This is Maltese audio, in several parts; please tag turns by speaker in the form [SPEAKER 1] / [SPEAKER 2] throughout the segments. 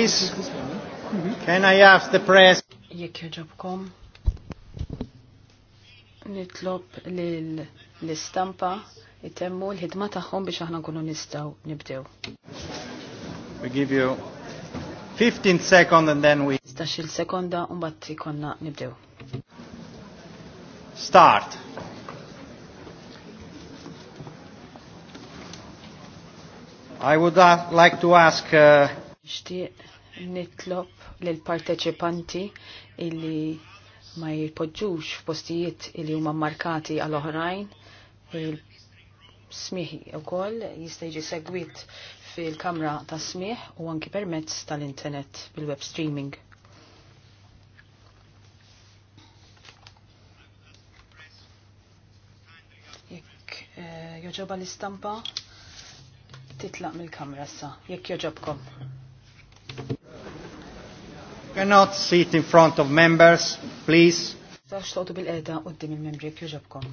[SPEAKER 1] please? Can I ask the press?
[SPEAKER 2] Jek joġobkom. Nitlob l-istampa itemmu l-ħidma taħħom biex aħna nkunu nistaw nibdew. We give you 15 second and then we Stax il-sekonda un mbagħad ikonna nibdew. Start.
[SPEAKER 1] I would uh, like to ask uh,
[SPEAKER 2] Xtieq nitlob l parteċipanti illi ma jirpoġġux f'postijiet illi huma markati għal oħrajn smiħi u koll jistajġi segwit fil-kamra ta' smiħ u anki permezz tal-internet bil-web streaming. Jekk eh, joġoba l-istampa titlaq mill-kamra sa, jekk joġobkom.
[SPEAKER 1] Cannot sit in front of members, please.
[SPEAKER 2] Sax toqtu bil-qeda qoddim il-membri kjuġabkom.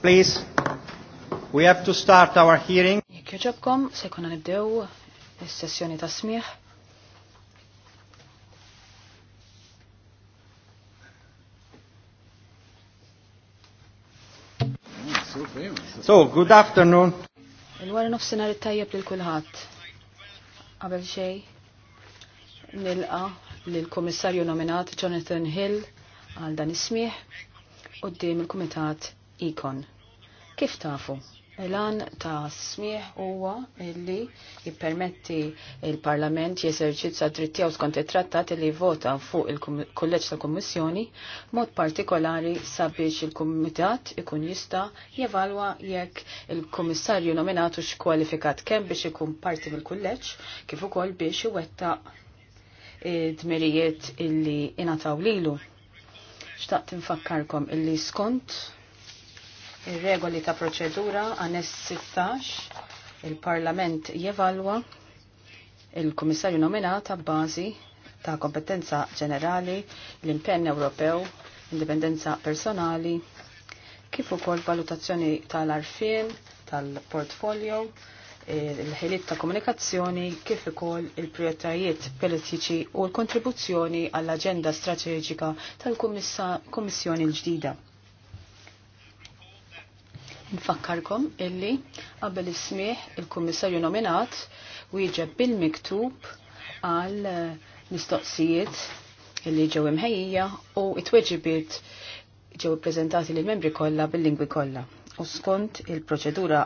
[SPEAKER 1] Please, we have to start our hearing.
[SPEAKER 2] Jekk joġobkom, se nibdew is-sessjoni ta' smieħ.
[SPEAKER 1] So, good afternoon.
[SPEAKER 2] Il-wara nofsinar it-tajjeb lil kulħadd. Qabel xej, nilqa lil komissarju nominat Jonathan Hill għal dan ismiħ qudiem il-Kumitat Ikon. Kif tafu? Elan ta' smieħ huwa illi jippermetti il-Parlament jeserċizza drittijaw skont it-trattat li vota fuq il-Kolleġġ ta' Kummissjoni mod partikolari sabiex il-Kumitat ikun jista' jevalwa jekk il-Kummissarju nominatu x'kwalifikat kemm biex ikun parti mill-Kulleġġ kif ukoll biex iwettaq dmirijiet illi inataw lilu. Xtaqt infakkarkom illi skont Ir-regoli ta' proċedura għanes 16 il-Parlament jevalwa il-Kummissarju nominata b'bażi ta' kompetenza ġenerali, l-impenn Ewropew, indipendenza personali, kif ukoll valutazzjoni tal-arfien, tal-portfolio, il-ħiliet ta' komunikazzjoni kif ukoll il-prijoritajiet politiċi u l-kontribuzzjoni għall-aġenda strateġika tal-Kummissjoni l-ġdida. Nfakkarkom illi qabel ismiħ il-kummissarju nominat wieġeb bil-miktub għal eh, mistoqsijiet illi ġew imħejja u it weġibiet ġew ippreżentati lill membri kollha bil-lingwi kollha. U skont il-proċedura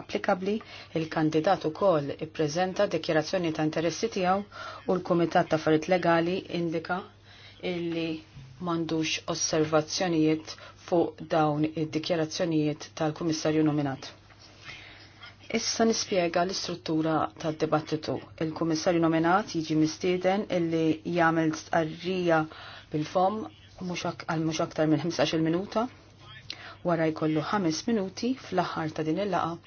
[SPEAKER 2] applikabli, il-kandidat ukoll ippreżenta dikjerazzjoni ta' interessi tiegħu u l-Kumitat ta' Affarijiet Legali indika illi mandux osservazzjonijiet fuq dawn id-dikjarazzjonijiet tal-Kummissarju nominat. Issa nispjega l-istruttura tad-dibattitu. Il-Kummissarju nominat jiġi mistieden illi jagħmel arrija bil-fom għal mhux aktar minn 15-il minuta wara jkollu 5 minuti fl-aħħar ta' din il-laqa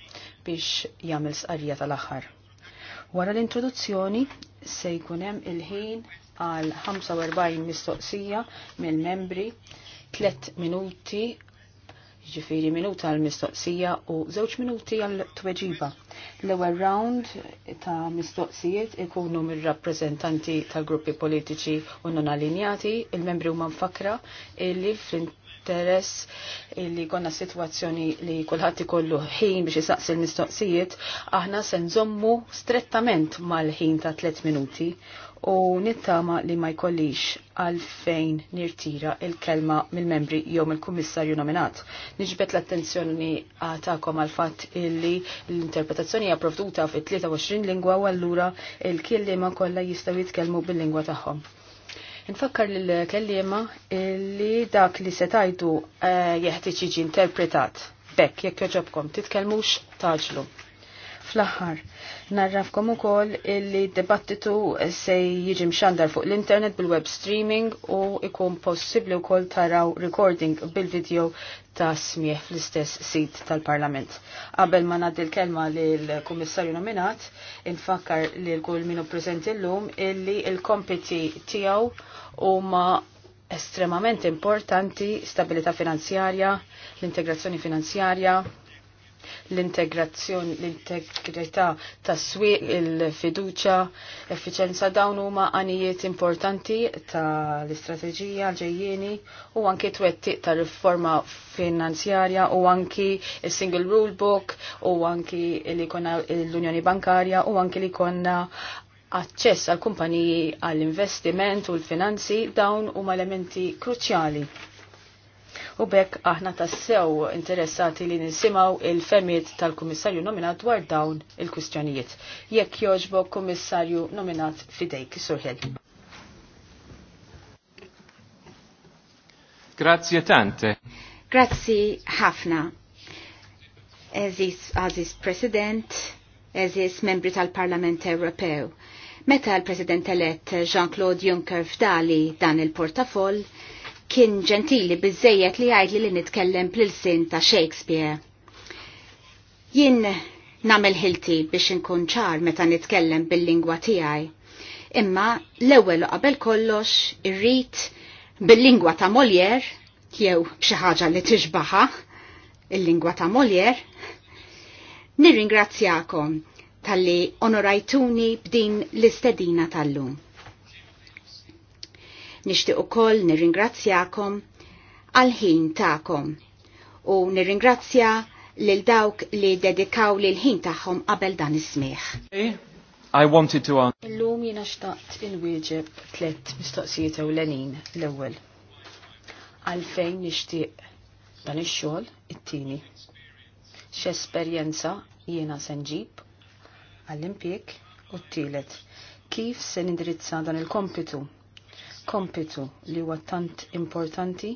[SPEAKER 2] biex jagħmel sqarrija tal-aħħar. Wara l-introduzzjoni se jkun hemm il-ħin għal 45 mistoqsija mill-membri tlet minuti ġifiri minuta għal mistoqsija u żewġ minuti għal tweġiba. L-ewwel round ta' mistoqsijiet ikunu mir-rappreżentanti tal-gruppi politiċi u non allinjati, il-membri huma mfakra illi fl-interess illi konna situazzjoni li kulħadd ikollu ħin biex jisaqsi l-mistoqsijiet, aħna se nżommu strettament mal-ħin ta' tliet minuti u nittama li ma jkollix għalfejn nirtira il-kelma mill-membri jew mill-kummissarju nominat. Niġbet l-attenzjoni għatakom għal fatt illi l-interpretazzjoni hija provduta fi 23 lingwa u allura il-kelliema kollha jistgħu jitkellmu bil-lingwa tagħhom. Nfakkar l kelliema illi dak li se tajdu eh, jeħtieġ jiġi interpretat. Bekk, jekk joġobkom, titkellmux taġlu. Fl-aħħar, narrafkom ukoll illi dibattitu se jiġi mxandar fuq l-internet bil-web streaming u ikun possibbli wkoll taraw recording bil-video ta' smieħ fl-istess sit tal-Parlament. Qabel ma nadil l-kelma lill-Kummissarju nominat, infakkar l kull minu l llum illi l-kompiti tijaw tiegħu huma estremament importanti stabilità finanzjarja, l-integrazzjoni finanzjarja, l integrazzjon l-integrità tas swieq il-fiduċa, effiċenza dawn huma għanijiet importanti tal-istrateġija l-ġejjeni u anki twettiq ta' riforma finanzjarja u anki il-single rule book u anki li konna l-Unjoni Bankarja u anki li konna aċċess għal kumpaniji għall-investiment u l-finanzi dawn huma elementi kruċjali U bekk aħna tassew interessati li nisimaw il-femiet tal-Kummissarju nominat dwar dawn il-kwistjonijiet. Jekk joġbok Kummissarju nominat fidejk, surħel.
[SPEAKER 3] Grazie tante.
[SPEAKER 4] Grazzi ħafna. Eżis, Aziz President, eżis membri tal-Parlament Ewropew. Meta l-President elett Jean-Claude Juncker fdali dan il-portafoll, kien ġentili bizzejiet li għajd li li nitkellem pl-sin ta' Shakespeare. Jien namel ħilti biex inkun ċar meta nitkellem bil-lingwa tiegħi. Imma l-ewwel qabel kollox irrid bil-lingwa ta' Molière jew xi ħaġa li tixbaħa il-lingwa ta' Molière. Nirringrazzjakom tal-li onorajtuni b'din l-istedina tal-lum. Nixtieq ukoll nirringrazzjakom għal-ħin tagħkom u nirringrazzja lil dawk li dedikaw l ħin tagħhom qabel dan is
[SPEAKER 3] I wanted to answer.
[SPEAKER 4] Illum jiena xtaqt inwieġeb tliet
[SPEAKER 2] mistoqsijiet ewlenin l-ewwel. Għalfejn nixtieq dan ix-xogħol it-tieni. X'esperjenza jiena se nġib għall-impjeg u t tilet Kif se nindirizza dan il-kompitu kompitu li huwa tant importanti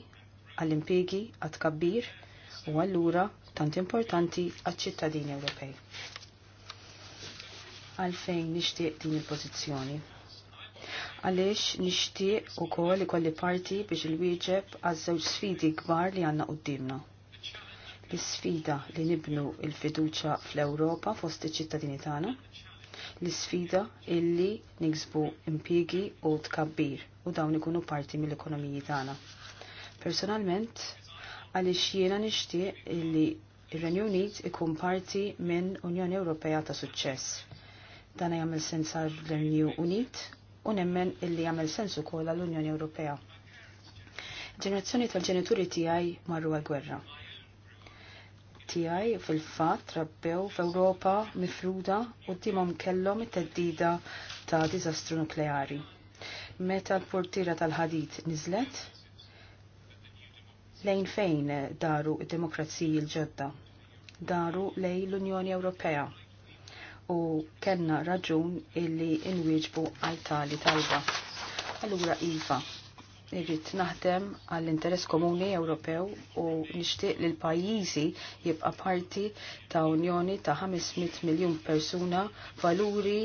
[SPEAKER 2] għall impigi għat-kabbir u allura tant importanti għat ċittadini Ewropej. Għalfejn nixtieq din il-pożizzjoni għaliex nixtieq ukoll ikolli parti biex il-wieġeb għaż-żewġ sfidi kbar li għandna qudiemna. L-sfida li nibnu il-fiduċa fl-Ewropa fost iċ-ċittadini tagħna l-sfida illi niksbu impigi u tkabbir u dawn ikunu parti mill-ekonomiji tagħna. Personalment, għaliex jiena nixtieq illi ir-Renju Unit ikun parti minn Unjoni Ewropea ta' suċċess. Dan jagħmel sens għall-Renju Unit u nemmen illi jagħmel sens ukoll għall-Unjoni Ewropea. Ġenerazzjoni tal-ġenituri tiegħi marru għal-gwerra tiegħi fil-fatt rabbew f'Ewropa mifruda u timhom kellhom it-teddida ta' diżastru nukleari. Meta l-portira tal-ħadid niżlet, lejn fejn daru id-demokraziji l-ġodda? Daru lejn l-Unjoni Ewropea u kenna raġun illi inwieġbu għal tali talba. Allura Iva, irrid naħdem għall-interess komuni Ewropew u nixtieq li l-pajjiżi jibqa' parti ta' unjoni ta' 500 miljun persuna valuri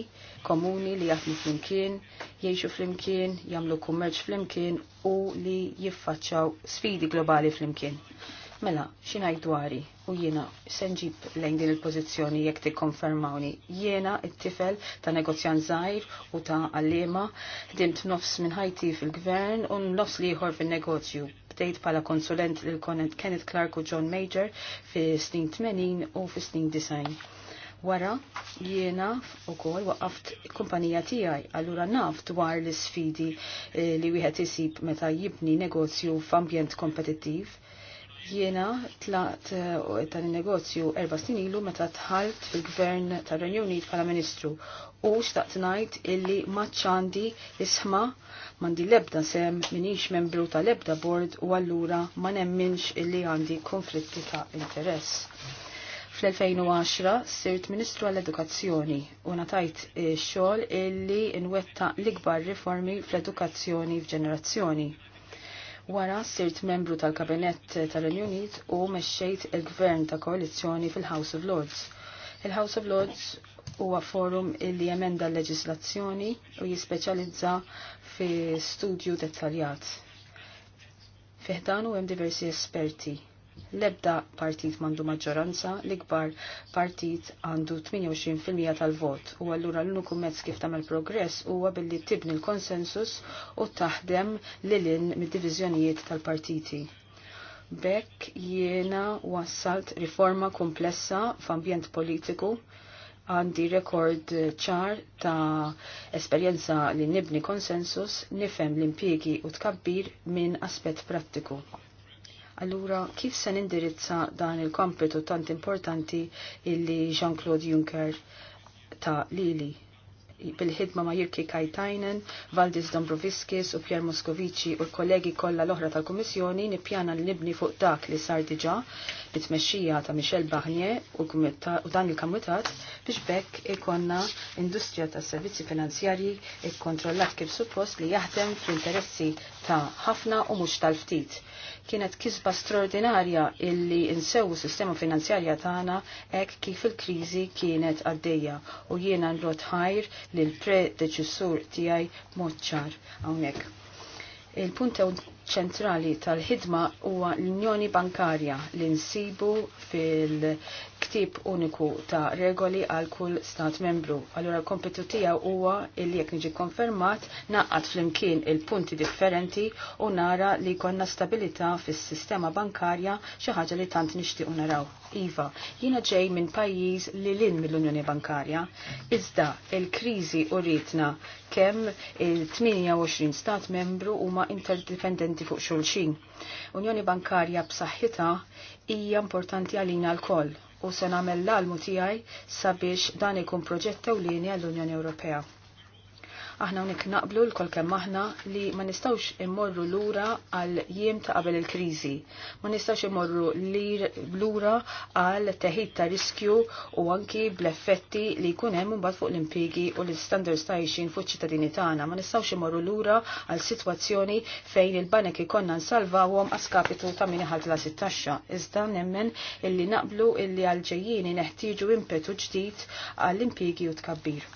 [SPEAKER 2] komuni li jaħdmu flimkien, jgħixu flimkien, jagħmlu kummerċ flimkien u li jiffaċċaw sfidi globali flimkien. Mela, xinaj dwari u jiena senġib lejn din il-pozizjoni jekk tikkonfermawni. Jiena it-tifel ta' negozjan zaħir u ta' għallima, dimt nofs minn ħajti fil-gvern u nofs liħor fil-negozju. Bdejt pala konsulent lil konet Kenneth Clark u John Major fi snin 80 u fi snin 90. Wara jiena u kol waqaft kumpanija tijaj, allura naf dwar l-sfidi eh, li wieħed isib meta jibni negozju f'ambjent kompetittiv Jiena tlaqt uh, tal-negozju erba' snin ilu meta tħalt fil-gvern tar-Renju Unit bħala Ministru u xtaqt ngħid illi maċċandi isma m'għandi lebda sem minix membru tal-ebda board u allura ma nemminx illi għandi konflitti ta' interess. Fl-2010 sirt Ministru għall-Edukazzjoni u natajt eh, xogħol illi nwetta l-ikbar riformi fl-edukazzjoni f'ġenerazzjoni. Wara sirt membru tal-Kabinett tal-Unit u mexxejt il-Gvern ta' Koalizzjoni fil-House of Lords. Il-House of Lords huwa forum li jemenda l-leġislazzjoni u jispeċjalizza fi studju dettaljat. Fiħdan u hemm diversi esperti L-ebda partit mandu maġġoranza, l-ikbar partit għandu 28% tal-vot u għallura l-uniku mezz kif tagħmel progress huwa billi tibni l-konsensus u taħdem lilin mid-diviżjonijiet tal-partiti. Bekk jiena wassalt riforma komplessa f'ambjent politiku għandi rekord ċar ta' esperjenza li nibni konsensus, nifem l-impiegi u tkabbir minn aspet prattiku. Allura, kif se nindirizza dan il-kompetu tant importanti illi Jean-Claude Juncker ta' lili? bil-ħidma ma' Jirki Kajtajnen, Valdis Dombroviskis u Pier Moskovici u l-kollegi kollha l-oħra tal-Kummissjoni nippjana nibni fuq dak li sar diġà bit-tmexxija ta' Michel Barnier u, u dan il-Kamutat biex bekk ikonna industrija ta' servizzi finanzjarji ikkontrollat kif suppost li jaħdem fl-interessi ta' ħafna u mhux tal-ftit Kienet kisba straordinarja illi insewu sistema finanzjarja tagħna hekk kif il-kriżi kienet għaddejja u jiena nrot ħajr lil predeċessur tiegħi mod ċar hawnhekk. Il-punt ċentrali tal-ħidma huwa l-Unjoni Bankarja li nsibu fil- ftip uniku ta' regoli għal kull stat membru. Allura l-kompetu tiegħu huwa il jekk niġi konfermat naqqat flimkien il-punti differenti u nara li konna stabilità fis-sistema bankarja xi ħaġa li tant nixtiequ naraw. Iva, jiena ġej minn pajjiż li lin mill-Unjoni Bankarja, iżda il-kriżi u ritna kemm il-28 stat membru huma interdipendenti fuq xulxin. Unjoni Bankarja b'saħħitha hija importanti għalina l-koll u se nagħmel l-almu tiegħi sabiex dan ikun proġett ewlieni għall-Unjoni Ewropea. Aħna unik naqblu l-kol kem aħna li ma nistawx immorru lura għal jiem ta' qabel il-krizi. Ma nistawx immorru lura għal teħid ta' riskju u anki bl-effetti li jkun hemm mbagħad fuq l-impjegi u l-standards ta' jxin fuq ċittadini tagħna. Ma nistawx immorru lura għal sitwazzjoni fejn il-banek ikonna nsalvawhom għaskapitu ta' min iħalt la sittaxxa. Iżda nemmen illi naqblu illi għal ġejjini neħtieġu impetu ġdid għall-impjegi u tkabbir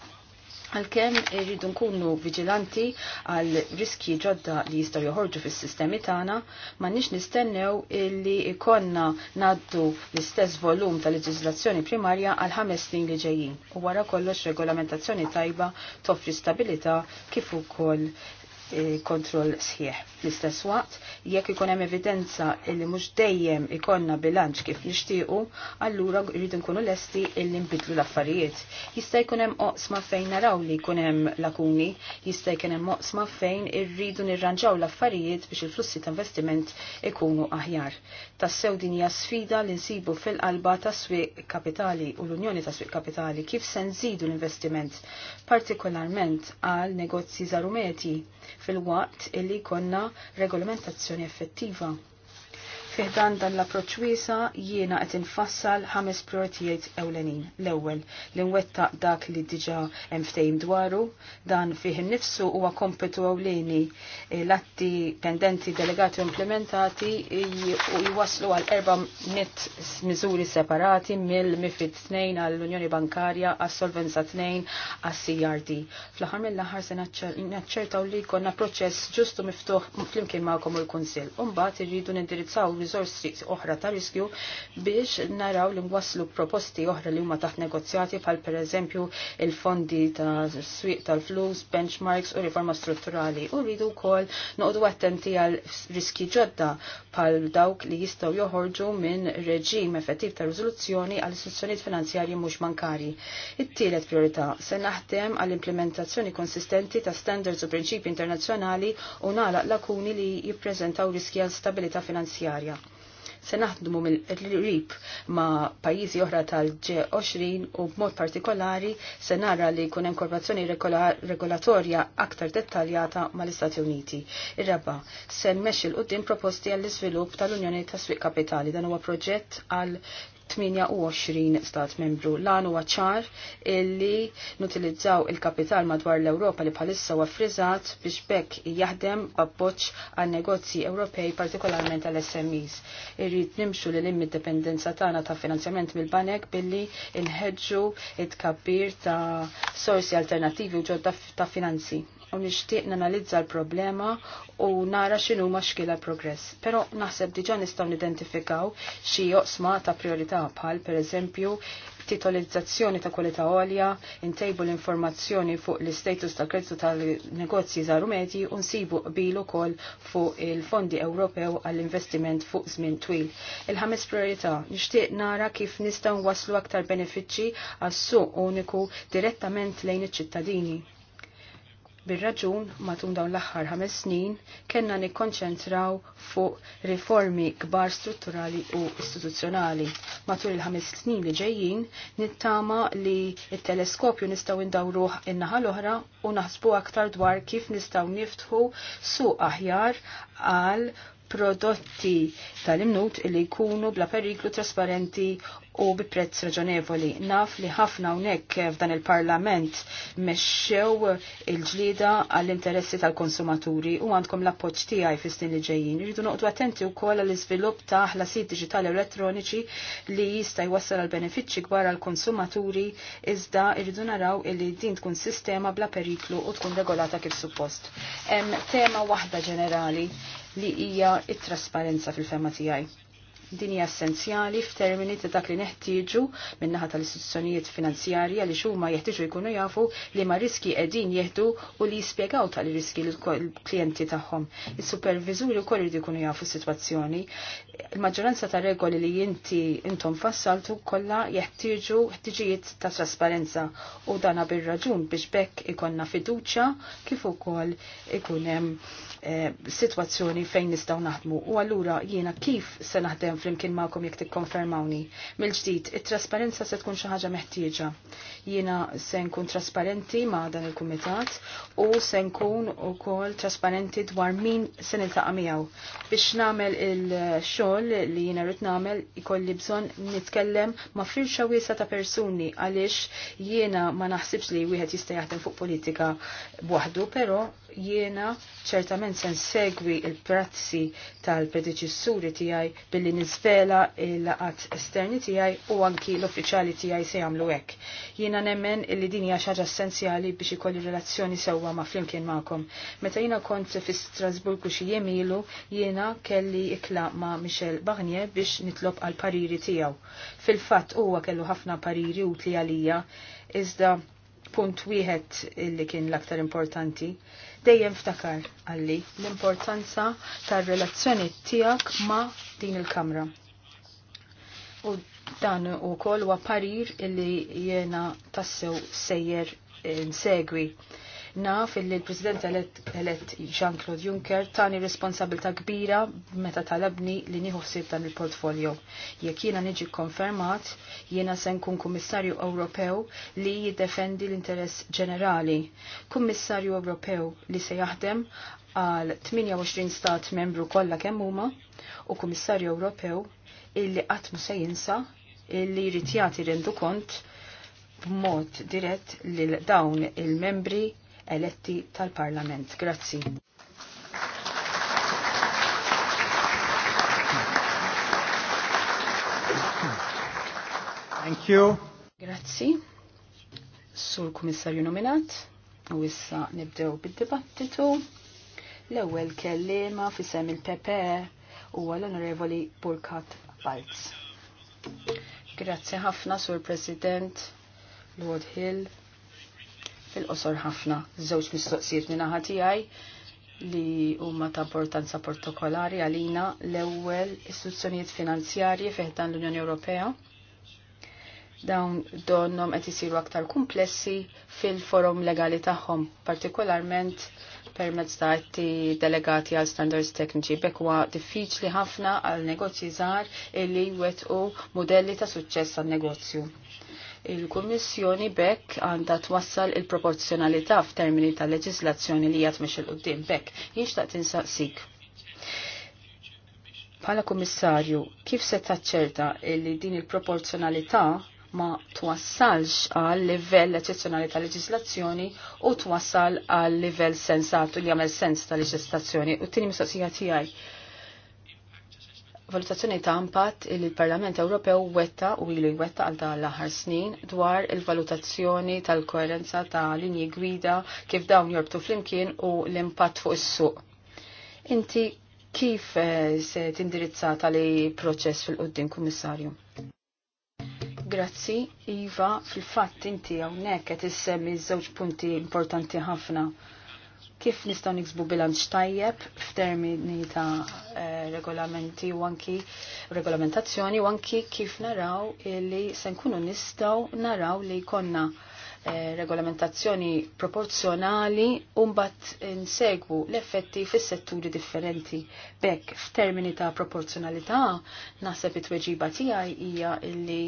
[SPEAKER 2] għalkemm irridu nkunu vigilanti għal riski ġodda li jistgħu joħorġu fis-sistemi tagħna, m'għandniex nistennew illi ikonna naddu l-istess volum ta' leġiżlazzjoni primarja għal ħames snin li ġejjin u wara kollox regolamentazzjoni tajba toffri stabilità kif ukoll kontroll sħiħ. l istess waqt, jekk ikun hemm evidenza li mhux dejjem ikonna bilanċ kif nixtiequ, allura jridu nkunu lesti illi nbidlu l-affarijiet. Jista' jkun hemm oqsma fejn naraw li jkun hemm lakuni, jista' jkun hemm oqsma fejn irridu nirranġaw l-affarijiet biex il-flussi ta' investiment ikunu aħjar. Tassew din hija sfida li nsibu fil-qalba ta' swieq kapitali u l-Unjoni ta' swieq kapitali kif se nżidu l-investiment, partikolarment għal negozji żarumeti fil-waqt illi konna regolamentazzjoni effettiva. Fiħdan dan l-approċ wiesa jiena qed infassal ħames prioritijiet ewlenin. L-ewwel li nwettaq dak li diġà hemm ftehim dwaru, dan fih innifsu huwa kompetu ewleni eh, l-atti pendenti delegati u implementati u jwaslu għal erba' nit miżuri separati mill-MIFID 2 għall-Unjoni Bankarja għas-Solvenza 2 għas-CRD. Fl-aħħar mill-aħħar se naċċertaw li jkollna proċess ġustu miftuħ flimkien magħkom u l-Kunsill. Imbagħad irridu nindirizzaw risorsi oħra ta' riskju biex naraw li nwaslu proposti oħra li huma taħt negozjati bħal pereżempju il-fondi ta' swieq tal-flus, benchmarks u riforma strutturali. U rridu wkoll noqogħdu attenti għal riski ġodda bħal dawk li jistgħu joħorġu minn reġim effettiv ta' riżoluzzjoni għal istituzzjonijiet finanzjarji mhux bankari. It-tielet priorità se naħdem għall implementazzjoni konsistenti ta' standards u prinċipi internazzjonali u nagħlaq lakuni li jippreżentaw riski għal stabilità finanzjarja. Se naħdmu mill-rib ma' pajjiżi oħra tal-G20 u b'mod partikolari se nara li jkun hemm korporazzjoni regolatorja aktar dettaljata mal-Istati Uniti. Ir-raba, se mmexxi l-qudiem proposti għall-iżvilupp tal-Unjoni tas-Swieq Kapitali dan huwa proġett għal 28 stat membru. l għanu huwa ċar illi nutilizzaw il-kapital madwar l-Ewropa li bħalissa u frizzat biex bekk jaħdem babboċ għal negozji Ewropej partikolarment għal SMEs. Irrid nimxu li l-immi dependenza tagħna ta' finanzjament mill-banek billi inħeġġu it-kabbir ta' sorsi alternativi u ġodda ta' finanzi u nixtieq nanalizza l-problema u nara xinu ma xkila progress. Però naħseb diġa' nistgħu nidentifikaw xi joqsma ta' priorità bħal pereżempju titolizzazzjoni ta' kwalità għolja, intejbu l-informazzjoni fuq l-istatus ta' kreditu tal-negozji żaru medji u nsibu qbilu kol fuq il-Fondi Ewropew għall-investiment fuq żmien twil. Il-ħames priorità nixtieq nara kif nistgħu waslu aktar benefiċċji għas-suq uniku direttament lejn iċ-ċittadini Bir-raġun matum dawn l-aħħar ħames snin kellna nikkonċentraw fuq riformi kbar strutturali u istituzzjonali. Matul il-ħames snin li ġejjin nittama li il teleskopju nistgħu indawruh in-naħa l-oħra u naħsbu aktar dwar kif nistgħu niftħu su aħjar għal prodotti tal-imnut li jkunu bla periklu trasparenti u bi prezz raġonevoli. Naf li ħafna unek f'dan il-parlament mexxew il-ġlida għall-interessi tal-konsumaturi u għandkom l-appoġġ tiegħi fis-snin li ġejjin. Irridu noqtu attenti wkoll għall-iżvilupp ta' sit diġitali elettroniċi li jista' jwassal għal benefiċċji kbar għall-konsumaturi iżda irridu naraw illi din tkun sistema bla periklu u tkun regolata kif suppost. Hemm tema waħda ġenerali li hija it-trasparenza fil-fema tiegħi din hija essenzjali f'termini ta' dak li neħtieġu minnaħa tal-istituzzjonijiet finanzjarja li xuma jeħtieġu jkunu jafu li ma' riski qegħdin jeħdu u li jispjegaw tal-riski l-klijenti tagħhom. Is-supervizuri wkoll jridu jkunu jafu s-sitwazzjoni. Il-maġġoranza ta' regoli li inti intom fassaltu kollha jeħtieġu ħtiġijiet ta' trasparenza u dana bir-raġun biex bekk ikonna fiduċja kif ukoll ikun hemm eh, sitwazzjoni fejn nistgħu naħdmu. U allura jiena kif se naħdem flimkien ma'kom jekk tikkonfermawni. Mill-ġdid, it-trasparenza se tkun xi ħaġa meħtieġa. Jiena se nkun trasparenti ma' dan il-kumitat u se nkun ukoll trasparenti dwar min se niltaqa' miegħu. Biex nagħmel il-xogħol li jiena rrid nagħmel ikolli bżonn nitkellem ma' firxa wiesa ta' persuni għaliex jiena ma naħsibx li wieħed jista' jaħdem fuq politika b'waħdu, però jiena ċertament sen segwi il-prazzi tal-predeċessuri tijaj billi nizvela il-laqat esterni tijaj u anki l-uffiċali tijaj se jamlu ek. Jiena nemmen illi dini xaġa essenzjali biex ikolli relazzjoni sewa ma' flimkien ma'kom. Meta jiena kont fi Strasburgu xi jemilu jiena kelli ikla ma' Michel Barnier biex nitlob għal pariri tijaw. Fil-fat huwa kellu ħafna pariri utli għalija iżda punt wieħed li kien l-aktar importanti dejjem ftakar għalli l-importanza tar-relazzjoni tiegħek ma' din il-kamra. U dan u kol huwa parir illi jena tassew sejjer eh, insegwi. segwi. Naf il il president elett Jean-Claude Juncker tani responsabilta kbira meta talabni li nieħu ħsieb dan il-portfolio. Jekk jiena niġi konfermat, jiena se nkun Kummissarju Ewropew li jiddefendi l-interess ġenerali. Kummissarju Ewropew li se jaħdem għal 28 stat membru kollha kemm huma u Kummissarju Ewropew illi qatt mu se jinsa illi jrid jagħti rendu kont b'mod dirett lil dawn il-membri eletti tal-Parlament. Grazzi. Thank you. Grazzi. Sur kummissarju nominat. U issa nibdew bid-dibattitu. L-ewwel kellima fi il-PP huwa e l-Onorevoli Burkat Balz. Grazzi ħafna sur President Lord Hill fil-qosor ħafna. Żewġ mistoqsijiet minn tiegħi li huma ta' importanza protokolari għalina l-ewwel istituzzjonijiet finanzjarji fih dan l-Unjoni Ewropea dawn donnom qed isiru aktar komplessi fil-forum legali tagħhom, partikolarment permezz ta' atti delegati għal standards tekniċi. Bekk huwa diffiċli ħafna għal negozji żgħar illi wetqu modelli ta' suċċess għal negozju. Il-Kummissjoni bekk għandha twassal il-proporzjonalità f'termini ta' leġislazzjoni li jgħat il qudiem bekk. Jinxtaq tinsaqsik. Pala Kummissarju, kif se taċċerta li din il-proporzjonalità ma twassalx għal livell eccezzjonali ta' leġislazzjoni u twassal għal livell sensatu li għamel sens ta' leġislazzjoni. U t-tini mistoqsija tiegħi valutazzjoni ta' impatt li l-Parlament Ewropew wetta u ilu jwetta għal ta' l-aħħar snin dwar il-valutazzjoni tal-koerenza ta' linji gwida kif dawn jorbtu flimkien u l-impatt fuq is-suq. Inti kif eh, se tindirizza tali proċess fil-qoddim, Kummissarju? Grazzi, Iva, fil-fatt inti hawnhekk qed issemmi żewġ punti importanti ħafna kif nistgħu niksbu bilanċ tajjeb f'termini ta' eh, regolamenti u anki regolamentazzjoni u anki kif naraw li se nkunu nistgħu naraw li konna eh, regolamentazzjoni proporzjonali u mbagħad insegwu l-effetti fis-setturi differenti. Bekk f'termini ta' proporzjonalità naħseb it-tweġiba tiegħi hija illi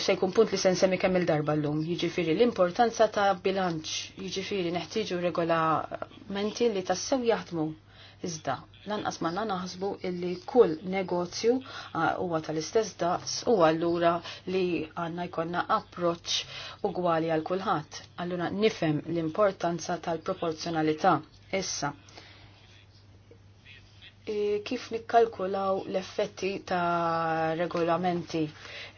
[SPEAKER 2] se jkun punt li se nsemmi kemm il-darba llum, jiġifieri l-importanza ta' bilanċ, jiġifieri neħtieġu regolamenti li tassew jaħdmu. Iżda, lanqas ma naħsbu illi kull negozju huwa tal-istess daqs u allura li għandna jkollna approċċ ugwali għal kulħadd. Allura nifhem l-importanza tal-proporzjonalità. Issa, E, kif nikkalkulaw l-effetti ta' regolamenti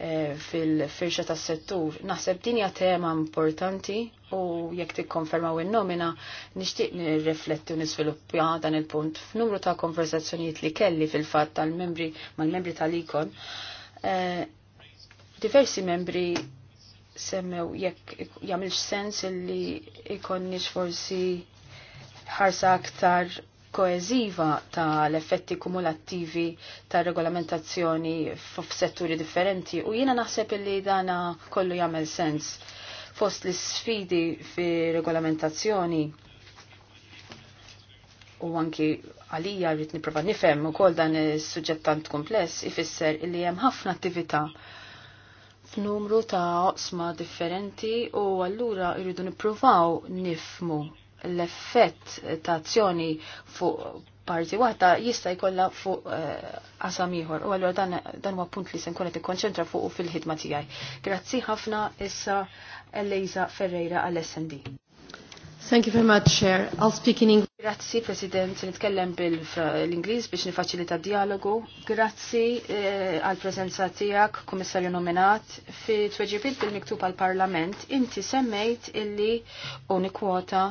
[SPEAKER 2] e, fil-firxa ta' settur. Naħseb din hija tema importanti u jekk tikkonfermaw in-nomina nixtieq nirrifletti u nisviluppja dan il-punt f'numru ta' konversazzjonijiet li kelli fil-fatt tal-membri mal-membri tal-ikon. E, diversi membri semmew jekk jagħmilx sens li ikonniex forsi ħarsa aktar koeziva tal-effetti kumulattivi ta' regolamentazzjoni f'setturi differenti u jiena naħseb illi dana kollu jagħmel sens fost l sfidi fi regolamentazzjoni u anki għalija rrit niprofa nifhem ukoll dan is-suġġett tant ifisser illi hemm ħafna attività f'numru ta' oqsma differenti u allura jridu nippruvaw nifmu l-effett ta' azzjoni fuq parti wahda jista' jkollha fuq eh, qasam ieħor. U allura dan huwa punt li se nkun qed ikkonċentra fuq fil-ħidma tiegħi. Grazzi ħafna issa Eliza Ferreira għall-SND. Thank you very much, Chair. I'll speak in English. Grazzi, President. Nitkellem bil-Inglis biex nifaċilita dialogu. Grazzi eh, għal-prezenza tijak, komissarju nominat. Fi tweġibit bil-miktub għal-Parlament, inti semmejt illi unikwota kwota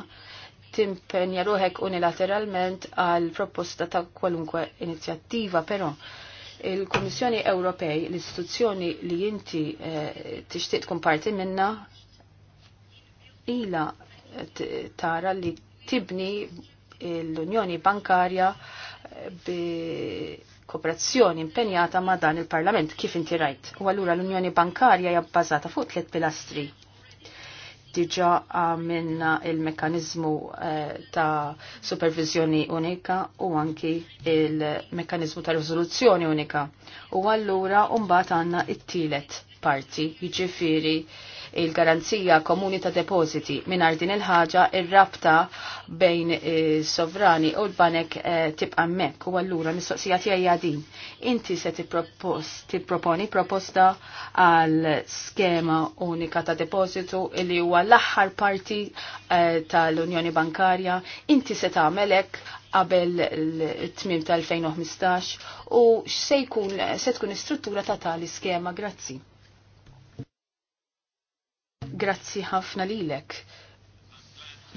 [SPEAKER 2] timpenja ruħek unilateralment għal proposta ta' kwalunkwe inizjattiva, però il-Komissjoni Ewropej, l-istituzzjoni li inti eh, tixtieq tkun parti minna, ila tara li tibni l-Unjoni Bankarja bi kooperazzjoni impenjata ma' dan il-Parlament kif inti rajt. U allura l-Unjoni Bankarja hija bbażata fuq tliet pilastri diġa għamilna il-mekanizmu eh, ta' supervizjoni unika u anki il-mekanizmu ta' rizoluzzjoni unika. U għallura umbat għanna it-tielet parti, jġifiri il-garanzija komuni ta' depositi. minn din il-ħaġa ir-rabta bejn eh, sovrani u l-banek eh, tibqa' mek u allura mistoqsija tiegħi din. Inti se tipproponi proposta għal skema unika ta' depositu li huwa l-aħħar parti eh, tal-Unjoni Bankarja. Inti se tagħmel hekk qabel l tmim tal-2015 u se tkun istruttura ta' tali skema grazzi. Grazzi ħafna lilek.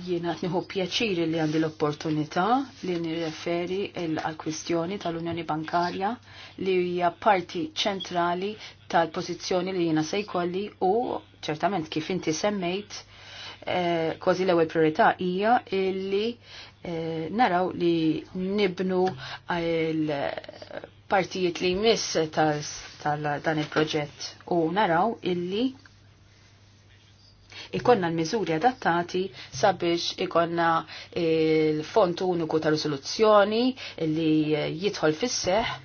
[SPEAKER 2] Jiena tniħu pjaċiri li għandi l-opportunità li nirreferi għal kwistjoni tal-Unjoni Bankarja li hija parti ċentrali tal-pożizzjoni li jiena se jkolli u ċertament kif inti semmejt eh, kważi l-ewwel priorità hija illi eh, naraw li nibnu għal partijiet li jmiss tal dan il-proġett u naraw illi ikonna l-miżuri adattati sabiex ikonna il-font uniku ta' risoluzzjoni li jidħol fis-seħ.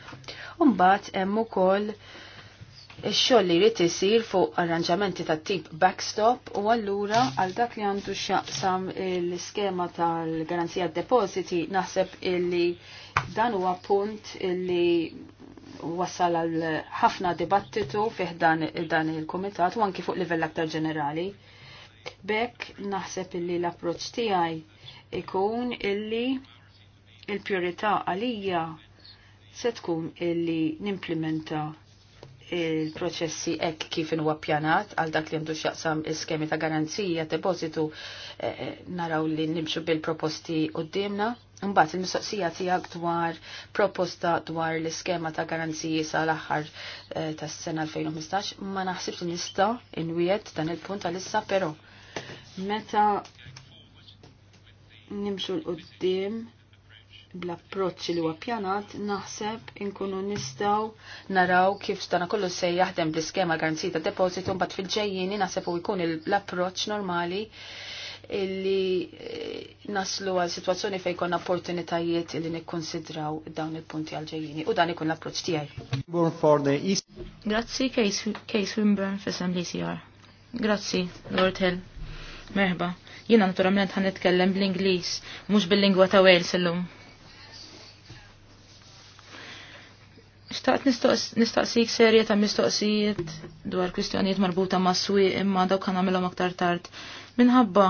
[SPEAKER 2] Umbat hemm ukoll Ix-xogħol li jrid isir fuq arranġamenti tat tip backstop u allura għal dak li għandu x'jaqsam l-iskema tal-garanzija depositi naħseb illi dan huwa punt illi wassal għal ħafna dibattitu fih dan, dan il-komitat u anki fuq livell aktar ġenerali. Bekk naħseb illi l-approċ tiegħi ikun illi il-priorità għalija se tkun illi nimplementa il-proċessi ek kif inwa pjanat għal dak li għandu xaqsam skemi ta' garanzija, depositu eh, eh, naraw li nimxu bil-proposti u d-dimna. Mbaħt il-mistoqsija tijak dwar proposta dwar l-iskema ta' garanziji sal aħħar eh, ta' s-sena 2015 ma naħsibx nista' inwiet dan il-punt għal-issa pero Meta nimxu l-qoddim bl-approċċ li huwa pjanat, naħseb inkunu nistaw naraw kif stana kollu se jaħdem bl-iskema garanzija ta' depositu mbagħad fil-ġejjini naħseb u jkun l-approċċ normali illi eh, naslu għal situazzjoni fej konna opportunitajiet illi nikkonsidraw dawn il-punti għal ġejjini u dan ikun l-approċċ
[SPEAKER 1] tiegħi.
[SPEAKER 2] Grazzi Case Wimburn Cr. Grazzi,
[SPEAKER 5] Lord Hill. Merba, jina naturalment ħan nitkellem bl-Inglis, mux bil-lingwa ta' Wales illum. Xtaqt nistaqsik serje ta' mistoqsijiet dwar kwistjonijiet marbuta ma' swi imma dawk kan għamilom aktar tard. Minħabba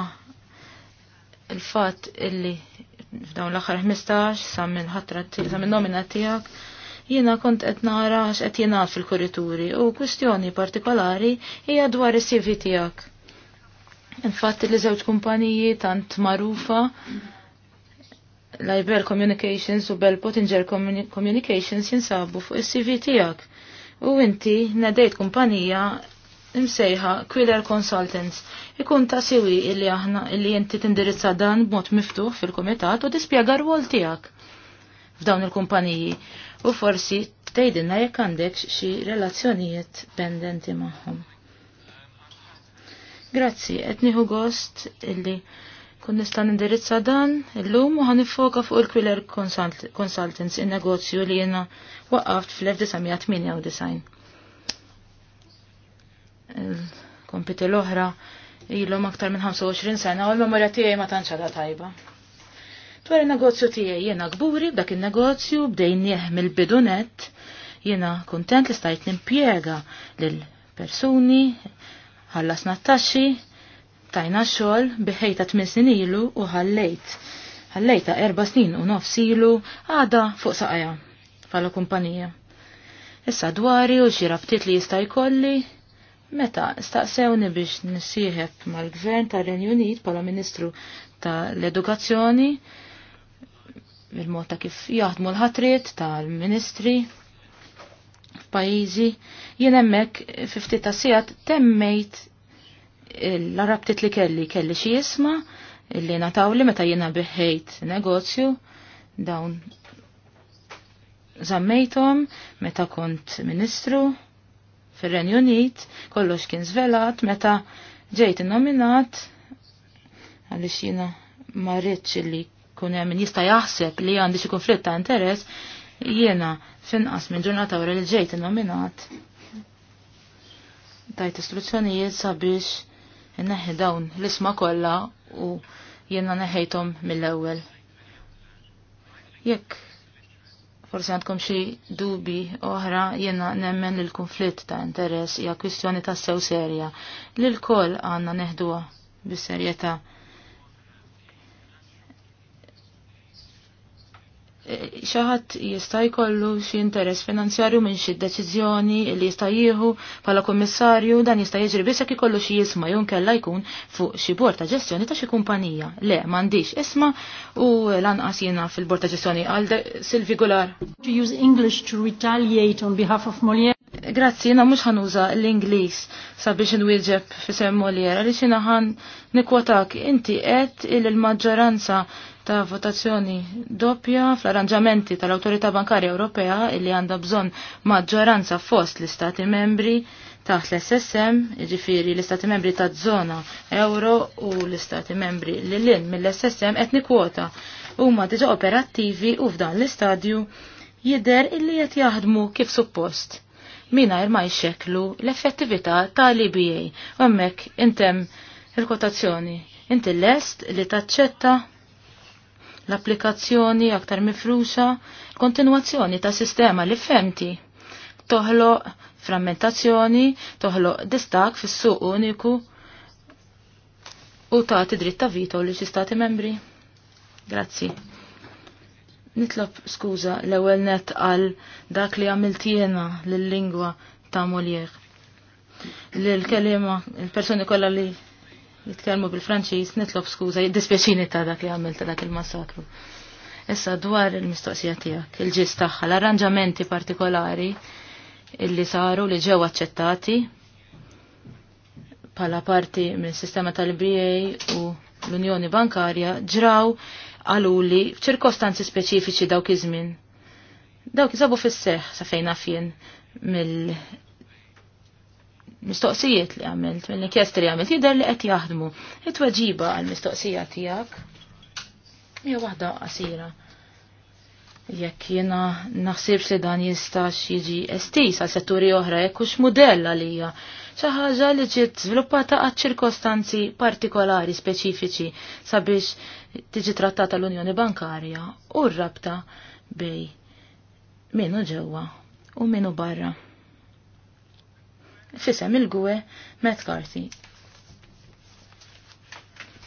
[SPEAKER 5] il-fatt illi f'dawn l-aħħar 15 sa minn ħatra sa minn nomina tiegħek jiena kont qed nara x'qed jingħad fil-kurituri u kwistjoni partikolari hija dwar is-CV tiegħek Infatt li żewġ kumpaniji tant marufa Libel Communications u Bell Pottinger Communications jinsabu fuq is-CV tiegħek. U inti nedejt kumpanija imsejħa Quiller Consultants. Ikun ta' siwi illi aħna illi inti tindirizza dan b'mod miftuħ fil-kumitat u tispjega r-wol tiegħek f'dawn il-kumpaniji u forsi tgħidilna jekk għandek xi relazzjonijiet pendenti magħhom. Grazzi, etniħu gost illi kun nista' nindirizza dan illum u ifoka fuq il-Quiller Consultants in-negozju li jiena waqqaft fl-1998. Il-kompiti l-oħra ilhom aktar minn 25 sena u l-memorja tiegħi ma tanċada tajba. Dwar il-negozju tiegħi jiena kburi b'dak il-negozju bdejn nieħm il-bidunet jiena kuntent li stajt nimpjega lil persuni ħallasna t-taxxi, tajna xogħol biħejta tmien snin ilu u ħallejt. Ħallejta erba' snin u nofs ilu għada fuq saqajja bħala kumpanija. Issa dwari u xi rabtiet li jista' jkolli Meta, staqsewni biex nisieħeb mal-gvern tar renju Unit pala ministru tal-edukazzjoni, il-mod ta' kif jaħdmu l-ħatriet tal-ministri, pajizi, jien hemmhekk fifti ta' sigħat temmejt l-rabtit li kelli kelli xi jisma illi natawli meta jiena biħejt negozju dawn zammejtom meta kont ministru fir-Renju Unit, kollox kien zvelat meta ġejt nominat għaliex jiena ma rridx li kun hemm jista' jaħseb li għandi xi konflitt ta' interess Jiena finqas minn ġurnata wara li ġejt nominat tajt istruzzjonijiet sabiex inneħi dawn l-isma kollha u jiena neħejthom mill-ewwel. Jekk forsi għandkom xi dubi oħra jiena nemmen l konflitt ta' interess hija kwistjoni ta' sew serja li l għandna neħduha bis-serjetà. xaħat jista' jkollu xi interess finanzjarju minn xi deċiżjoni li jista' jieħu bħala kummissarju dan jista' jiġri biss jekk ikollu xi jisma' jew nkella jkun fuq xi bord ta' ġestjoni ta' xi kumpanija. Le, m'għandix isma' u lanqas jiena fil-bord ta' ġestjoni għal Silvi Gular. To use English to retaliate on behalf of Molière. Grazzi, jiena mux ħanuża l-Inglis sabiex inwieġeb fi sem Molière, għalix jena ħan nikwatak, inti qed il-maġġoranza il maġġoranza ta' votazzjoni doppja fl-arranġamenti tal-Autorità Bankarja Ewropea illi għandha bżonn maġġoranza fost l-Istati membri taħt l-SSM, ġifiri l-Istati membri ta' zona euro u l-Istati membri li l-in mill-SSM etni kwota huma diġa operattivi u f'dan l-istadju jider illi qed jaħdmu kif suppost. Mina ma jxeklu l-effettività tal-IBA, u hemmhekk intem il-kotazzjoni. Inti lest li taċċetta l-applikazzjoni aktar mifruxa, kontinuazzjoni ta' sistema li femti. Toħloq frammentazzjoni, toħloq distak fis-suq uniku u ta' dritt ta' vito li xi stati membri. Grazzi. Nitlob skuża l-ewwel net għal dak li għamiltijena lill-lingwa ta' Molière. L-kelima, il-persuni kollha li nitkellmu bil-Franċiż, nitlob skuża, jiddispjaċini ta' dak li għamilt ta' dak il-massakru. Issa dwar il-mistoqsija tiegħek, il-ġis tagħha, l-arranġamenti partikolari illi saru li ġew aċċettati bħala parti mill sistema tal-BA u l-Unjoni Bankarja ġraw għaluli f'ċirkostanzi speċifiċi dawk iż-żmien. Dawk isabu fis seħħ sa fejn fien mill mistoqsijiet li għamilt, mill-inkjesti li għamilt, jider li qed jaħdmu. It-tweġiba għal-mistoqsija tiegħek hija waħda qasira. Jekk jiena naħsib li dan jistax jiġi estis għal setturi oħra jekk hux mudell għalija xi ħaġa li ġiet żviluppata għad ċirkostanzi partikolari speċifiċi sabiex tiġi trattata l-Unjoni Bankarja u r-rabta bej minu ġewwa u minu barra fisem il-gwe Matt Carthy.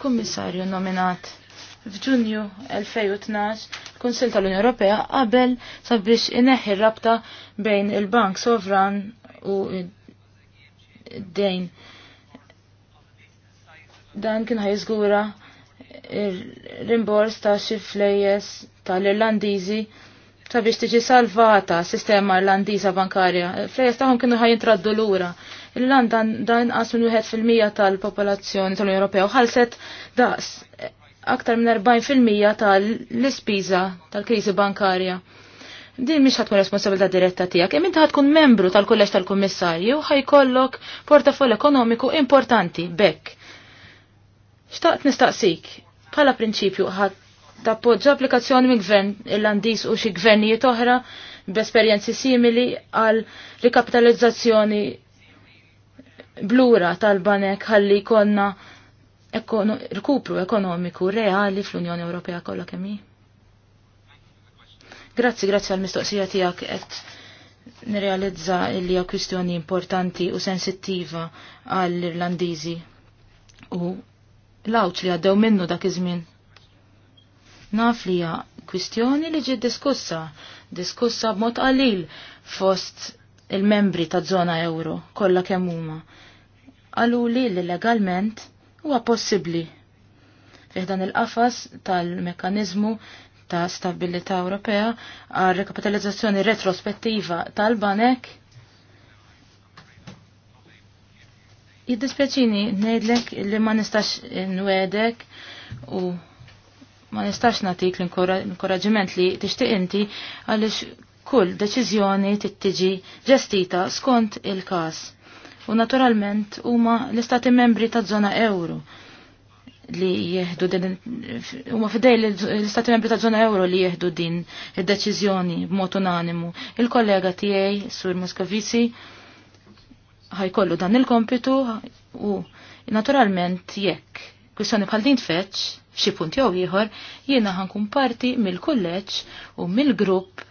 [SPEAKER 5] Kummissarju nominat f'Ġunju 2012 il-Kunsil tal-Unjoni Ewropea qabel sabiex ineħħi rabta bejn il-Bank Sovran u d-dejn. Dan kien ħajżgura ir-rimbors ta' xi flejjes tal-Irlandiżi ta' biex tiġi salvata sistema irlandiża bankarja. Flejes tagħhom kienu ħajintraddu lura. Irlanda dan qas minn wieħed fil-mija tal-popolazzjoni tal-Unjoni Ewropea u ħalset daqs aktar minn 40% tal-ispiża tal-kriżi bankarja. Din mhix ħatkun responsabilità diretta tiegħek, imma inti ħatkun membru tal-kulleġġ tal-kummissarju u ħajkollok portafoll ekonomiku importanti bekk. Xtaqt nistaqsik, bħala prinċipju ħadd tappoġġa applikazzjoni minn gvern irlandiż u xi gvernijiet oħra b'esperjenzi simili għal rikapitalizzazzjoni blura tal-banek ħalli konna ekono rkupru ekonomiku reali fl-Unjoni Ewropea kollha kemm hi. Grazzi, grazzi għal mistoqsija tiegħek qed nirrealizza li hija kwistjoni importanti u sensittiva għall-Irlandiżi u l-awċ li għaddew minnu dak iż-żmien. Naf li hija kwistjoni li ġiet diskussa, diskussa b'mod qalil fost il-membri ta' zona euro kollha kemm huma. Qalu li li legalment huwa possibbli fiħdan il-qafas tal-mekanizmu ta' stabilità Ewropea għal rekapitalizzazzjoni retrospettiva tal-banek Jiddispjaċini ngħidlek li ma nistax nwedek u ma nistax natik l-inkoraġiment li tixtieq inti għaliex kull deċiżjoni tittiġi ġestita skont il-każ. U naturalment huma l-istati membri ta' żona euro li jieħdu din huma fidej l-istati membri ta' żona euro li jieħdu din id-deċiżjoni b'mod unanimu. Il-kollega tiegħi Sur Moscovici ħajkollu dan il-kompitu u naturalment jekk kwistjoni bħal din tfetx xi punt jew ieħor jiena ħankun parti mill-kulleġġ u mill-grupp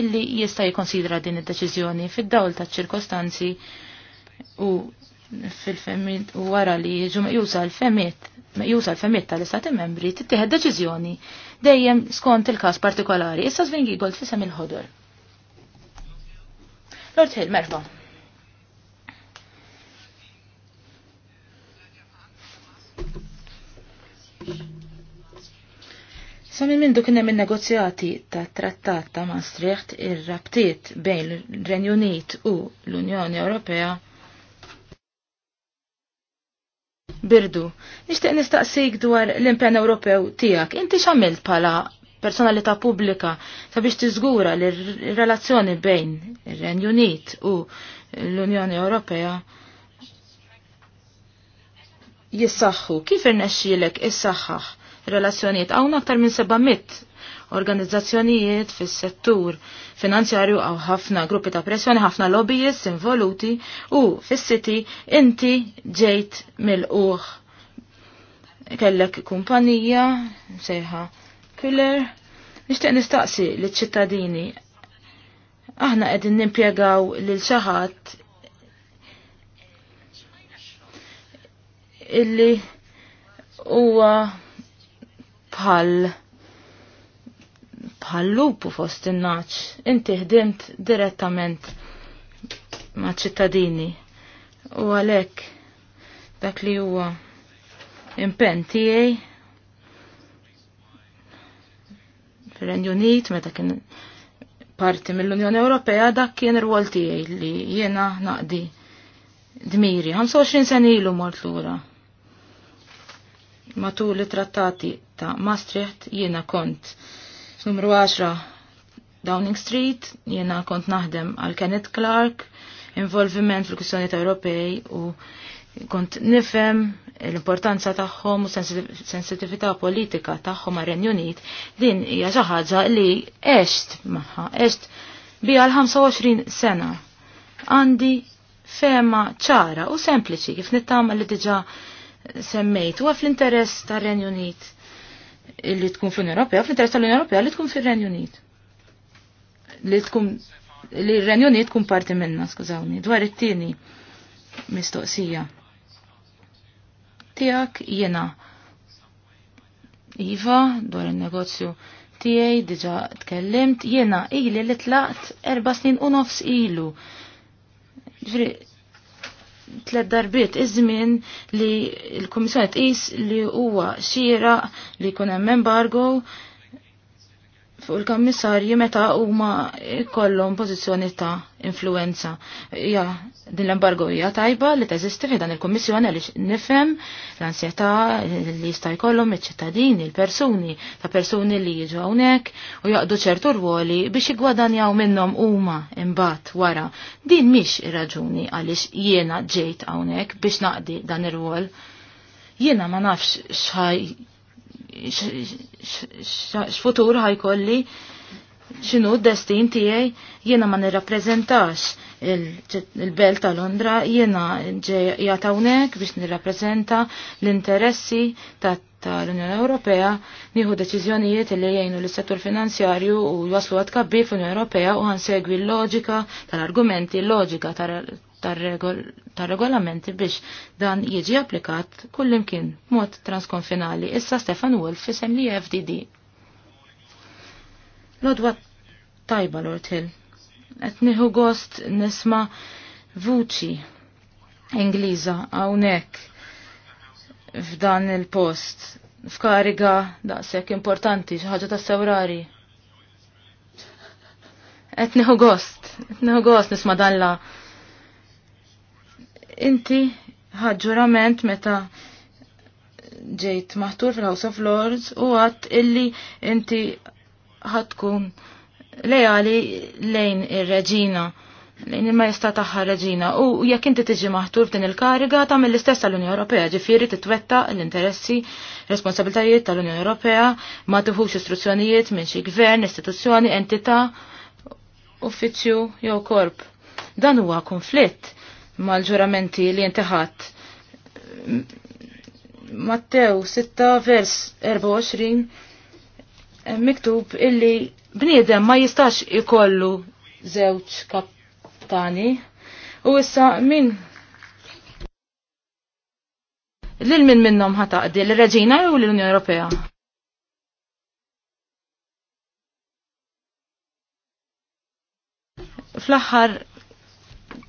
[SPEAKER 5] illi jista' jikkonsidra din id-deċiżjoni fid-dawl taċ-ċirkostanzi u fil-femmit u wara li jiġu l-femmit meqjusa l-femmit tal-istati membri tittieħed deċiżjoni dejjem skont il-każ partikolari. Issa Sven Giegold fisem il ħodur Lord Hill, merħba. Sa minn mindu kien hemm in-negozjati ta' trattat ta' Maastricht ir-rabtiet bejn l renju Unit u l-Unjoni Ewropea Birdu, nixtieq nistaqsik dwar l-impenn Ewropew tiegħek. Inti x'għamilt bħala personalità pubblika sabiex tiżgura li r-relazzjoni bejn ir-Renju Unit u l-Unjoni Ewropea jissaħħu. Kif irnexxielek issaħħaħ relazzjonijiet. Hawn aktar minn 700 organizzazzjonijiet fis-settur finanzjarju għaw ħafna gruppi ta' pressjoni, ħafna lobbyist involuti u fis-siti inti ġejt mill-uħ. Kellek kumpanija sejħa killer. Nixtieq nistaqsi liċ ċittadini aħna qegħdin nimpjegaw lil xi ħadd illi huwa bħal bħal lupu fost in Inti ħdimt direttament ma' ċittadini. U għalek dak li huwa impen tiegħi fir-Renju Unit meta kien parti mill-Unjoni Ewropea dak kien ir-rwol tiegħi li jiena naqdi dmiri. 25 sen ilu mort lura matul it-trattati ta' Maastricht jiena kont numru 10 Downing Street, jiena kont naħdem għal Kenneth Clark, involviment fil-kwistjoni ta' Ewropej u kont nifhem l-importanza tagħhom u sensitività politika tagħhom għar Unit din hija xi ħaġa li għext magħha, est biha l-25 sena. Għandi fema ċara u sempliċi kif nittama li diġa' semmejt. Huwa fl-interess tar-Renju Unit li tkun fl-Unjoni Ewropea, fl-interess tal-Unjoni Ewropea li tkun fir-Renju Unit. Li tkun li r-Renju Unit tkun parti minnha, skużawni, dwar it-tieni mistoqsija. Tiegħek jiena Iva dwar in-negozju tiegħi diġà tkellimt, jiena ili li tlaqt erba' snin u nofs ilu tlet darbiet iż-żmien li l-Kummissjoni tqis li huwa xira li jkun hemm embargo fuq il-kommissarji meta huma kollhom pożizzjoni ta' influenza. Ja, din l-embargo hija tajba li teżisti fi dan il-Kummissjoni għaliex nifhem l-ansjetà li jista' jkollhom iċ-ċittadini, il-persuni ta' persuni li jiġu hawnhekk u jaqdu ċertu rwoli biex jiggwadanjaw minnhom huma imbagħad wara. Din mhix ir-raġuni għaliex jiena ġejt hawnhekk biex naqdi dan ir-rwol. Jiena ma nafx xaj x'futur ħajkolli x'inhu d-destin tiegħi jiena ma nirrapprezentax il-belt ta' Londra jiena ġejjat hawnhekk biex nirrappreżenta l-interessi tal-Unjoni Ewropea nieħu deċiżjonijiet li jgħinu l-settur finanzjarju u jwaslu għad kabbi fl-Unjoni Ewropea u ħansegwi l-loġika tal-argumenti, l-loġika tar-regolamenti biex dan jiġi applikat kullimkien mod transkonfinali. Issa Stefan Wolf fisem li FDD. Lodwa tajba Lord Hill. Etniħu gost nisma' vuċi Ingliża hawnhekk f'dan il-post f'kariga daqshekk importanti xi ħaġa tas-sewrari. Etniħu gost, qed gost nisma' dan la' Inti ħadġurament meta ġejt maħtur fil-House of Lords u għat illi inti ħatkun lejali lejn ir-reġina lejn il-majesta taħħa reġina u jekk inti tiġi maħtur f'din il-kariga tagħmel l-istess tal-Unjoni Ewropea, ġifieri titwetta l-interessi, responsabiltajiet tal-Unjoni Ewropea, ma tieħux istruzzjonijiet minn xi gvern, istituzzjoni, entità, uffiċċju jew korp. Dan huwa konflitt mal-ġuramenti li jintiħat. Mattew 6 vers 24 miktub illi bniedem ma jistax ikollu żewġ kaptani u issa min lil min minnhom ħataqdi l-Reġina jew l-Unjoni Ewropea. Fl-aħħar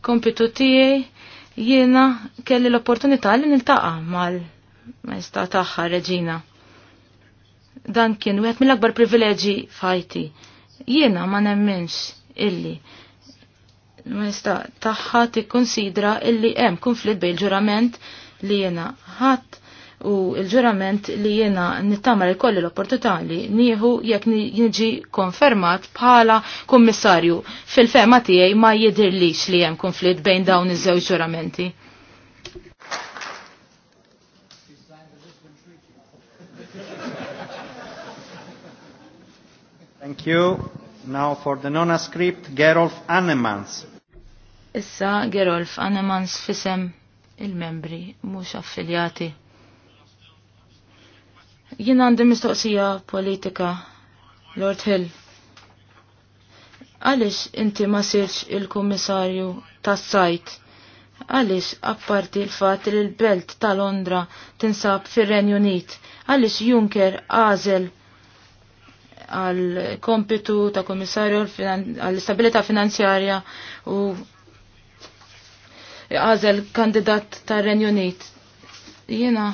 [SPEAKER 5] kompitu tiegħi jiena kelli l-opportunità li niltaqa' mal-mesta tagħha Reġina. Dan kien wieħed mill-akbar privileġġi fajti. Jiena ma nemmenx illi mesta tagħha tikkonsidra illi hemm konflitt bejn ġurament li jiena ħadd u il-ġurament li jena nittamar il-kolli l-opportunità li nieħu jekk niġi konfermat bħala kommissarju fil-fema tiegħi ma jidirlix li hemm konflitt bejn dawn iż-żewġ ġuramenti.
[SPEAKER 1] Thank you. Now for the nona script, Gerolf Annemans.
[SPEAKER 5] Issa Gerolf Annemans fisem il-membri mhux affiljati. Jien għandi mistoqsija politika, Lord Hill. Għalix inti ma sirx il-kummissarju tas sajt Għalix apparti l-fat li l-belt ta' Londra tinsab fir-Renju Unit? Għalix Juncker għazel għal kompitu ta' kummissarju għall-istabilita finanzjarja u għazel kandidat ta' Renju Unit? Jena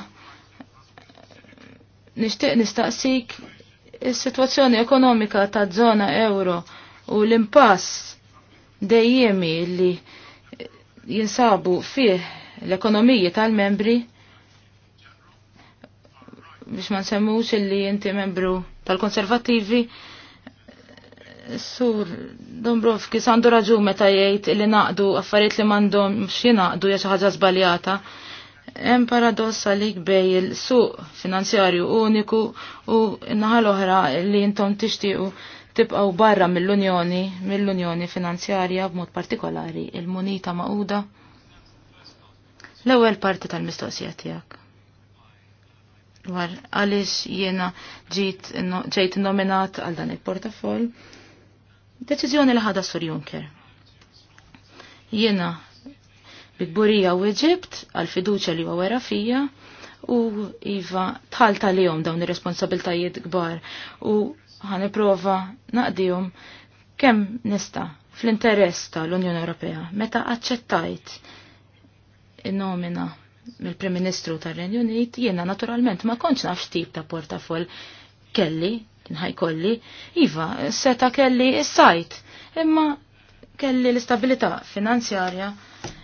[SPEAKER 5] Nixtieq nistaqsik is-sitwazzjoni ekonomika ta' żona euro u l-impass dejjemi li jinsabu fih l-ekonomiji tal-membri biex ma nsemmux li inti membru tal-konservativi Sur Dombrovski sandu raġu meta jgħid li naqdu affarijiet li mandom xi naqdu hija xi ħaġa żbaljata. Hemm paradoss għalik bej il-suq finanzjarju uniku u naħal oħra li intom tixtiequ tibqgħu barra mill-Unjoni, mill-Unjoni finanzjarja b'mod partikolari il-munita maquda. L-ewwel parti tal-mistoqsija tiegħek. War għaliex jiena ġejt nominat għal dan il-portafoll. Deċiżjoni li ħada Sur Juncker. Jiena bitburija u Eġibt għal fiduċa li huwa wera fija u iva tħalta li jom dawn ir-responsabiltajiet kbar u ħan prova naqdihom kemm nista fl-interess tal-Unjoni Ewropea meta aċċettajt il nomina mill-Prim Ministru tar-Renju Unit jiena naturalment ma kontx nafx tip ta' portafol kelli, ħajkolli, iva, seta kelli is-sajt, imma kelli l-istabilità finanzjarja,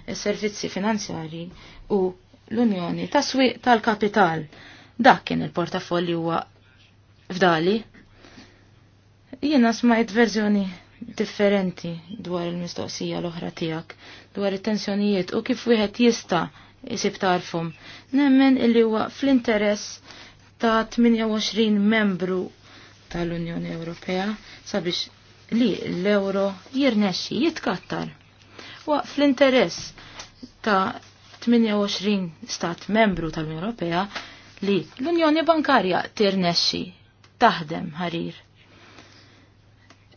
[SPEAKER 5] s-servizzi finanzjarji u l-Unjoni taswiq tal-kapital. Dak kien il-portafolli huwa fdali. Jiena smajt verżjoni differenti dwar il-mistoqsija l-oħra tiegħek, dwar it-tensjonijiet u kif wieħed jista' jsib tarfhom, Nemmen illi huwa fl-interess ta' 28 membru tal-Unjoni Ewropea sabiex li l-euro jirnexxi jitkattar. Waqf fl-interess ta' 28 stat membru tal-Unjoni Ewropea li l-Unjoni Bankarja tirnexxi taħdem ħarir.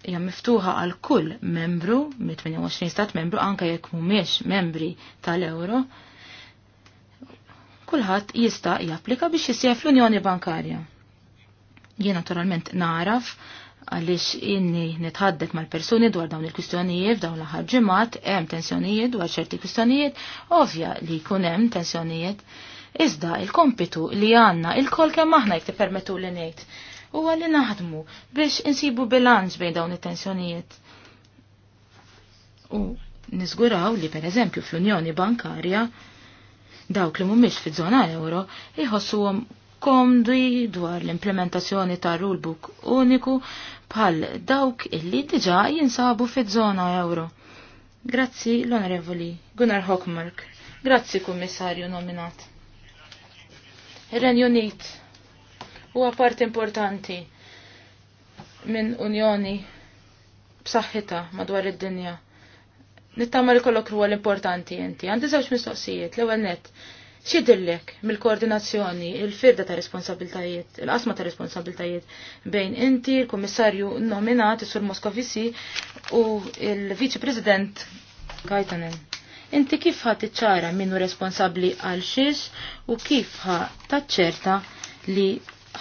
[SPEAKER 5] Hija miftuħa għal kull membru mit 28 stat membru anke jekk mhumiex membri tal-euro kulħadd jista' japplika biex jisjef l-Unjoni Bankarja. Jien naturalment naraf għalix inni nitħaddet mal-persuni dwar dawn il-kustjonijiet, f'dawn l-aħħar hemm tensjonijiet dwar ċerti kustjonijiet, ovvja li jkun hemm tensjonijiet. Iżda il-kompitu li għanna il-kol kemm aħna jek permetu li ngħid. Huwa li naħdmu biex insibu bilanċ bejn dawn it-tensjonijiet. U niżguraw li pereżempju fl-Unjoni Bankarja dawk li mhumiex fiż-żona euro iħossuhom komdi dwar l-implementazzjoni ta' rulebook uniku bħal dawk illi diġa jinsabu fit żona euro. Grazzi l-Onorevoli Gunnar Hockmark. Grazzi kummissarju nominat. Renju Unit huwa part importanti minn Unjoni b'saħħitha madwar id-dinja. Nittama li kollok ruol importanti inti. Għandi żewġ mistoqsijiet, l-ewwel nett xidillek mill-koordinazzjoni il-firda ta' responsabiltajiet, il-qasma ta' responsabiltajiet bejn inti, il komissarju nominat, sur Moskovisi u il-viċi president Kajtanen. Inti kif ħat iċċara minnu responsabli għal xiex u kif ħa taċċerta li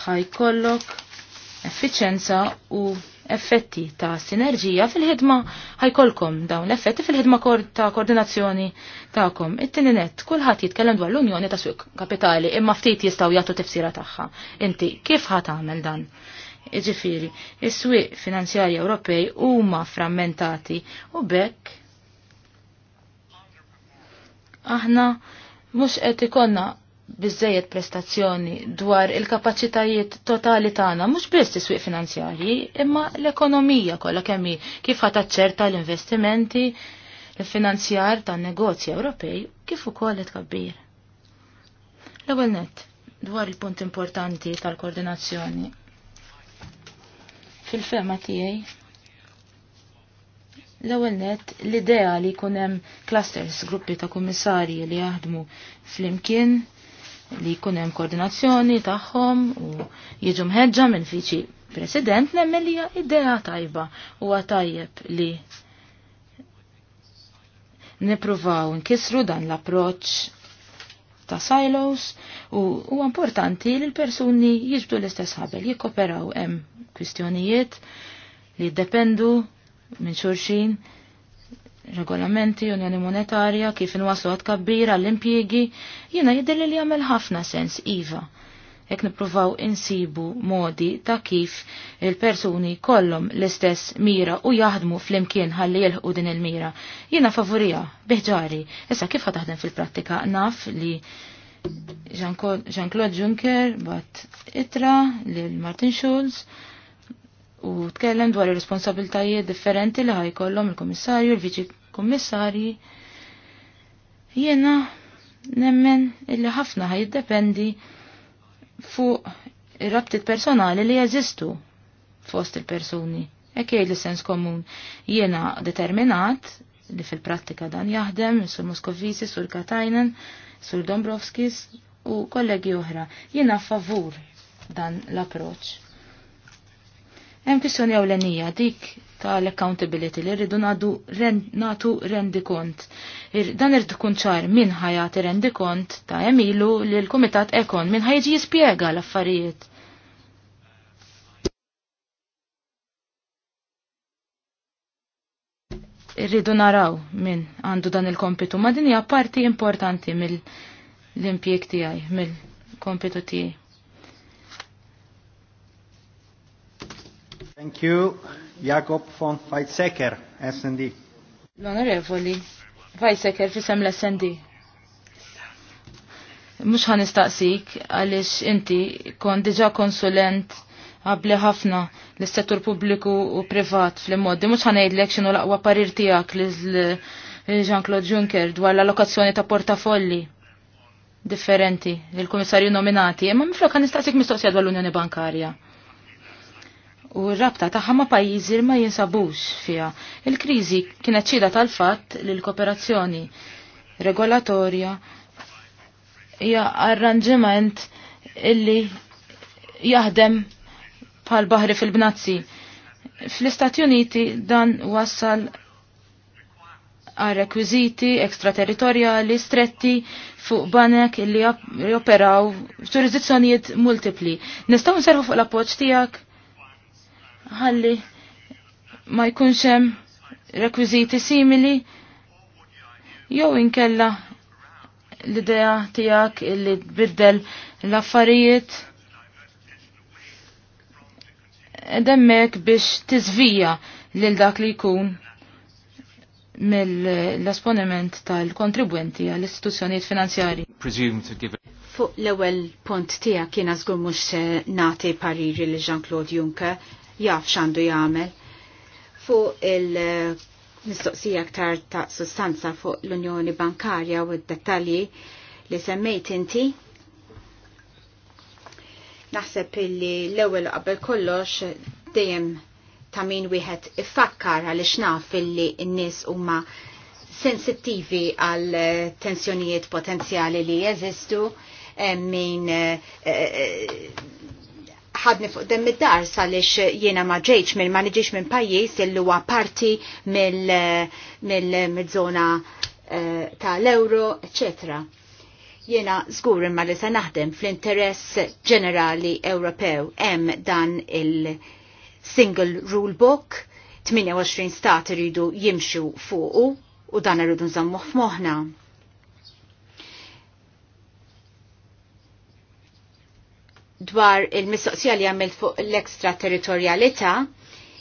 [SPEAKER 5] ħajkollok effiċenza u effetti ta' sinerġija fil-ħidma ħajkolkom dawn l-effetti fil-ħidma ta' koordinazzjoni ta'kom. It-tini net, kullħat jitkellem dwar l-Unjoni ta' Suq Kapitali imma ftit jistaw jagħtu tifsira tagħha. Inti kif ħat għamel dan? Iġifiri, is-swieq finanzjarji Ewropej huma frammentati u bekk aħna mhux qed ikonna bizzejiet prestazzjoni dwar il-kapacitajiet totali tagħna mhux biss iswieq finanzjarji, imma l-ekonomija kollha kemm hi kif ħadd l-investimenti, l-finanzjar tan-negozji Ewropej kif ukoll tkabbir. L-ewwel nett dwar il-punt importanti tal-koordinazzjoni. Fil-fema tiegħi L-ewwel nett, l-idea li jkun hemm clusters gruppi ta' kummissarji li jaħdmu flimkien li jkun hemm koordinazzjoni tagħhom u jiġu mħeġġa minn Fiċi president nemmelija idea tajba u tajjeb li nipruvaw nkisru dan l-approċ ta' silos u huwa importanti li l-persuni jiġbdu l-istess ħabel jikkoperaw hemm kwistjonijiet li jiddependu minn xulxin regolamenti, unjoni monetarja, kif inwaslu għad kabbira, l impiegi jina jidilli li għamil ħafna sens iva. Ek nipruvaw insibu modi ta' kif il-persuni kollom l-istess mira u jaħdmu fl-imkien ħalli jelħu din il-mira. Jina favorija, biħġari, issa kif ħataħdem fil-prattika naf li Jean-Claude Juncker bat itra lil Martin Schulz u tkellem dwar ir-responsabiltajiet differenti li ħajkollhom il-Kummissarju, il-Viċi kummissari, jiena nemmen illi ħafna ħajiddependi fuq ir rabtit personali li jeżistu fost il-persuni. Ekkej li sens komun jiena determinat li fil-prattika dan jaħdem sur Moskovisi, sur Katajnen, sur Dombrovskis u kollegi oħra. Jiena favur dan l-approċ Hemm kwistjoni ewlenija dik tal-accountability li rridu nagħdu nagħtu rendikont. Dan irid ikun ċar min ħajati rendikont ta' emilu li l-kumitat ekon min ħajġi jispjega l-affarijiet. Irridu naraw min għandu dan il-kompitu ma' din hija parti importanti mill-impjeg tiegħi, mill-kompitu tiegħi.
[SPEAKER 1] Thank you, Jakob von Weizsäcker, SND.
[SPEAKER 5] L-onorevoli, Weizsäcker fisem l-SND. Mux ħan istaqsik għalix inti kon diġa konsulent għabli ħafna l-settur pubbliku u privat fl-immoddi. Mux ħan l-ekxin u laqwa parir tijak l Jean-Claude Juncker dwar l-allokazzjoni ta' portafolli differenti l-komissarju nominati. Ma miflok għan istaqsik mistoqsija dwar l-Unjoni Bankarja u r-rabta tagħha ma' pajjiżi ma jinsabux fiha. Il-kriżi kienet ċida tal-fatt li l-kooperazzjoni regolatorja hija arranġiment illi jaħdem bħal baħri fil-bnazzi. Fl-Istati Uniti dan wassal għal rekwiziti ekstraterritorjali stretti fuq banek illi operaw f'ġurisdizzjonijiet multipli. Nistgħu nservu fuq l-appoġġ tiegħek? ħalli ma jkunx hemm rekwiżiti simili jew inkella l-idea tiegħek illi tbiddel l-affarijiet hemmhekk biex tiżvija lil dak li jkun mill-esponiment
[SPEAKER 4] tal-kontribwenti għall-istituzzjonijiet finanzjari. Fuq l-ewwel punt tiegħek jiena żgur mhux nagħti pariri li Jean-Claude Juncker jaf x'għandu jagħmel fuq il-mistoqsija aktar ta' sustanza fuq l-Unjoni Bankarja u d-dettalji li semmejt inti. Naħseb illi l-ewwel qabel kollox dejjem ta' min wieħed iffakkar għaliex naf illi n-nies huma sensittivi għal tensjonijiet potenzjali li jeżistu min eh, eh, ħadni fuq dem id-dar salix jiena ma ġejċ mill ma niġiġ minn pajjiż illi huwa parti mill-żona eh, tal-euro, eccetera. Jiena żgur imma li se naħdem fl-interess ġenerali Ewropew hemm dan il-single rule book 28 stat iridu jimxu fuqu u dan irridu nżammuh f'moħħna. dwar il-mistoqsija li għamilt fuq l territorialita,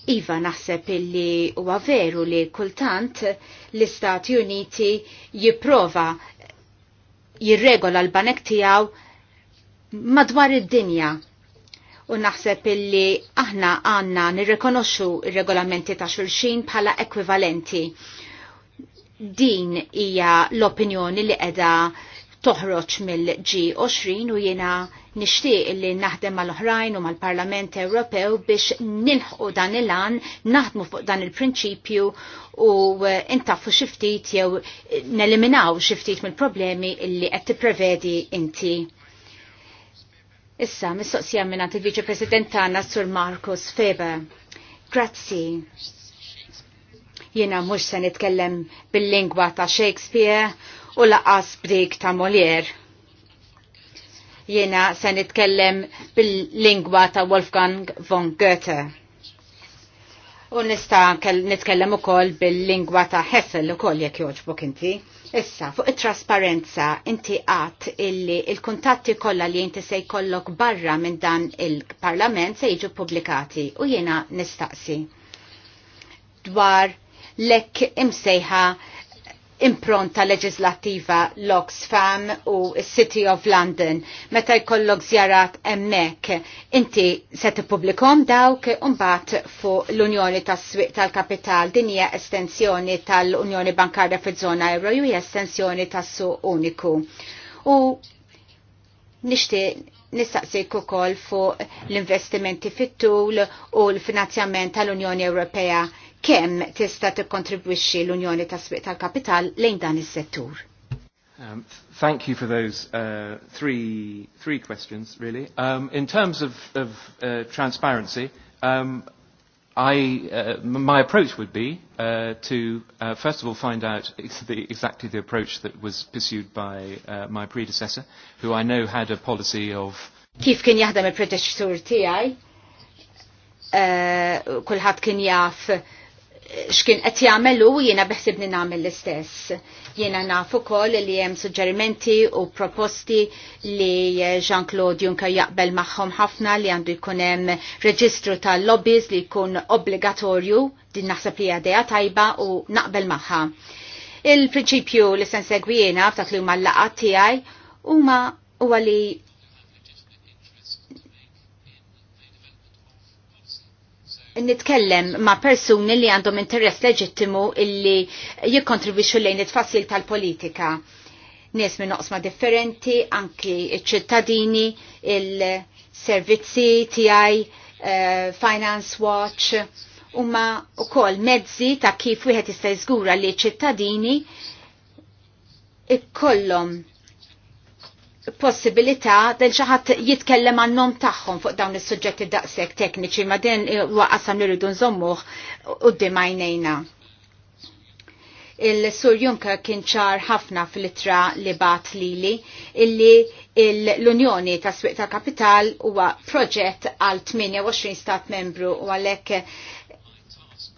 [SPEAKER 4] Iva naħseb illi huwa veru li kultant l-Istati Uniti jipprova jirregola l-banek tiegħu madwar id-dinja u naħseb illi aħna għanna nirrekonoxxu ir-regolamenti ta' xulxin bħala ekwivalenti. Din hija l-opinjoni li qiegħda toħroġ mill-G20 u jiena nixtieq li naħdem mal-oħrajn u mal-Parlament Ewropew biex nilħu dan il-an, naħdmu fuq dan il-prinċipju u eh, intaffu xiftit jew neliminaw xiftit mill-problemi illi qed tipprevedi inti. Issa, mistoqsija minna il vice President tagħna Sur Marcos Feber. Grazzi. Jiena mhux se nitkellem bil-lingwa ta' Shakespeare u laqas bdik ta' Molier. Jena se nitkellem bil-lingwa ta' Wolfgang von Goethe. U nista nitkellem ukoll bil-lingwa ta' Hessel ukoll jekk jogħġbok inti. Issa, fuq it-trasparenza, inti għat illi il-kuntatti kollha li inti se jkollok barra minn dan il-parlament se jiġu publikati u jiena nistaqsi. Dwar lekk imsejħa impronta leġislattiva l-Oxfam u City of London. Meta jkollok zjarat emmek, inti se publikom dawk mbagħad fuq l-Unjoni tas-Swieq tal-Kapital din hija estensjoni tal-Unjoni Bankarja fiż zona Euro u hija estensjoni tas-suq uniku. U nixtieq nistaqsik ukoll fuq l-investimenti fit-tul u l-finanzjament tal-Unjoni Ewropea kemm tista' tikkontribwixxi l-Unjoni ta' swieq tal-Kapital lejn dan is-settur.
[SPEAKER 3] Um, thank you for those uh, three, three questions, really. Um, in terms of, of uh, transparency, um, I, uh, my approach would be uh, to, uh, first of all, find out ex the, exactly the approach that was pursued by uh, my predecessor, who I know had a policy of...
[SPEAKER 4] Kif kien jaħdem il-predeċtur tijaj? Uh, Kulħat kien jaf xkien qed hu jiena beħsibni nagħmel l-istess. Jiena naf ukoll li hemm suġġerimenti u proposti li Jean-Claude Juncker jaqbel magħhom ħafna li għandu jkun hemm reġistru tal-lobbies li jkun obbligatorju din naħseb li għadeja tajba u naqbel magħha. Il-prinċipju li se nsegwi jiena f'dak li huma l-laqgħat tiegħi huma huwa li nitkellem ma' persuni li għandhom interess leġittimu illi jikkontribwixxu lejn it-tfassil tal-politika. Nies minn oqsma differenti, anki iċ-ċittadini, il-servizzi tiegħi, uh, eh, Finance Watch, huma u mezzi ta' kif wieħed jista' jżgura li ċittadini ikkollhom possibilità del xaħat jitkellem għannom taħħom fuq dawn is-suġġetti daqshekk tekniċi ma din waqasam li rridu u d-dimajnejna. Il-Sur Juncker kien ċar ħafna fil-itra li bat lili illi l-Unjoni ta' Swiq ta' Kapital huwa proġett għal 28 stat membru u għalhekk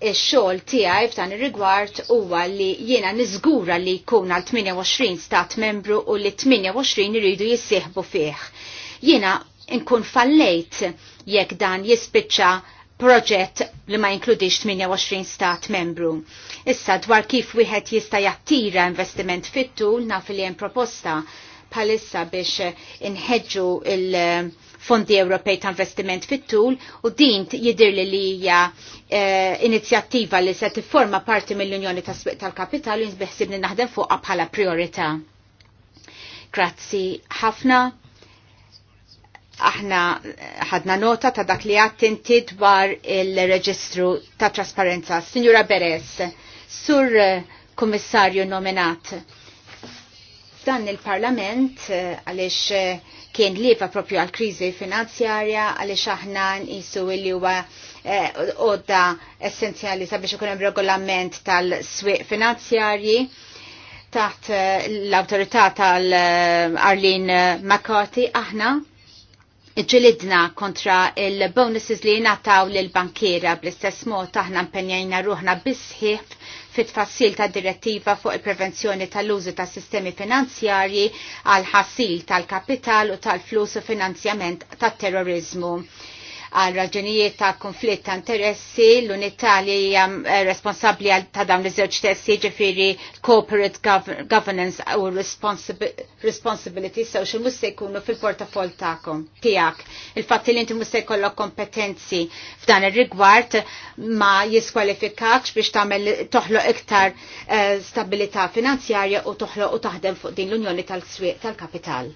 [SPEAKER 4] il-xol tiegħi f'dan ir-rigward huwa li jiena niżgura li jkun għal 28 stat membru u li 28 iridu jissieħbu fih. Jiena nkun fallejt jekk dan jispiċċa proġett li ma jinkludix 28 stat membru. Issa dwar kif wieħed jista' jattira investiment fit-tul naf li jen proposta palissa biex inħedġu il- fondi Ewropej ta' investiment fit-tul u din jidir li hija eh, inizjattiva li se tifforma parti mill-Unjoni ta' tal-Kapitalu jinsbiħsib li naħdem fuqha bħala priorità. Grazzi ħafna aħna eh, ħadna nota ta' dak li inti dwar il-reġistru ta' trasparenza. Signora Beres, sur eh, kommissarju nominat, dan il-parlament eh, għalix kien liba propju għal kriżi finanzjarja għaliex aħna nisu li huwa eh, għodda essenzjali sabiex ikun hemm regolament tal-swieq finanzjarji taħt eh, l-autorità tal eh, arlin McCarthy aħna ġilidna kontra il-bonuses li nataw l-bankiera bl-istess mod taħna mpenjajna ruħna bisħif fit tfassil ta' direttiva fuq il-prevenzjoni tal-użu ta' sistemi finanzjarji għal ħassil tal-kapital u tal-flus u finanzjament tal terrorizmu għal raġunijiet ta' konflitt ta' interessi, l-unità li hija eh, responsabbli ta' dawn iż-żewġ testi ġifieri corporate governance u responsibility social mhux se jkunu fil-portafol tagħkom tiegħek. Il-fatt li inti mhux se jkollok kompetenzi f'dan ir-rigward ma jiskwalifikax biex tagħmel toħloq iktar eh, stabilità finanzjarja u toħloq u taħdem fuq din l-Unjoni tal-Swieq tal-Kapital.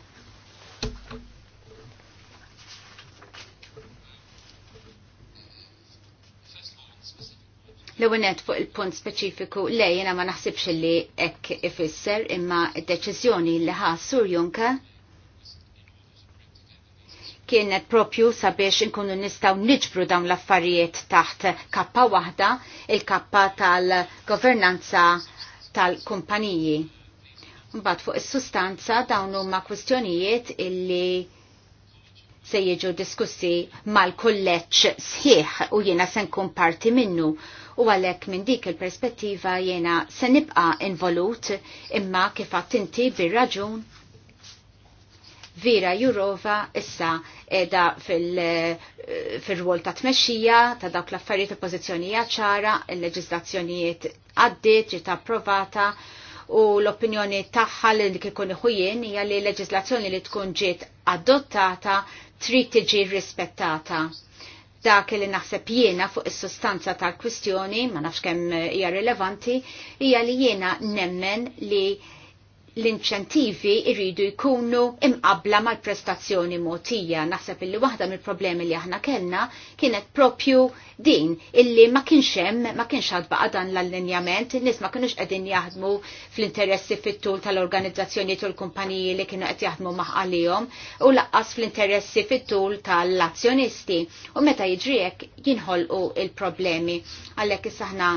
[SPEAKER 4] L-ewenet fuq il-punt speċifiku lej jena ma naħsibx li ek ifisser imma id-deċizjoni li ħa Sur kienet propju sabiex inkunu nistaw niġbru dawn l-affarijiet taħt kappa waħda, il-kappa tal-governanza tal-kumpaniji. Mbad fuq is-sustanza dawn huma kwistjonijiet illi se jiġu diskussi mal kolleċ sħiħ u jiena se nkun parti minnu u għalhekk minn dik il-perspettiva jiena se nibqa' involut imma kif inti bir-raġun vira Jurova issa edha fil-rwol ta' tmexxija ta' dawk l-affarijiet u pożizzjonijiet ċara, il-leġiżlazzjonijiet għaddiet ġiet approvata u l-opinjoni tagħha li kikun iħujien hija li l-leġiżlazzjoni li tkun ġiet adottata trid tiġi rispettata dak li naħseb jiena fuq is-sustanza tal-kwistjoni, ma nafx kemm hija rilevanti, hija li jiena nemmen li l-inċentivi irridu jkunu imqabla mal-prestazzjoni motija. Naħseb illi waħda mill-problemi li aħna kellna kienet propju din illi ma kienx hemm ma kienx għad baqa dan l-allinjament, in-nies ma kienux qegħdin jaħdmu fl-interessi fit-tul tal-organizzazzjoni u l-kumpaniji li kienu qed jaħdmu maħqalihom u laqqas fl-interessi fit-tul tal-azzjonisti. U meta jiġri jinħolqu il-problemi. Għalhekk is aħna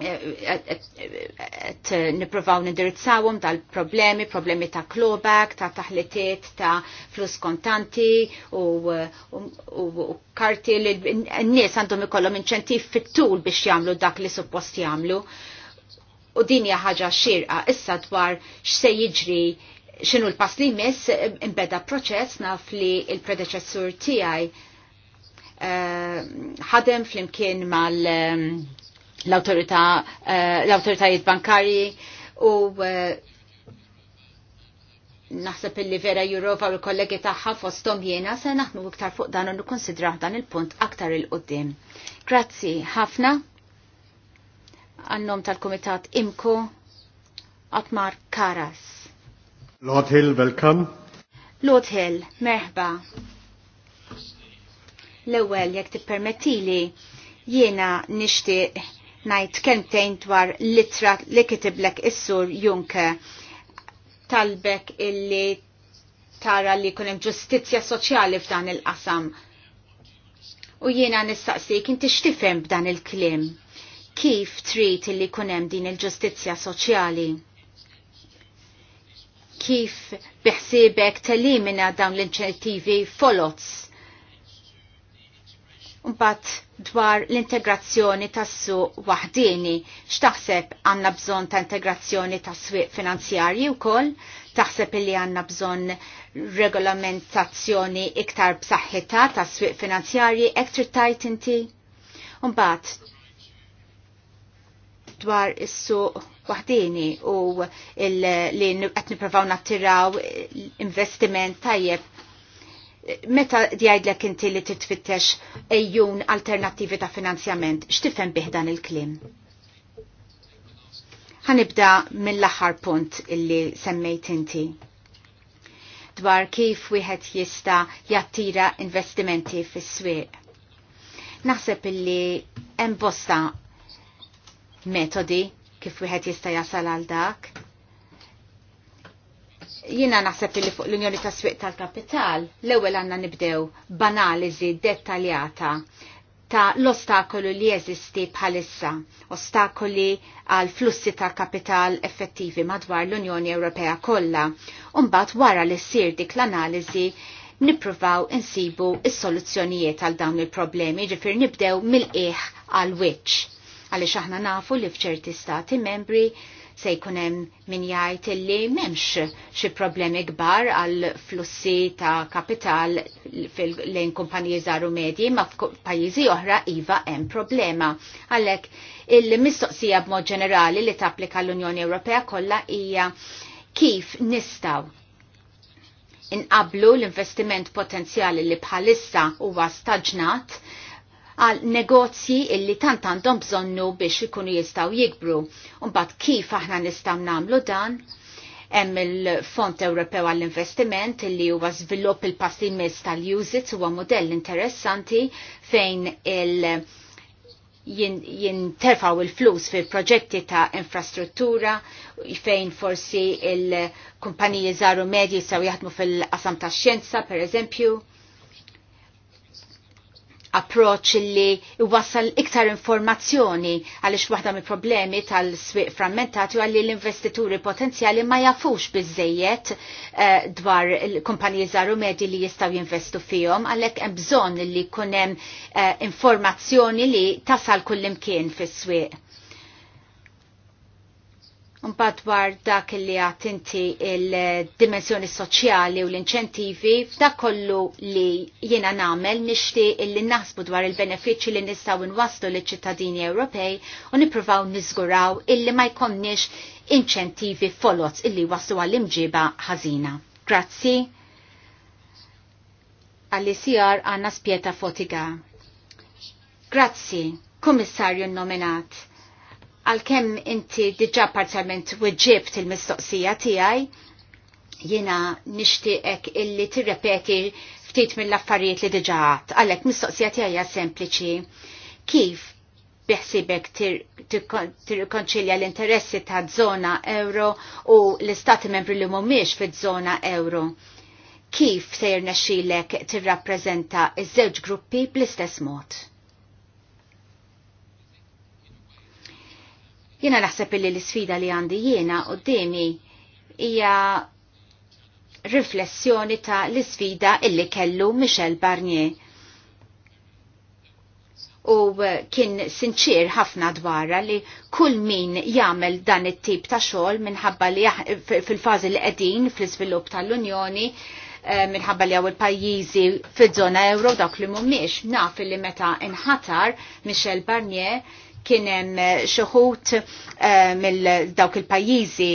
[SPEAKER 4] et niprofaw nindirizzawum tal-problemi, problemi ta' klobak, ta' taħlitiet, ta' flus kontanti u karti li n-nies għandhom ikollhom inċentiv fit-tul biex jagħmlu dak li suppost jagħmlu. U din hija ħaġa xirqa issa dwar x'se jiġri x'inhu l-pass li jmiss imbeda proċess naf li l predeċessur tiegħi eh, ħadem flimkien mal- Eh, l-autoritajiet bankari u eh, naħseb illi vera Jurova u l-kollegi tagħha fosthom jiena se naħdmu iktar fuq dan u nikkonsidrah dan il-punt aktar il-qudiem. Grazzi ħafna għannom tal-Komitat Imko Atmar Karas.
[SPEAKER 1] Lord Hill, welcome.
[SPEAKER 4] Lord Hill, merħba. L-ewwel jekk tippermettili jiena nixtieq najt kentejn dwar litra li kitiblek is-sur Junke. talbek illi tara li kunem ġustizja soċjali f'dan il-qasam. U jiena nistaqsi kien x'tifhem b'dan il-klim? Kif trid illi kunem din il-ġustizja soċjali? Kif biħsibek telimina dawn l-inċentivi folots? Mbagħad dwar l-integrazzjoni tassu wahdini. X'taħseb għanna bżon ta' integrazzjoni tas swieq finanzjarji u koll? Taħseb li għanna bżon regolamentazzjoni iktar b'saħħitha ta' swieq finanzjarji ektar tajt inti? Umbat, dwar is-suq wahdini u li qed nippruvaw nattiraw investiment tajjeb meta djajdlek inti li titfittex ejjun alternativi ta' finanzjament, xtifem biħdan il-klim? Ħanibda mill-aħħar punt illi semmejt inti dwar kif wieħed jista jattira investimenti fis-swieq. Naħseb illi hemm bosta metodi kif wieħed jista' jasal għal dak Jina naħseb li fuq l-Unjoni ta' Swiq tal-Kapital l-ewwel għandna nibdew banaliżi dettaljata ta' l-ostakolu li jeżisti bħalissa, ostakoli għal flussi ta' kapital effettivi madwar l-Unjoni Ewropea kollha. Umbagħad wara li ssir dik l-analiżi nippruvaw insibu is-soluzzjonijiet għal dawn il-problemi, ġifir nibdew mill-qiegħ għal wiċċ għaliex aħna nafu li f'ċerti stati membri se jkunem min jgħid li memx xi problemi kbar għal flussi ta' kapital lejn kumpaniji żaru medji ma' pajjiżi oħra iva hemm problema. Għalhekk il-mistoqsija b'mod ġenerali li tapplika l-Unjoni Ewropea kollha hija kif nistaw inqablu l-investiment potenzjali li bħalissa huwa staġnat għal negozji illi tant għandhom bżonnu biex ikunu jistaw jikbru. Unbat kif aħna nistaw namlu dan? hemm il-Fond Ewropew għall-Investiment illi huwa żvilupp il-passi mis tal-Usit huwa modell interessanti fejn il- jinterfaw il-flus fi proġetti ta' infrastruttura fejn forsi il-kumpaniji zaru medji saw jaħdmu fil-qasam ta' xjenza per eżempju approċ li wasal iktar informazzjoni għalix waħda mill problemi tal-swiq frammentati għalli l-investituri potenzjali ma jafux bizzejiet eh, dwar kumpaniji zaru medji li jistaw jinvestu fihom għalek hemm bżonn li kunem eh, informazzjoni li tasal kullimkien fis-swieq. Mbagħad dwar dak li għatinti inti il-dimensjoni soċjali u l-inċentivi, dak kollu li jiena nagħmel nixtieq illi naħsbu dwar il-benefiċċji li nistgħu nwasslu liċ-ċittadini Ewropej u nippruvaw niżguraw illi ma jkollniex inċentivi folot illi waslu għall-imġiba ħażina. Grazzi għal icr għanna spieta fotiga. Grazzi, komissarju nominat għal-kem inti diġa parzialment weġġibt il-mistoqsija tijaj, jina nishtiqek illi tirrepeti ftit mill-affarijiet li diġa għat. Għalek, mistoqsija tijaj sempliċi. Kif biħsibek tirkonċilja l-interessi ta' zona euro u l-istati membri li mumiex fit zona euro? Kif sejr nexxilek tirrappreżenta iż-żewġ gruppi bl-istess mod? Jiena naħseb illi l-sfida li għandi jiena demi hija riflessjoni ta' l-sfida illi kellu Michel Barnier. U kien sinċir ħafna dwarra li kull min jagħmel dan it-tip ta' xogħol minħabba li fil-fażi li qegħdin fl-iżvilupp tal-Unjoni eh, minħabba li għaw il-pajjiżi fil-żona euro dak li mhumiex naf li meta inħatar Michel Barnier kienem eh, xuħut eh, mill-dawk il-pajizi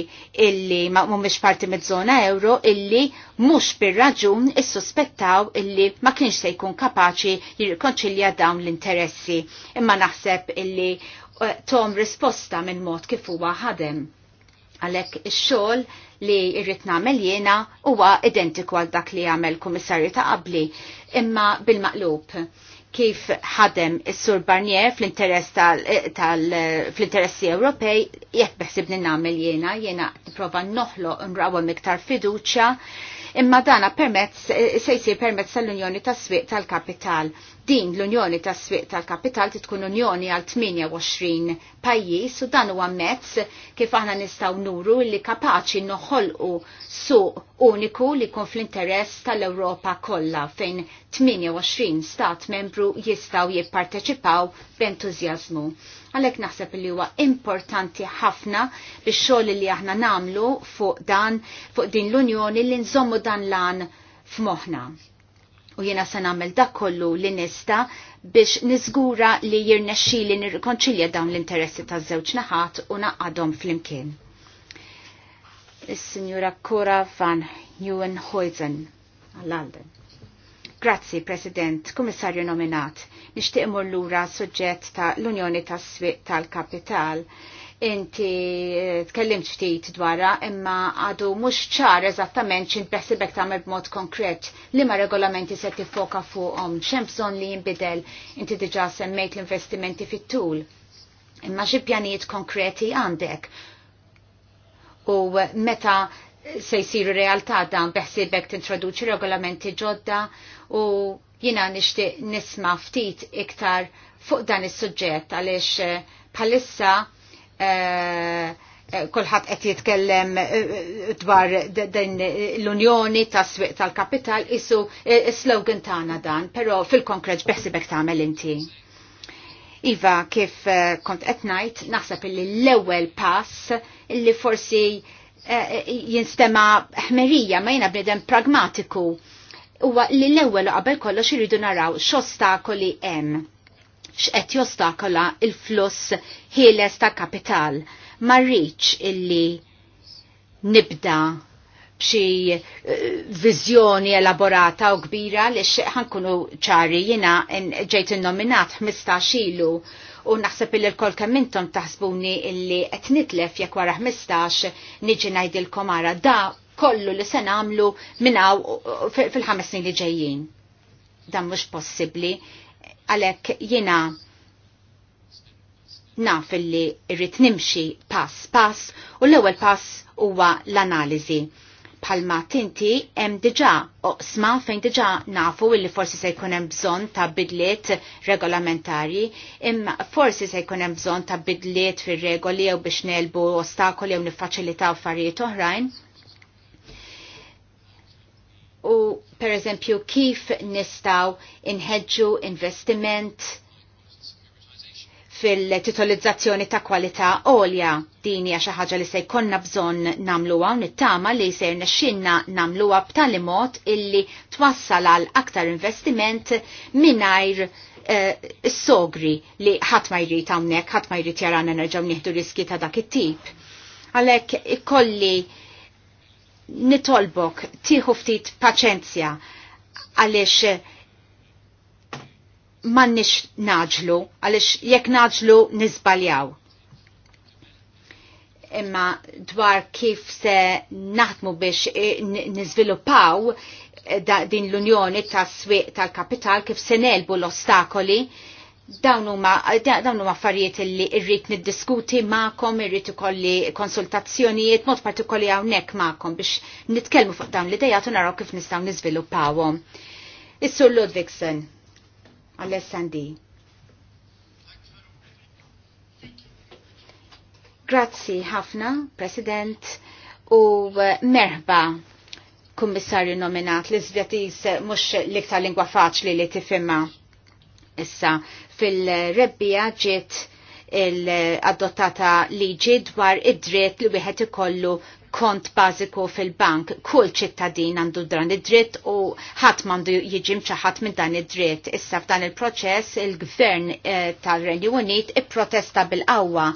[SPEAKER 4] illi ma mumiex parti mid-zona euro illi mux bil raġun il suspettaw illi ma kienx se jkun kapaċi jirkonċilja dawn l-interessi imma naħseb illi eh, tom risposta minn mod kif huwa ħadem. Għalek ix-xogħol li rrid nagħmel jiena huwa identiku għal dak li għamel kummissarju ta' qabli imma bil-maqlub kif ħadem is-Sur Barnier fl-interess tal-interessi eh, eh, Ewropej, jekk beħsibni nagħmel jiena, jiena nipprova noħloq nrawa miktar fiduċja imma dana permezz eh, se jsir permezz tal-Unjoni tas-Swieq tal-Kapital. Din l-Unjoni tas-Swieq tal-Kapital titkun Unjoni għal 28 pajjiż u dan huwa mezz kif aħna nistgħu nuru li kapaċi noħolqu suq uniku li jkun fl-interess tal-Ewropa kollha fejn 28 stat membru jistgħu jipparteċipaw b'entużjażmu Għalek naħseb li huwa importanti ħafna biex xogħol li aħna namlu fuq dan fuq din l-Unjoni li nżommu dan lan f'moħħna. U jiena se nagħmel dak kollu li nista biex niżgura li jirnexxi li nirrikonċilja dawn l-interessi taż-żewġ naħat u naqadhom flimkien. Is-Sinjura Kura van Juwenhuizen għall-Alden. Grazzi, President, Kummissarju nominat. Nixtieq imur lura suġġett ta' l-Unjoni tas-Swieq tal-Kapital. Inti eh, tkellimt ftit dwarra imma għadu mhux ċar eżattament x'int beħsibek tagħmel b'mod konkret li ma regolamenti se tifoka fuqhom x'hemm bżonn li jinbidel inti diġà semmejt l-investimenti fit-tul. Imma xi pjanijiet konkreti għandek u meta se jsiru realtà dan beħsibek tintroduċi regolamenti ġodda u jina nixtieq nisma ftit iktar fuq dan is-suġġett għaliex eh, bħalissa eh, eh, kolħat qed jitkellem dwar l-Unjoni tas-swieq tal-kapital isu slogan tagħna dan, però fil-konkret beħsibek tagħmel inti. Iva, kif kont qed ngħid, naħseb illi l-ewwel pass illi forsi jinstema ħmerija ma jina bnedem pragmatiku huwa li l-ewwel qabel kollox iridu naraw x'ostakoli hemm x'qed jostakola il-fluss ħieles ta' kapital ma rridx illi nibda b'xi eh, viżjoni elaborata u kbira li ħankunu ċari jina ġejt innominat 15 ilu u naħseb illi l-kol kemmintom taħsbuni illi qed nitlef jekk wara 15 niġi najdilkom ara da kollu li se nagħmlu minnaw fil-ħames snin li ġejjin. Dan mhux possibbli għalhekk jiena naf illi rrid nimxi pass pass u l-ewwel pass huwa l-analiżi palma tinti hemm diġà oqsma fejn diġà nafu illi forsi se jkun hemm bżonn ta' bidliet regolamentari, imma forsi se jkun hemm bżonn ta' bidliet fir-regoli jew biex nelbu ostakoli jew niffaċilitaw affarijiet oħrajn. U per eżempju kif nistaw inħedġu investiment fil-titolizzazzjoni ta' kwalità olja. Din hija xi ħaġa li se jkollna bżonn nagħmluha u nittama li se nexxinna nagħmluha b'tali mod illi twassal għal aktar investiment mingħajr eh, s-sogri li ħadd ma jrid hawnhekk, ħadd ma jrid jarana nerġgħu nieħdu riski ta' dak it-tip. Għalhekk ikolli nitolbok tieħu ftit paċenzja għaliex mannix naġlu, għalix jekk naġlu nizbaljaw. Imma dwar kif se naħdmu biex eh, nizviluppaw eh, din l-unjoni ta' swiq tal-kapital kif se nelbu l-ostakoli, dawn huma affarijiet li rrid niddiskuti magħkom, irrid ikolli konsultazzjonijiet mod partikolari hawnhekk ma'kom biex nitkellmu fuq dawn l-idejat u naraw kif nistgħu niżviluppawhom. Is-Sur Ludwigsen għall-SND. Grazzi ħafna, President, u eh, merħba kummissarju nominat li zvjatis eh, mux liktar lingwa faċli li tifimma. Issa, fil-rebbija ġiet il-adottata eh, liġi dwar id-dritt li wieħed ikollu kont bażiku fil-bank, kull ċittadin għandu dan id-dritt u ħadd m'għandu jiġi mċaħat minn dan id-dritt. Issa f'dan il-proċess il-gvern eh, tal-Renju Unit ipprotesta bil-qawwa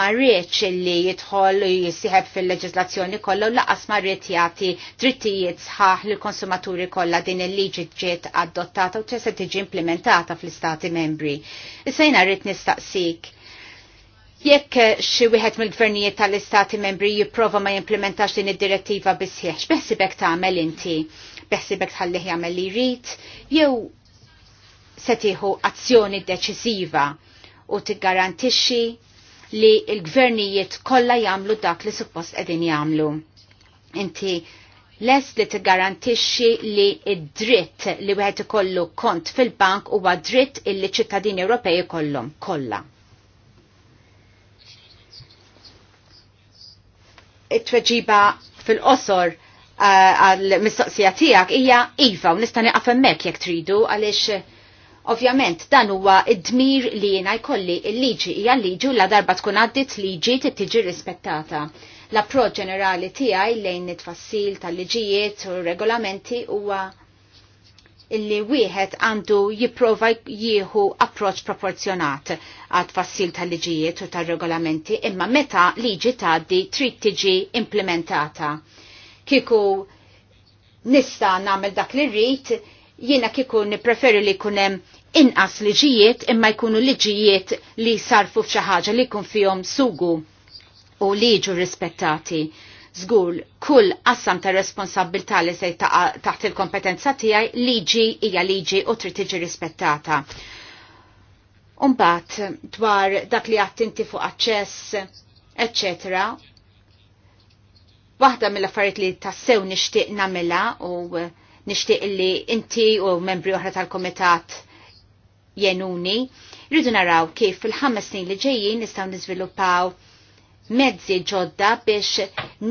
[SPEAKER 4] ma rridx li jidħol u jisieħeb fil-leġislazzjoni kollha u laqas ma rrid jagħti drittijiet sħaħ lil konsumaturi kollha din il-liġi ġiet adottata u se tiġi implementata fl-istati membri. Issa jiena rrid nistaqsik Jekk eh, xi wieħed mill-gvernijiet tal-istati membri jipprova ma jimplementax din id-direttiva bisħieħ, x'beħsibek tagħmel inti? Beħsibek tħallih jagħmel li jrid jew se tieħu azzjoni deċiżiva u tiggarantixxi li l-gvernijiet kollha jagħmlu dak li suppost qegħdin jagħmlu. Inti les li tiggarantixxi li id-dritt li wieħed ikollu kont fil-bank huwa dritt illi ċittadini Ewropej kollhom kollha. it-tweġiba fil-qosor eh, għal-mistoqsija tijak hija Iva u nista' għafemmek hemmhekk jekk tridu għaliex eh, Ovvjament dan huwa id-dmir li jiena jkolli il-liġi hija liġi u la darba tkun għaddit liġi tiġi rispettata. L-approċ ġenerali tiegħi lejn it-tfassil tal-liġijiet u regolamenti huwa illi wieħed għandu jipprova jieħu approċ proporzjonat għad fassil tal-liġijiet u tal-regolamenti imma meta liġi taddi trid tiġi implementata. Kiku nista namel dak li rrit, jiena kiku nipreferi li kunem inqas liġijiet imma jkunu liġijiet li sarfu f'xi ħaġa li jkun fihom sugu u liġu rispettati Zgur, kull qassam ta' responsabilta li se taħt il-kompetenza tijaj liġi hija liġi u trid tiġi rispettata. Umbat, dwar dak li għattinti fuq aċċess, eccetera, waħda mill-affarijiet li tassew nixtieq nagħmilha u nixtieq li inti u membri oħra tal-komitat jenuni, rridu naraw kif fil-ħames snin li ġejjin nistgħu niżviluppaw mezzi ġodda biex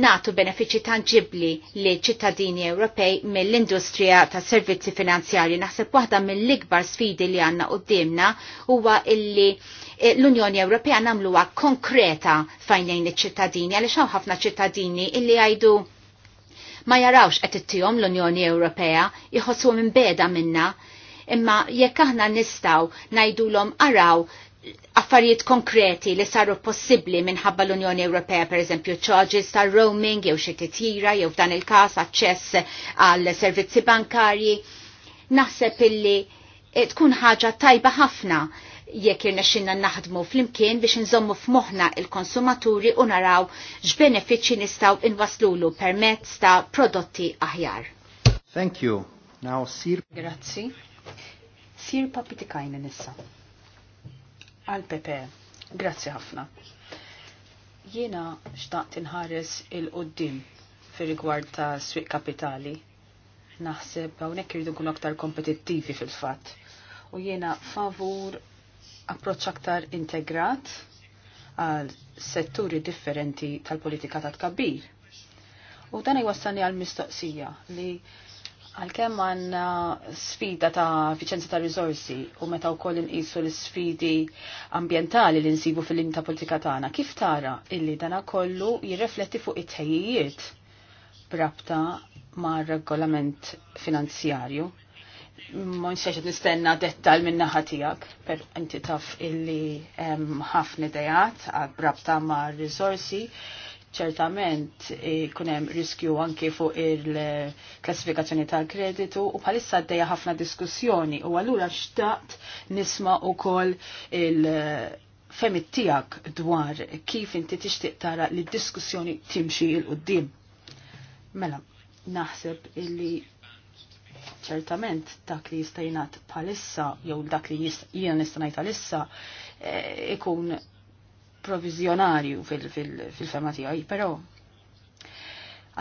[SPEAKER 4] natu benefiċi tangibli li ċittadini Ewropej mill-industrija ta' servizzi finanzjari. Naħseb waħda mill-ikbar sfidi li għanna dimna huwa illi eh, l-Unjoni Ewropea namluwa konkreta fajnejn iċ-ċittadini, għaliex hawn ħafna ċittadini illi għajdu ma jarawx qed ittihom l-Unjoni Ewropea, jħossu minn beda minna, imma jekk aħna nistgħu ngħidulhom araw affarijiet konkreti li saru possibli minħabba l-Unjoni Ewropea, per eżempju, charges ta' roaming, jew xi titjira, jew f'dan il-każ aċċess għal servizzi bankarji. Naħseb illi eh, tkun ħaġa tajba ħafna jekk irnexxinna naħdmu flimkien biex nżommu f'moħħna il-konsumaturi u naraw x'benefiċċji nistgħu inwaslulu permezz ta' prodotti aħjar.
[SPEAKER 1] Thank you. Now Sir.
[SPEAKER 4] Grazzi. Sir papitikajna issa għal Pepe.
[SPEAKER 2] Grazzi ħafna. Jiena xtaqt inħares il-qoddim fir rigward ta' swieq kapitali. Naħseb hawnhekk irridu nkunu aktar kompetittivi fil-fatt. U jiena favur approċċ aktar integrat għal setturi differenti tal-politika ta' tkabbir. U dan iwassani għal mistoqsija li Għalkemm għanna sfida ta' efficienza ta' risorsi u meta wkoll inqisu l-sfidi ambjentali li nsibu fil-lim ta' politika tagħna, kif tara illi dana kollu jirrefletti fuq it-tejjijiet brabta ma' regolament finanzjarju? Ma nxiex nistenna dettal minna naħa tiegħek, per inti taf illi hemm ħafna idejat brabta ma' risorsi ċertament kunem riskju anki fuq il-klassifikazzjoni tal-kreditu u bħalissa għaddeja ħafna diskussjoni u għallura xtaqt nisma u kol il-femit tijak dwar kif inti tixtiq tara li diskussjoni timxi il-qoddim. Mela, naħseb illi ċertament dak li jistajnat bħalissa jew dak li jien ngħid bħalissa eh, ikun e provizjonarju fil-fema tiegħi, però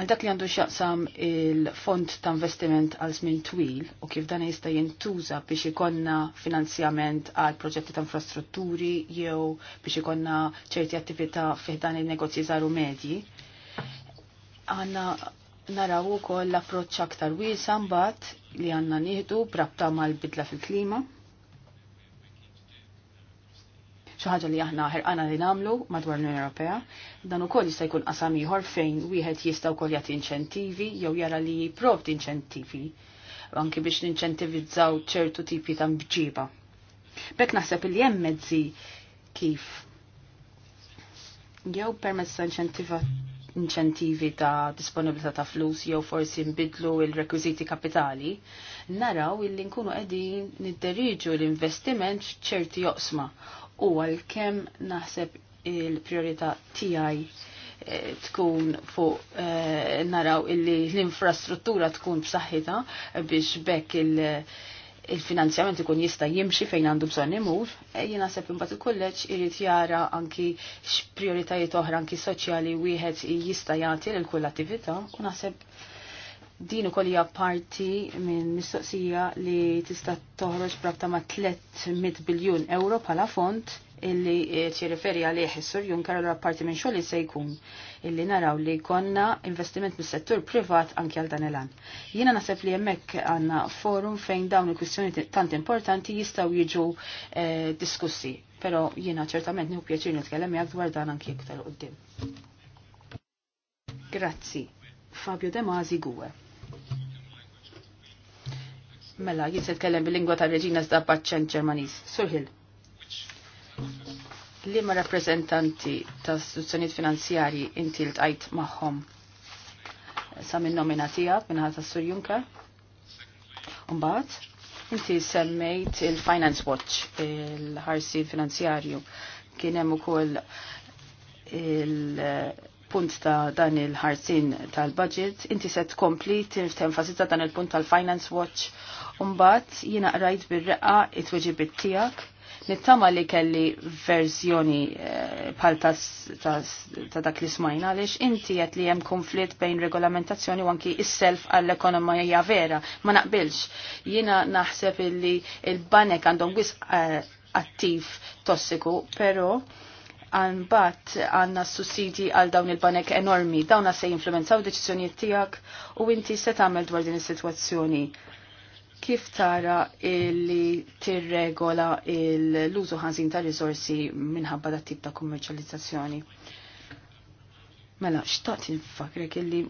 [SPEAKER 2] għal dak li għandu xaqsam il-fond ta' investiment għal żmien twil u kif dan jista' jintuża biex ikonna finanzjament għal proġetti ta' infrastrutturi jew biex ikonna ċerti attività fih dan il-negozji żaru medji. Għanna naraw ukoll l-approċċ aktar wiesa mbagħad li għandna nieħdu brabta mal-bidla fil-klima xi ħaġa li aħna ħerqana li nagħmlu madwar l-Unjoni Ewropea. Dan ukoll jista' jkun qasam ieħor fejn wieħed jista' wkoll jagħti inċentivi jew jara li jipprovdi inċentivi anki biex ninċentivizzaw ċertu tipi ta' mġiba. Bekk naħseb li hemm mezzi kif jew permezz ta' inċentiva inċentivi ta' disponibilità ta' flus jew forsi nbidlu il-rekwiziti kapitali, naraw illi nkunu qegħdin nidderiġu l-investiment f'ċerti joqsma u għalkemm naħseb il-priorità tiegħi eh, tkun fuq eh, naraw illi l-infrastruttura tkun b'saħħitha biex bekk il- finanzjament ikun jista jimxi fejn għandu bżonn imur, eh, jiena sepp imbagħad il-kulleġġ irid jara anki x'prijoritajiet oħra anki soċjali wieħed jista' jagħti lil kull attività u naħseb din u kolija parti minn mistoqsija li tista' toħroġ brabta ma' 300 biljun euro pala font illi ċi referi għalih ħessur junkar l allura parti minn xogħol se jkun illi naraw li konna investiment mis-settur privat anke għal dan il-an. Jiena naħseb li hemmhekk għandna forum fejn dawn il-kwistjoni tant importanti jistgħu jiġu eh, diskussi, però jiena ċertament nieħu pjaċir nitkellem jak dwar dan anke iktar quddiem. Grazzi. Fabio De Masi Gue. Mela, jien se tkellem bil-lingwa ta' Reġina zda b'aċċent Ġermaniż. Surħil. Li ma' rappreżentanti ta' istituzzjonijiet finanzjarji inti l tajt magħhom? Sa minn nomina tiegħek minn ħadd Sur Juncker? Mbagħad, inti semmejt il-Finance Watch, il-ħarsi finanzjarju. Kien hemm ukoll il punt ta' dan il-ħarsin tal-budget, inti se tkompli tenfasizza dan il-punt tal-Finance Watch, umbat jina rajt bil-reqqa it-weġibit tijak, nittama li kelli verżjoni bħal eh, ta' dak li smajna, għalix inti jett li jem konflitt bejn regolamentazzjoni u anki is-self għall-ekonomija vera, ma naqbilx. Jina naħseb li il-banek għandhom wis eh, attiv tossiku, pero għan bat għanna sussidi għal dawn il-banek enormi, dawna se jinfluenzaw deċizjoniet tijak u inti se tagħmel dwar din is-sitwazzjoni. Kif tara illi tirregola l-użu il ħanżin ta' risorsi minħabba da' tip ta' kummerċjalizzazzjoni? Mela, xtaqt infakrek illi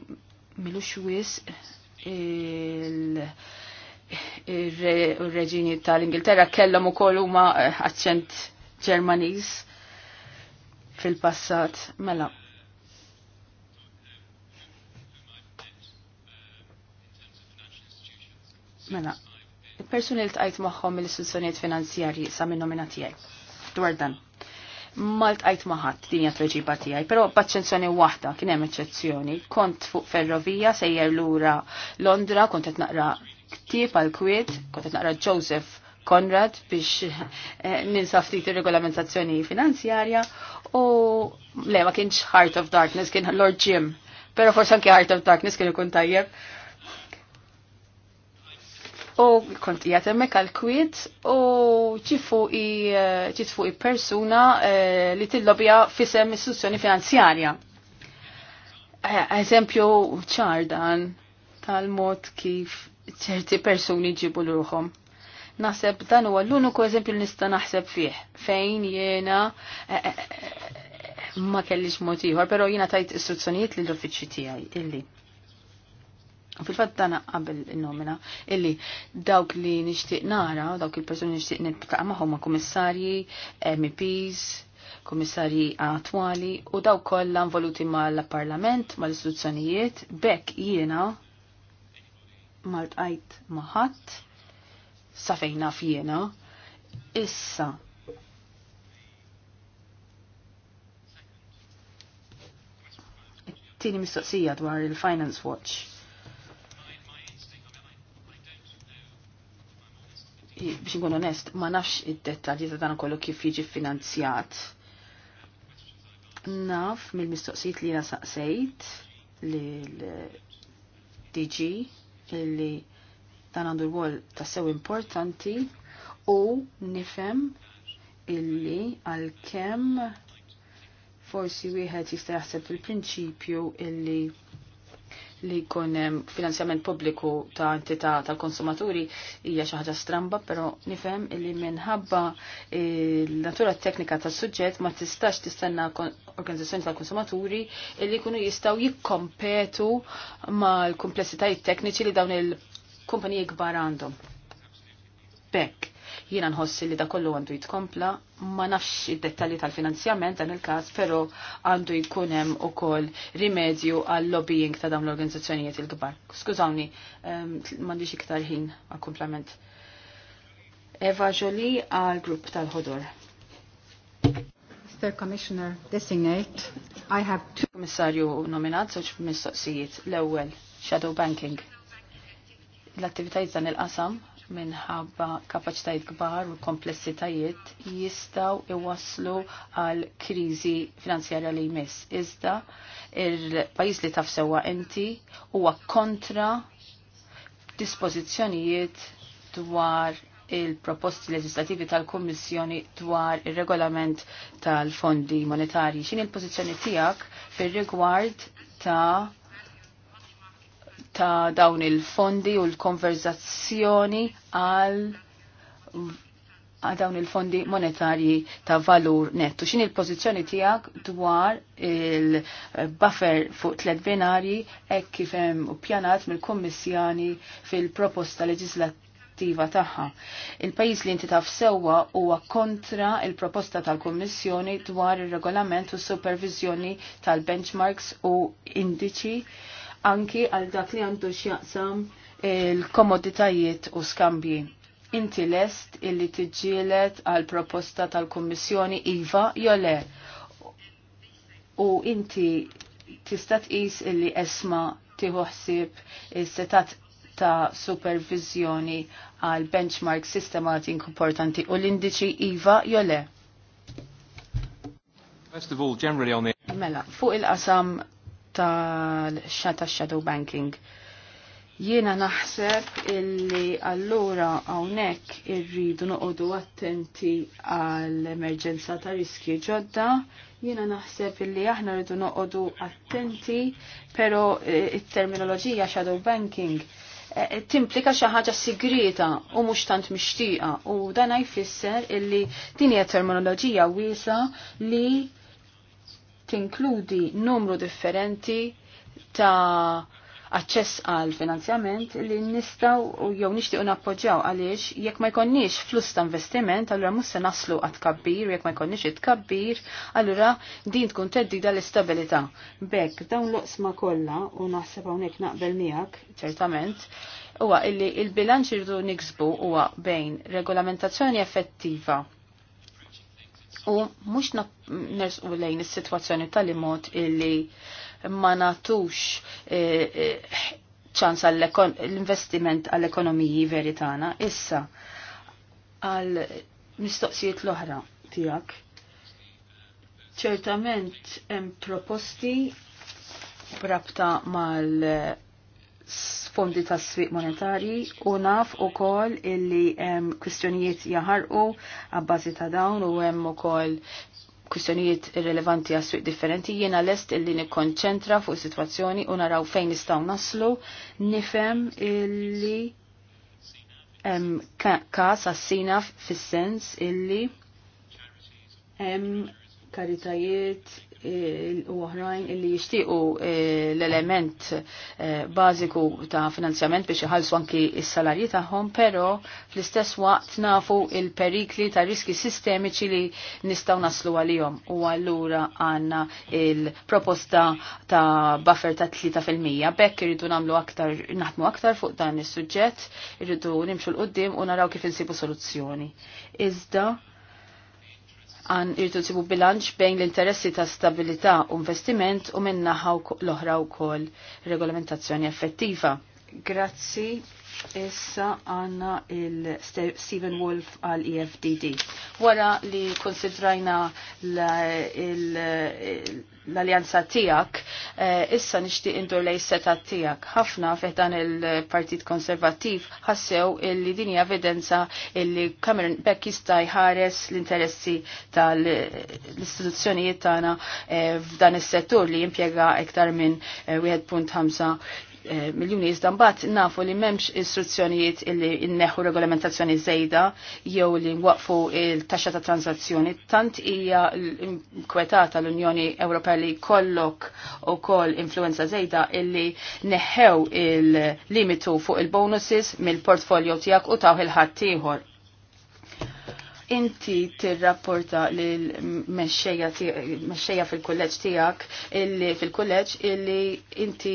[SPEAKER 2] milu xwis il- reġini tal-Ingilterra kellhom ukoll huma aċċent Ġermaniż fil-passat mela. Mela, il-persuni li tajt magħhom mill-istituzzjonijiet finanzjarji sa minn nomina tiegħi dwar dan. Mal tqajt maħat din hija tweġiba tiegħi, però b'aċċenzjoni waħda kien hemm eċċezzjoni. Kont fuq ferrovija sejjer lura Londra, kont qed naqra ktieb għal kwiet, kont qed naqra Joseph Konrad biex eh, ninsa ftit ir-regolamentazzjoni finanzjarja u le ma kienx Heart of Darkness kien Lord Jim. Pero forse anke Heart of Darkness kien ikun tajjeb. U kont jgħat emmek għal-kwit u ċifu eh, i persuna eh, li tillobja fisem istituzzjoni finanzjarja. Eżempju ċardan tal-mod kif ċerti persuni ġibu l-ruħom. Naħseb dan huwa l-uniku eżempju li nista' naħseb fih fejn jiena eh, eh, eh, ma kellix mod ieħor, però jiena tajt istruzzjonijiet lill uffiċċji tiegħi illi. Fil-fatt dana qabel nomina illi dawk li nixtieq nara, dawk il-persuni nixtieq nitlaqa' magħhom ma' kummissarji, MEPs, komissarji attwali u dawk kollha involuti mal-Parlament, mal-istituzzjonijiet, bekk jiena mal-tqajt maħadd sa fejna fjena. Issa. Tini mistoqsija dwar il-Finance Watch. biex nkun onest, ma nafx id-dettalji ta' dan kollu kif jiġi finanzjat. Naf mill-mistoqsijiet li jena saqsejt li l-DG li dan għandu rwol ta' sew importanti u nifem illi għal kem forsi wieħed jista' jaħseb il-prinċipju illi li jkun finanzjament pubbliku ta' entità tal-konsumaturi hija xi ħaġa stramba, però nifhem illi minħabba l-natura teknika tas-suġġett ma tistax tistenna organizzazzjoni tal-konsumaturi illi jkunu jistgħu jikkompetu mal-kumplessitajiet tekniċi li dawn il- kumpaniji kbar għandhom. Bekk, jiena nħossi li da kollu għandu jitkompla, ma nafx id-dettalji tal-finanzjament dan il-każ, però għandu jkun hemm ukoll rimedju għal lobbying ta' dawn l-organizzazzjonijiet il-kbar. Skużawni, ehm, m'għandix iktar ħin għal kumplament. Eva Joli għal grupp tal-ħodur. Mr. Commissioner designate, I have two. Komissarju nominat, zoċ mistoqsijiet, l-ewel, shadow banking l-attivitajiet dan il-qasam minħabba kapaċitajiet kbar u komplessitajiet jistaw iwaslu għal krizi finanzjarja li jmiss. Iżda il-pajis li tafsewa inti huwa kontra dispożizzjonijiet dwar il-proposti leġislativi tal-Kommissjoni dwar il-regolament tal-fondi monetari. Xin il-pozizjoni tijak fil-rigward ta' ta' dawn il-fondi u l-konverzazzjoni għal dawn il-fondi monetarji ta' valur nettu. Xin il-pozizjoni tijak dwar il-buffer fuq tlet binarji ek kifem u pjanat mill-kommissjani fil-proposta leġislattiva taħħa. Il-pajis li inti taf sewa huwa kontra il-proposta tal-Kommissjoni dwar il-regolament u supervizjoni tal-benchmarks u indiċi anki għal dak li għandu x'jaqsam il-komoditajiet u skambji. Inti lest illi tiġġielet għal proposta tal-Kummissjoni IVA jole. U inti tista' tqis illi esma tiħuħsib il setat ta' supervizjoni għal benchmark sistemati importanti u l-indiċi IVA jole.
[SPEAKER 3] First of all, generally on the...
[SPEAKER 2] Mela, fuq il-qasam ta' xata shadow banking. Jiena naħseb illi allura hawnhekk irridu noqogħdu attenti għall-emerġenza ta' riski ġodda. Jiena naħseb illi aħna rridu noqogħdu attenti, però eh, it-terminoloġija shadow banking eh, timplika xi ħaġa sigrita u mhux tant mixtieqa u dan jfisser illi din hija terminoloġija wiesa li tinkludi numru differenti ta' aċċess għal finanzjament li nistaw u jew nixtiequ nappoġġjaw għaliex jekk ma jkonniex flus ta' investiment allura mhux se naslu għad kabbir jekk ma jkonniex itkabbir allura din tkun teddida l-istabilità. Bekk dawn l-oqsma kollha u naħseb hawnhekk naqbel miegħek ċertament huwa illi il-bilanċ irdu niksbu huwa bejn regolamentazzjoni effettiva U mux nersqu lejn is-sitwazzjoni tal-imot illi ma natux e, e, ċans għall l-investiment għall-ekonomiji veritana. Issa, għal mistoqsijiet l-oħra tijak. ċertament hemm proposti brabta mal fondi ta' s sviq monetari u naf u kol illi um, kwistjonijiet jaħarqu għabbazi ta' dawn u hemm u kol kwistjonijiet irrelevanti għas sviq differenti jiena lest illi nikkonċentra fuq situazzjoni u naraw fejn nistgħu naslu nifhem illi hemm każ għas-sina fis-sens illi hemm karitajiet u oħrajn illi jixtiequ eh, l-element eh, bażiku ta' finanzjament biex iħallsu anki s-salarji tagħhom, però fl-istess waqt nafu il-perikli ta' riski sistemiċi li nistgħu naslu għalihom. U allura għandna il-proposta ta' buffer ta' 3%. Bekk irridu nagħmlu aktar naħdmu aktar fuq dan is-suġġett, irridu nimxu l-qudiem u naraw kif insibu soluzzjoni. Iżda għan irtu tibu bilanċ bejn l-interessi ta' stabilità u investiment u minnaħa l-oħra u kol regolamentazzjoni effettiva. Grazzi Issa għanna il-Steven Wolf għal EFDD. Wara li konsidrajna l-aljanza tijak, eh, issa nishti indur lej seta tijak. ħafna fiħdan il-Partit Konservativ ħassew illi dini evidenza illi Cameron Beck jista jħares l-interessi tal-istituzzjonijiet tagħna eh, f'dan is-settur li jimpjega iktar minn 1.5 eh, Eh, miljoni jizdan mbagħad nafu li m'hemmx istruzzjonijiet illi nneħħu regolamentazzjoni żejda jew li nwaqfu il-taxxa ta' transazzjoni. Tant hija kwetata l-Unjoni Ewropea li kollok ukoll influenza żejda illi neħew il-limitu fuq il-bonuses mill-portfolio tiegħek u taw il ħattijħor inti tirrapporta l-mexxejja fil-kulleġġ tiegħek illi fil-kulleġġ illi inti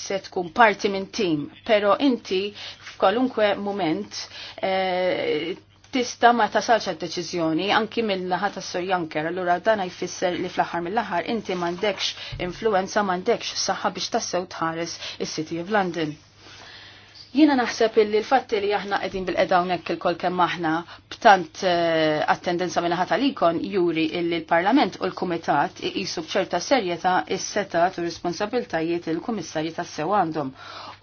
[SPEAKER 2] se tkun parti minn tim, però inti f'kolunkwe mument eh, tista ma tasalx għad-deċiżjoni anki mill-laħat tas Sir Janker, allura dan jfisser li fl-aħħar mill-aħħar inti m'għandekx influenza m'għandekx saħħa biex tassew tħares is-City of London. Jiena naħseb illi l-fatti li aħna qegħdin bil-qeda hawnhekk il-kol kemm aħna b'tant eh, attendenza minn ħata likon juri illi l-Parlament u l-Kumitat iqisu b'ċerta serjetà is-setat u responsabiltajiet il-Kummissarji tassew għandhom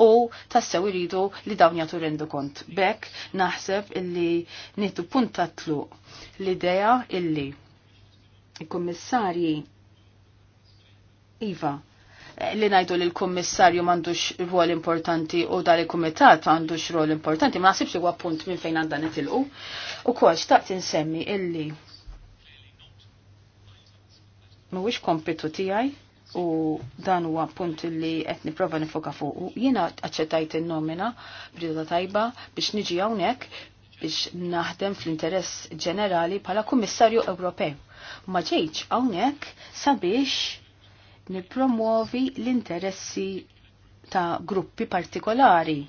[SPEAKER 2] u tassew iridu li dawn jagħtu rendu kont. Bekk naħseb illi nitu puntatlu l-idea illi il-Kummissarji Iva li najdu li l-kommissarju mandux rwol importanti u dal il-komitat għandux rwol importanti, ma nasibx huwa punt minn fejn għandan itilqu. U kol xtaqt insemmi illi mhuwiex kompitu tiegħi u dan huwa punt li qed nipprova nifoka fuq. Jiena aċċettajt in-nomina b'rida tajba biex niġi hawnhekk biex naħdem fl-interess ġenerali bħala Kummissarju Ewropew. Ma ġejġ hawnhekk sabiex nipromuovi l-interessi ta' gruppi partikolari.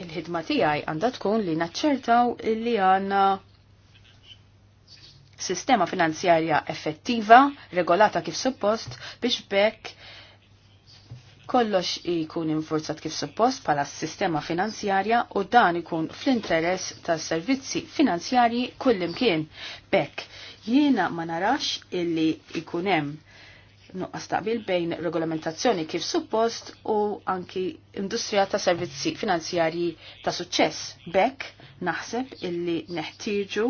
[SPEAKER 2] Il-ħidma tiegħi għandha tkun li naċċertaw li għandna sistema finanzjarja effettiva, regolata kif suppost, biex bekk kollox ikun infurzat kif suppost pala sistema finanzjarja u dan ikun fl-interess tas servizzi finanzjarji kullimkien. Bekk, jiena ma narax illi ikunem nuqqas taqbil bejn regolamentazzjoni kif suppost u anki industrija ta' servizzi finanzjarji ta' suċċess. Bekk naħseb illi neħtieġu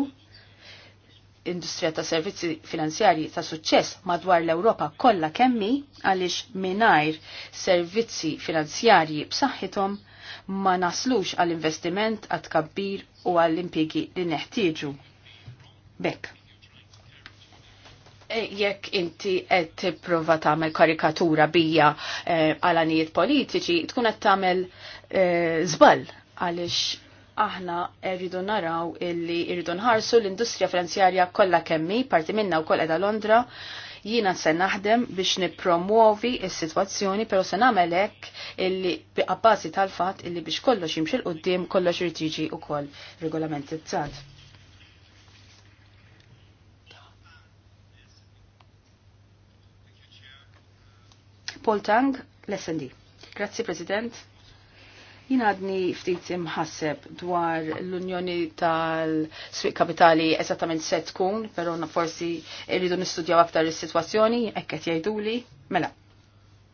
[SPEAKER 2] industrija ta' servizzi finanzjarji ta' suċċess madwar l-Ewropa kollha kemmi għaliex mingħajr servizzi finanzjarji b'saħħithom ma naslux għall-investiment għad kabbir u għall-impjegi li neħtieġu. Bekk jekk inti qed tipprova tagħmel karikatura bija eh, għalanijiet politiċi, tkun qed tagħmel eh, żball għaliex aħna rridu naraw illi rridu nħarsu l-industrija finanzjarja kollha kemmi, parti minna wkoll qiegħda Londra, jina se naħdem biex nipromuovi is-sitwazzjoni, pero se nagħmel hekk illi b'abbażi tal-fatt illi biex kollox jimxil l qudiem kollox irid jiġi wkoll regolamentizzat. Paul Tang, l-SND. Grazzi, President. Jina għadni ftit imħasseb dwar l-Unjoni tal-Swiq Kapitali eżattament se tkun, pero forsi irridu nistudjaw aktar is-sitwazzjoni, ekket jgħiduli, mela,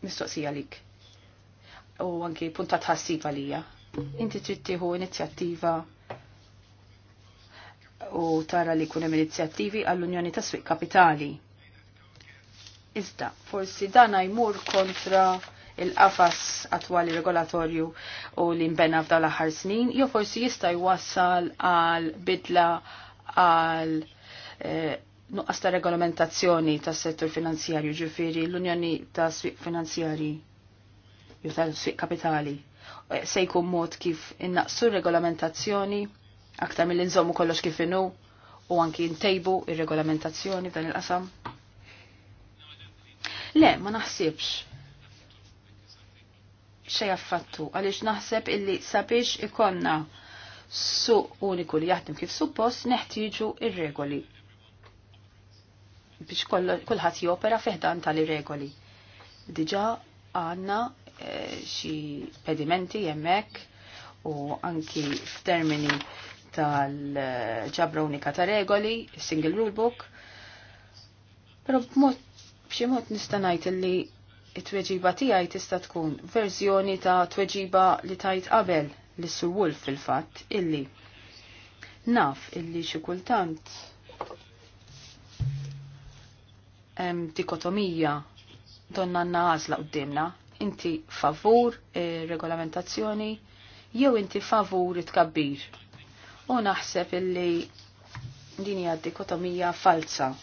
[SPEAKER 2] mistoqsija lik. U anki puntat ħassib għalija. Inti trid tieħu inizjattiva u tara li kunem inizjattivi għall-Unjoni tal swiq Kapitali Iżda, forsi dan jmur kontra il-qafas attwali regolatorju u li nbena f'dal l-aħħar snin, jew forsi jista' jwassal għal bidla għal eh, nuqqas ta' regolamentazzjoni tas settur finanzjarju ġifiri l-Unjoni ta' Swieq Finanzjarji jew ta' swieq Kapitali eh, se jkun mod kif innaqsu regolamentazzjoni aktar mill-inżommu kollox kif inhu u anki ntejbu ir-regolamentazzjoni f'dan il-qasam. Le, ma naħsibx. Xej affattu, għaliex naħseb illi sabiex ikonna su uniku li jaħdem kif suppost neħtieġu ir-regoli biex kullħat jopera fiħdan tal-regoli. Diġa għanna eh, xi pedimenti jemmek u anki f'termini tal-ġabra unika ta' regoli, single rule book, pero b'mod b'xi mod nista' ngħid li t tweġiba tiegħi tista' tkun verżjoni ta' tweġiba li tajt qabel li Sir Wolf fil-fatt illi naf illi xi kultant hemm dikotomija donna għanna għażla qudiemna inti favur regolamentazzjoni jew inti favur it-kabbir. U naħseb illi din hija dikotomija falsa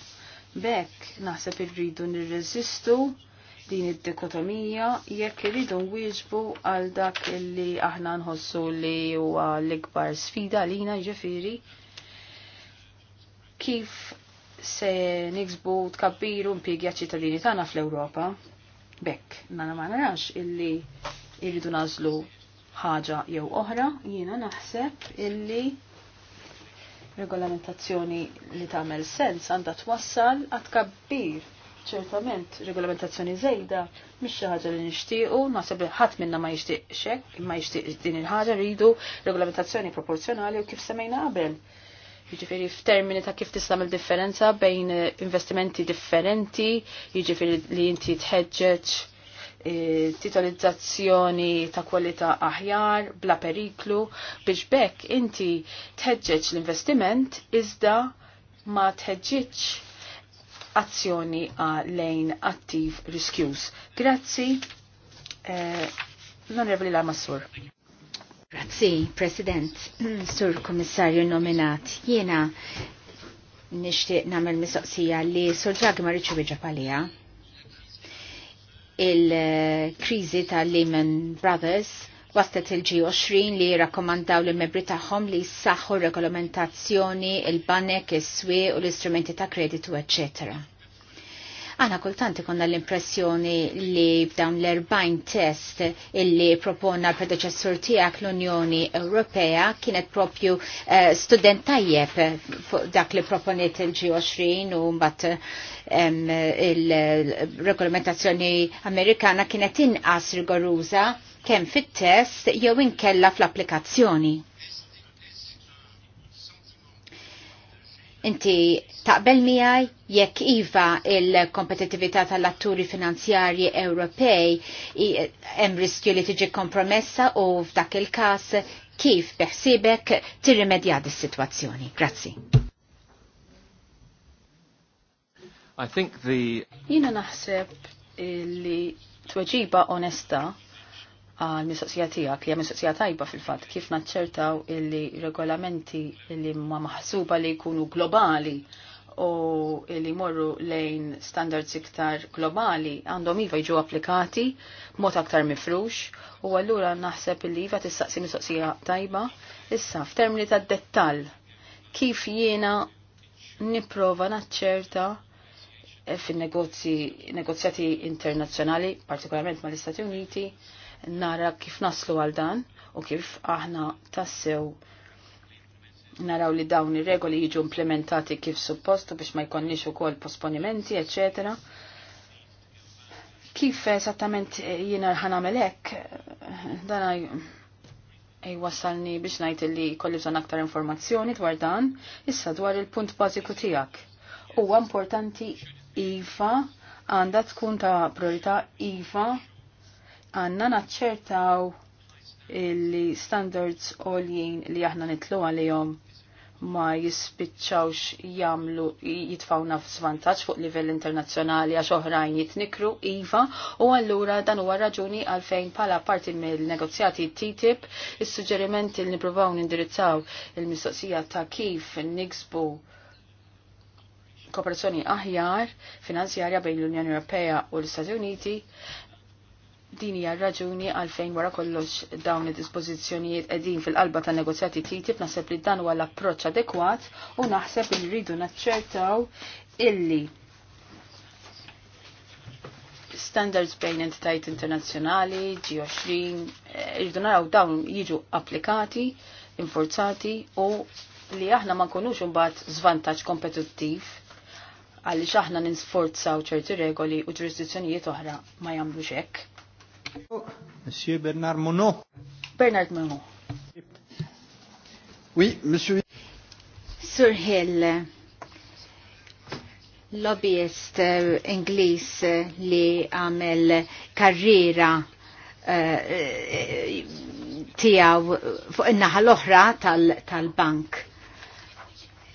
[SPEAKER 2] Bekk naħseb irridu nirreżistu din id-dikotomija jekk irridu nwieġbu għal dak li aħna nħossu li huwa l-ikbar sfida lina ġifiri kif se niksbu tkabbiru mpiegja ċittadini tagħna fl-Ewropa. Bekk, nana ma narax illi irridu nażlu ħaġa jew oħra, jiena naħseb illi regolamentazzjoni li tagħmel sens għandha twassal għad kabbir ċertament regolamentazzjoni żejda mhix xi ħaġa li nixtiequ, naħseb li ħadd minna ma jixtieqx hekk, ma jixtieq din il-ħaġa rridu regolamentazzjoni proporzjonali u kif semmejna qabel. Jiġifieri f'termini ta' kif tislam il-differenza bejn investimenti differenti, jiġifieri li inti tħeġġeġ titolizzazzjoni ta' kwalità aħjar, bla periklu, biex bekk inti tħeġġeġ l-investiment iżda ma tħedġeċ azzjoni lejn attiv riskjus. Grazzi, eh,
[SPEAKER 4] l la Massur. Grazzi, President, Sur Komissarju nominat. Jena nishtiq namel mistoqsija li Sur Draghi ma riċu bieġa palija il-krizi ta' Lehman Brothers waslet il-G20 li rakkomandaw li membri tagħhom li jissaħħu regolamentazzjoni, il-banek, is-swi u l-istrumenti ta' kreditu, eccetera. Għana kultanti konna l-impressjoni li b'dawn l-40 test illi proponna l-predeċessur tijak l-Unjoni Ewropea kienet propju uh, student tajjeb dak li proponiet il-G20 u mbatt um, il-regolamentazzjoni Amerikana kienet inqas rigoruza kemm fit-test jew inkella fl-applikazzjoni. Inti taqbel miegħi jekk iva il-kompetittività tal-atturi finanzjarji Ewropej hemm riskju li tiġi kompromessa u f'dak il-każ kif beħsibek tirrimedja dis-sitwazzjoni. Grazzi.
[SPEAKER 3] I think the
[SPEAKER 2] Jina naħseb li tweġiba onesta għal mistoqsija tiegħek li hija mistoqsija tajba fil-fatt kif naċċertaw illi regolamenti illi ma maħsuba li jkunu globali u li morru lejn standards iktar globali għandhom iva jġu applikati mod aktar mifrux u allura naħseb li iva tistaqsi mistoqsija tajba issa f'termini ta' dettall kif jiena nipprova naċċerta eh, fin-negozji negozjati internazzjonali partikolarment mal-Istati Uniti nara kif naslu għal dan u kif aħna tassew naraw li dawn ir-regoli jiġu implementati kif suppostu biex ma jkonniex ukoll posponimenti, eċetera. Kif esattament eh, jiena nagħmel hekk dan jwassalni biex ngħid li kolli bżonn aktar informazzjoni dwar dan, issa dwar il-punt bażiku tiegħek. Huwa importanti iva għandha tkun ta' priorità iva għanna naċċertaw illi standards għoljien li aħna nitlu għalihom ma jispiċċawx jamlu jitfawna f'svantaġġ fuq livell internazzjonali għax oħrajn jitnikru iva u allura dan huwa raġuni għalfejn pala parti mill-negozjati TTIP is-suġġerimenti li nippruvaw nindirizzaw il-mistoqsija ta' kif niksbu kooperazzjoni aħjar finanzjarja bejn l-Unjoni Ewropea u l-Istati Uniti Din hija raġuni għalfejn wara kollox dawn id-dispożizzjonijiet qegħdin fil-qalba ta' negozjati TTIP naħseb li dan huwa l-approċċ adekwat u naħseb li rridu naċċertaw illi standards bejn entitajt internazzjonali, G20, irridu eh, naraw dawn jiġu applikati, infurzati u li aħna ma nkunux imbagħad żvantaġġ kompetittiv għaliex aħna ninsforzaw ċerti regoli u ġurisdizzjonijiet oħra ma jagħmlux hekk
[SPEAKER 1] Monsieur Bernard Monod.
[SPEAKER 4] Bernard Monod.
[SPEAKER 1] Oui, monsieur.
[SPEAKER 4] Sir Hill, lobbyist uh, eh, Inglis uh, eh, li għamel karriera uh, tijaw fuq in-naħa tal-bank. Tal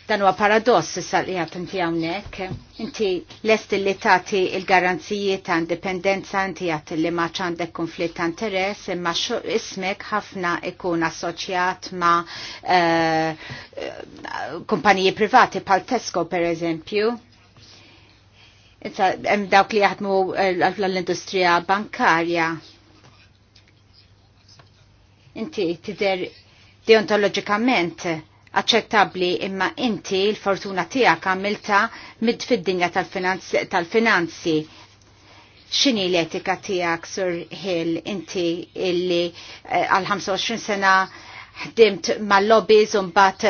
[SPEAKER 4] Dan huwa paradoss issa li għat inti hawnhekk. Inti lest li tagħti l garanziji ta' indipendenza inti jagħti li ma għandek konflitt ta' interess imma ismek ħafna ikun assoċjat ma' eh, kumpaniji privati bħal Tesco per eżempju. hemm dawk li jaħdmu eh, l-industrija bankarja. Inti tidher deontologikament aċċettabli imma inti l-fortuna tiegħek għamilta mid fid-dinja tal-finanzi X'inhi l-etika tijak, Sir Hill, inti illi eh, għal-25 sena ħdimt ma' lobbies un bat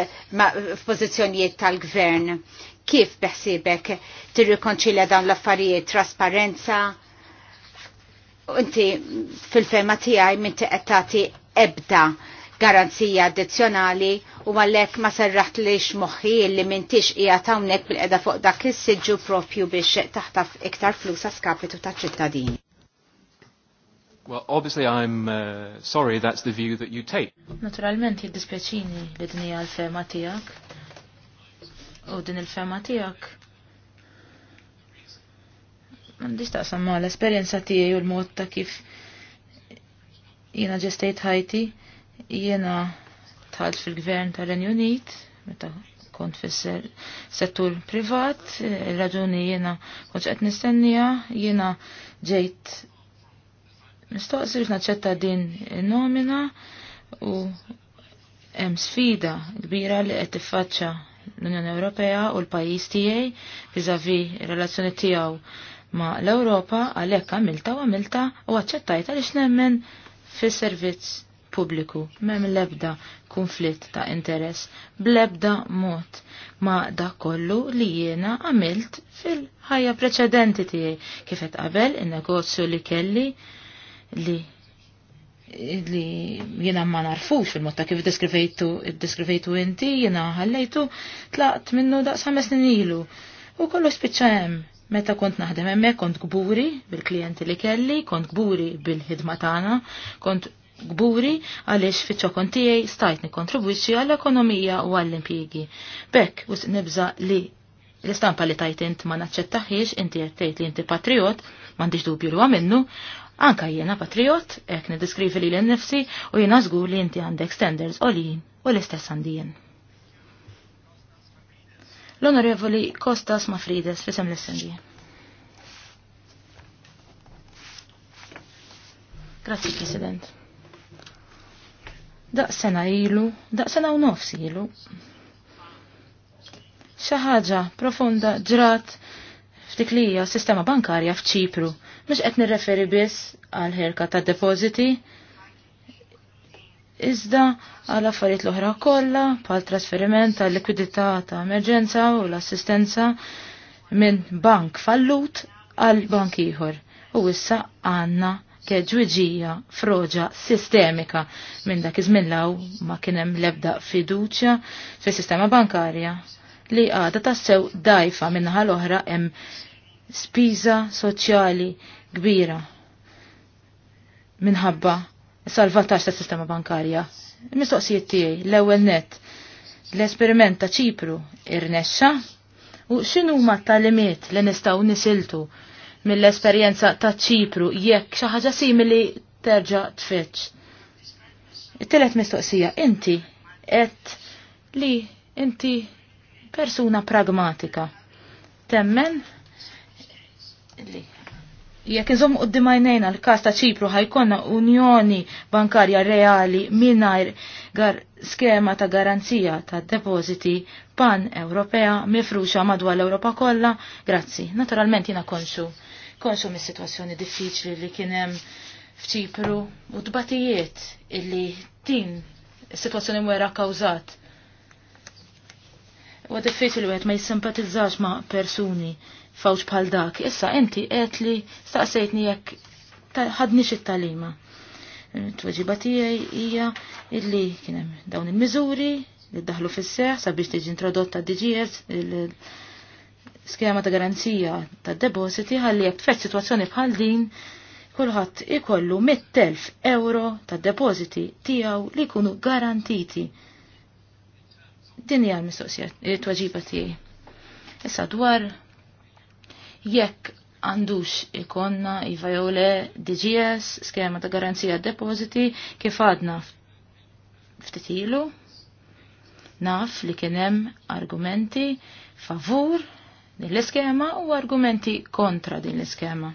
[SPEAKER 4] f'pozizjonijiet tal-gvern. Kif beħsibek tirrikonċilja dawn l-affarijiet trasparenza? Inti fil-fema tijaj minti għettati ebda garanzija addizzjonali u għallek ma serraħt li moħħi li mintix ija tawnek bil-edha fuq dak li s-sidġu propju biex taħtaf iktar flus skapitu ta' ċittadini.
[SPEAKER 3] Well, obviously I'm uh, sorry that's the view that you take.
[SPEAKER 5] Naturalment jiddispjaċini li din hija l-fema tiegħek u din il-fema tiegħek m'għandix taqsam ma l-esperjenza tiegħi u l-mod ta' kif jiena ġestejt ħajti Jiena tħalt fil-gvern tal-Renju Unit, meta kont fis-settur privat, il-raġuni jiena kont qed nistennija, jiena ġejt mistoqsir naċċetta din nomina u hemm sfida kbira li qed tiffaċċa l-Unjoni Ewropea u l-pajjiż tiegħi biżavi r-relazzjoni tiegħu ma l-Ewropa għalhekk għamilta u għamilta u aċċettajt għaliex nemmen fis-servizz pubbliku mem lebda konflitt ta' interess, blebda mod ma' da kollu li jiena għamilt fil-ħajja preċedenti tiegħi kif qed qabel in-negozju li kelli li li jiena ma narfux fil-mod ta' kif deskrivejtu inti jiena ħallejtu tlaqt minnu daqs ħames snin ilu u kollu spiċċa hemm Meta kont naħdem hemmhekk kont kburi bil-klijenti li kelli, kont kburi bil-ħidma tagħna, kont gburi għaliex fi ċokon tiegħi stajt nikkontribwixxi għall-ekonomija u għall-impjiegi. Bekk us nibża li l-istampa li tajt int ma naċċettaħiex inti qed tgħid li inti patriot, m'għandix dubju li minnu, anka jiena patriot, hekk niddiskrivi li l-nifsi u jiena żgur li inti għandek standards għolin u l-istess għandijin. L-Onorevoli Kostas Mafrides fisem l-SND. Grazie President. Daqsena ilu, daqsena u nofs ilu. ħaġa profonda ġrat f'dik li hija sistema bankarja f'Ċipru, mhux qed nirreferi biss għal ħerka ta' depożiti, iżda għal affarijiet l-oħra kollha bħal trasferiment tal likwidità ta' emerġenza u l-assistenza minn bank fallut għal bank ieħor. U issa għandna keġwiġija froġa sistemika minn dak iż law ma kien hemm l-ebda fiduċja fis-sistema bankarja li għada tassew dajfa minnaħa l-oħra hemm spiża soċjali kbira minħabba salvataġġ tas-sistema bankarja. Mistoqsijiet tiegħi l-ewwel net l-esperiment ta' Ċipru irnexxa u x'inhuma t-talimiet li nistgħu nisiltu mill-esperjenza ta' ċipru jekk xi ħaġa simili terġa' tfittx. It-telet mistoqsija, inti qed li inti persuna pragmatika. Temmen li jekk inżomm qudiem għajnejna l-każ ta' Ċipru ħajkonna unjoni bankarja reali mingħajr gar skema ta' garanzija ta' depożiti pan Ewropea mifruxa madwar l-Ewropa kollha, grazzi. Naturalment jiena konxu konxu mis situazzjoni diffiċli li kienem fċipru u dbatijiet illi din situazzjoni mwera kawzat. U diffiċli għed ma jissimpatizzax ma' persuni fawċ bħal dak. Issa, inti għed li staqsejtni jekk ħadni it-talima. Tweġiba tiegħi hija illi kien hemm dawn il-miżuri li daħlu fis-seħ sabiex tiġi introdotta DGF skema ta' garanzija ta' depositi ħalli jek tfett situazzjoni bħal din kulħadd ikollu 100,000 euro ta' depositi tiegħu li jkunu garantiti. Din hija l-mistoqsija it-tweġiba tiegħi. Issa dwar jekk għandux ikonna iva jew DGS, skema ta' garanzija depositi kif għadna ftitilu naf li kien hemm argumenti favur din l-iskema u argumenti kontra din l-iskema.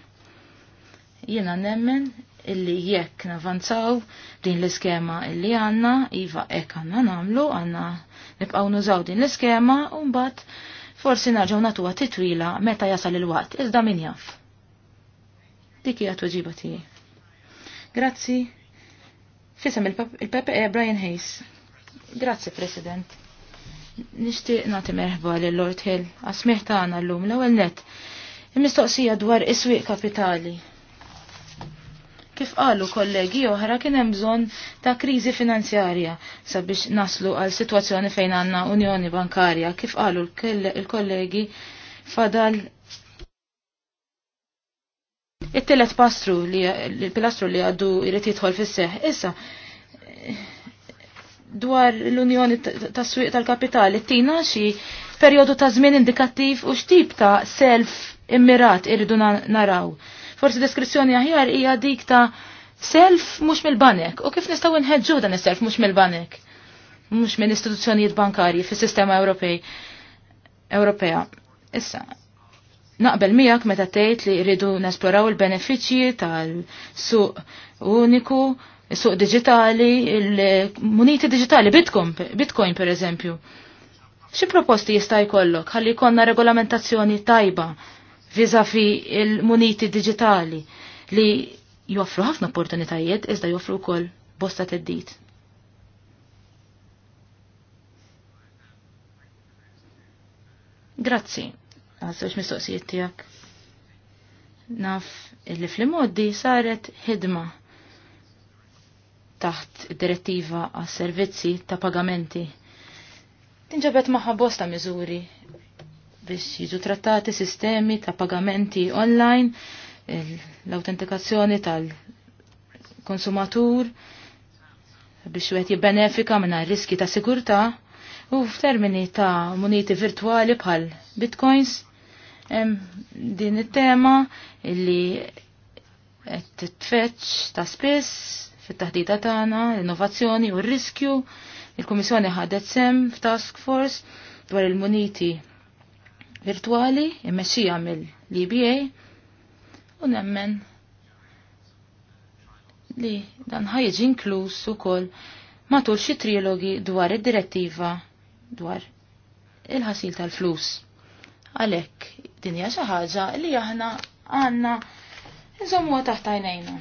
[SPEAKER 5] Jiena nemmen illi jekk navanzaw din l-iskema illi għanna, iva ek għanna namlu, għanna nibqaw nużaw din l-iskema, unbat forsi naġaw natuwa titwila meta jasal il-waqt, iżda min jaff. Dik hija tweġiba tiegħi. Grazzi. Fisem il-PPE Brian Hayes. Grazzi, President. Nishtiq nagħti merħba li Lord Hill għasmiħ tagħna llum l-ewwel net. Il-mistoqsija dwar iswiq kapitali. Kif qalu kollegi oħra kien hemm bżonn ta' kriżi finanzjarja sabiex naslu għal sitwazzjoni fejn għandna Unjoni Bankarja. Kif qalu l-kollegi fadal it-telet pastru li l-pilastru li għaddu jrid jidħol fis seħħ Issa, dwar l-Unjoni tas-Swieq tal-Kapitali tina xi periodu ta' żmien indikattiv u x'tip ta' self immirat irridu naraw. Forsi deskrizzjoni aħjar hija dik ta' self mhux mill-banek u kif nistgħu nħeġġu dan is-self mhux mill-banek mhux minn istituzzjonijiet bankarji fis-sistema Ewropej Ewropea. Issa, Naqbel miegħek meta tgħid li rridu nesploraw il-benefiċċji tal-suq uniku Suq digitali, il-muniti digitali, Bitcoin, Bitcoin per eżempju. Xi proposti jista' jkollok ħalli jkollna regolamentazzjoni tajba fi il-muniti digitali li joffru ħafna opportunitajiet iżda joffru wkoll bosta teddit. Grazzi, għazzewx mistoqsijiet tijak. Naf, illi fl-moddi saret ħidma taħt direttiva għas servizzi ta' pagamenti. Tinġabet maħħa bosta miżuri biex jiġu trattati sistemi ta' pagamenti online, l-autentikazzjoni tal-konsumatur, biex u jibbenefika minna riski ta' sigurta u f'termini ta' muniti virtuali bħal bitcoins. Din it-tema illi qed tfetx ta' spiss fit-taħdita tagħna, l-innovazzjoni u r-riskju. Il-Kummissjoni ħadet sem f'task force dwar il-muniti virtuali immexxija mill-EBA u nemmen li dan ħajġi inkluż ukoll matul xi trilogi dwar id-direttiva dwar il-ħasil tal-flus. Għalhekk din hija xi ħaġa li aħna għandna nżommuha taħt għajnejna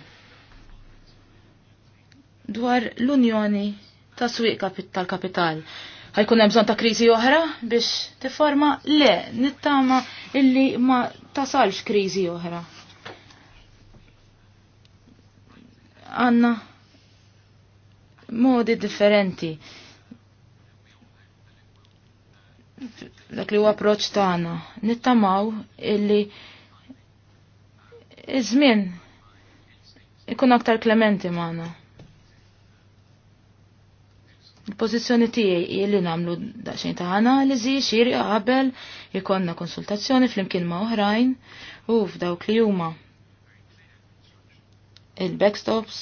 [SPEAKER 5] dwar l-Unjoni ta' Swieq tal-Kapital. Ħajkun hemm bżonn ta' kriżi oħra biex tifforma? Le, nittama illi ma tasalx kriżi oħra. Għanna modi differenti. Dak li huwa approċċ tagħna. Nittamaw illi iż-żmien ikun aktar klementi magħna Il-pozizjoni tiegħi hi li nagħmlu daqsxejn ta' analiżi xiri qabel ikonna konsultazzjoni flimkien ma' oħrajn u f'dawk li huma il-backstops,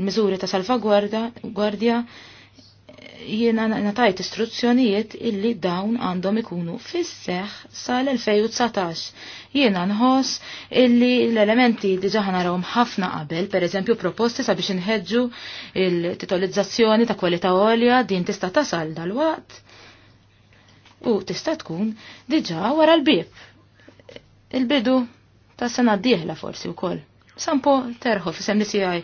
[SPEAKER 5] il-miżuri ta' salvagwardja, jiena natajt istruzzjonijiet illi dawn għandhom ikunu fis-seħ sal-2019. Jiena nħoss illi l-elementi diġa' ħanarawhom ħafna qabel, per eżempju proposti sabiex inħeġġu il-titolizzazzjoni ta' kwalità għolja din tista' tasal dal-waqt u tista' tkun diġà wara l-bib. Il-bidu ta' sena d-dieħla forsi wkoll. Sampo terħof fi sem l-CI.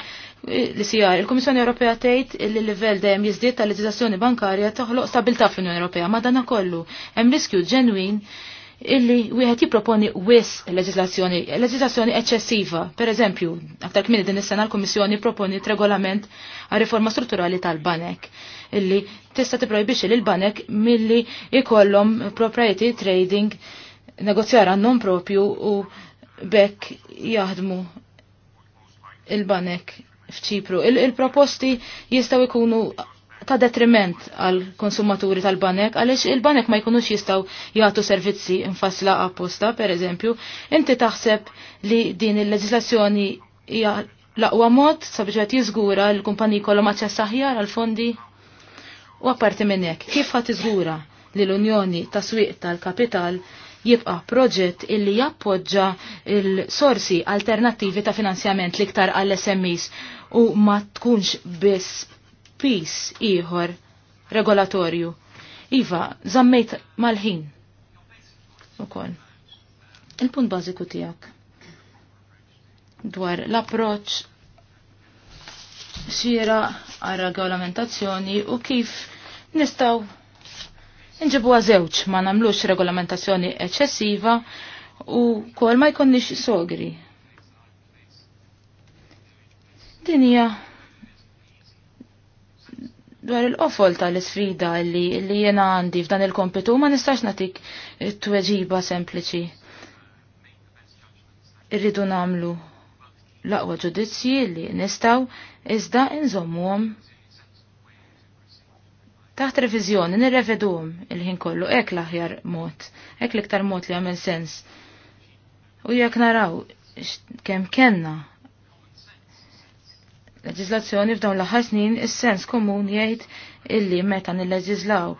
[SPEAKER 5] L-CI, il-Komissjoni Ewropea tgħid li l-livell dejjem jiżdied tal-leġiżlazzjoni bankarja toħloq stabilità fl-Unjoni Ewropea, ma dana kollu hemm riskju ġenwin illi wieħed jipproponi wis leġiżlazzjoni, leġiżlazzjoni eċċessiva. Per eżempju, aktar kmini din is-sena l-Kummissjoni t regolament għal riforma strutturali tal-banek illi tista' tipprojbixxi lil banek milli ikollhom propriety trading negozjar non propju u bekk jaħdmu il-banek f'ċipru. Il-proposti jistaw ikunu ta' detriment għal konsumaturi tal-banek, għalix il-banek ma jkunux jistaw jgħatu servizzi infasla apposta, per eżempju, inti taħseb li din il-leġislazzjoni hija laqwa mod sabiex qed jiżgura l-kumpaniji kollhom aċċess aħjar għall-fondi. U apparti minn hekk, kif ħadd iżgura li l-Unjoni taswiq Swieq tal-Kapital jibqa' proġett illi jappoġġa il-sorsi alternattivi ta' finanzjament liktar għall-SMEs u ma tkunx biss pis ieħor regolatorju. Iva, zammejt mal-ħin. Ukoll. Il-punt bażiku tiegħek dwar l-approċċ xira għal regolamentazzjoni u kif nistaw nġibu għazewċ ma namlux regolamentazzjoni eċessiva u kol ma jkonnix sogri. Dinja dwar il-qofol tal-sfida li, li jena għandi f'dan il-kompetu ma nistax natik tweġiba sempliċi. Irridu namlu laqwa ġudizzji li nistaw iżda għom Taħt revizjoni nirrevedum il-ħin kollu hekk l-aħjar mod, hekk l-iktar mod li għamil sens. U jekk naraw kemm kenna Leġizlazzjoni f'dawn l snin is-sens komun jgħid illi meta nil-leġizlaw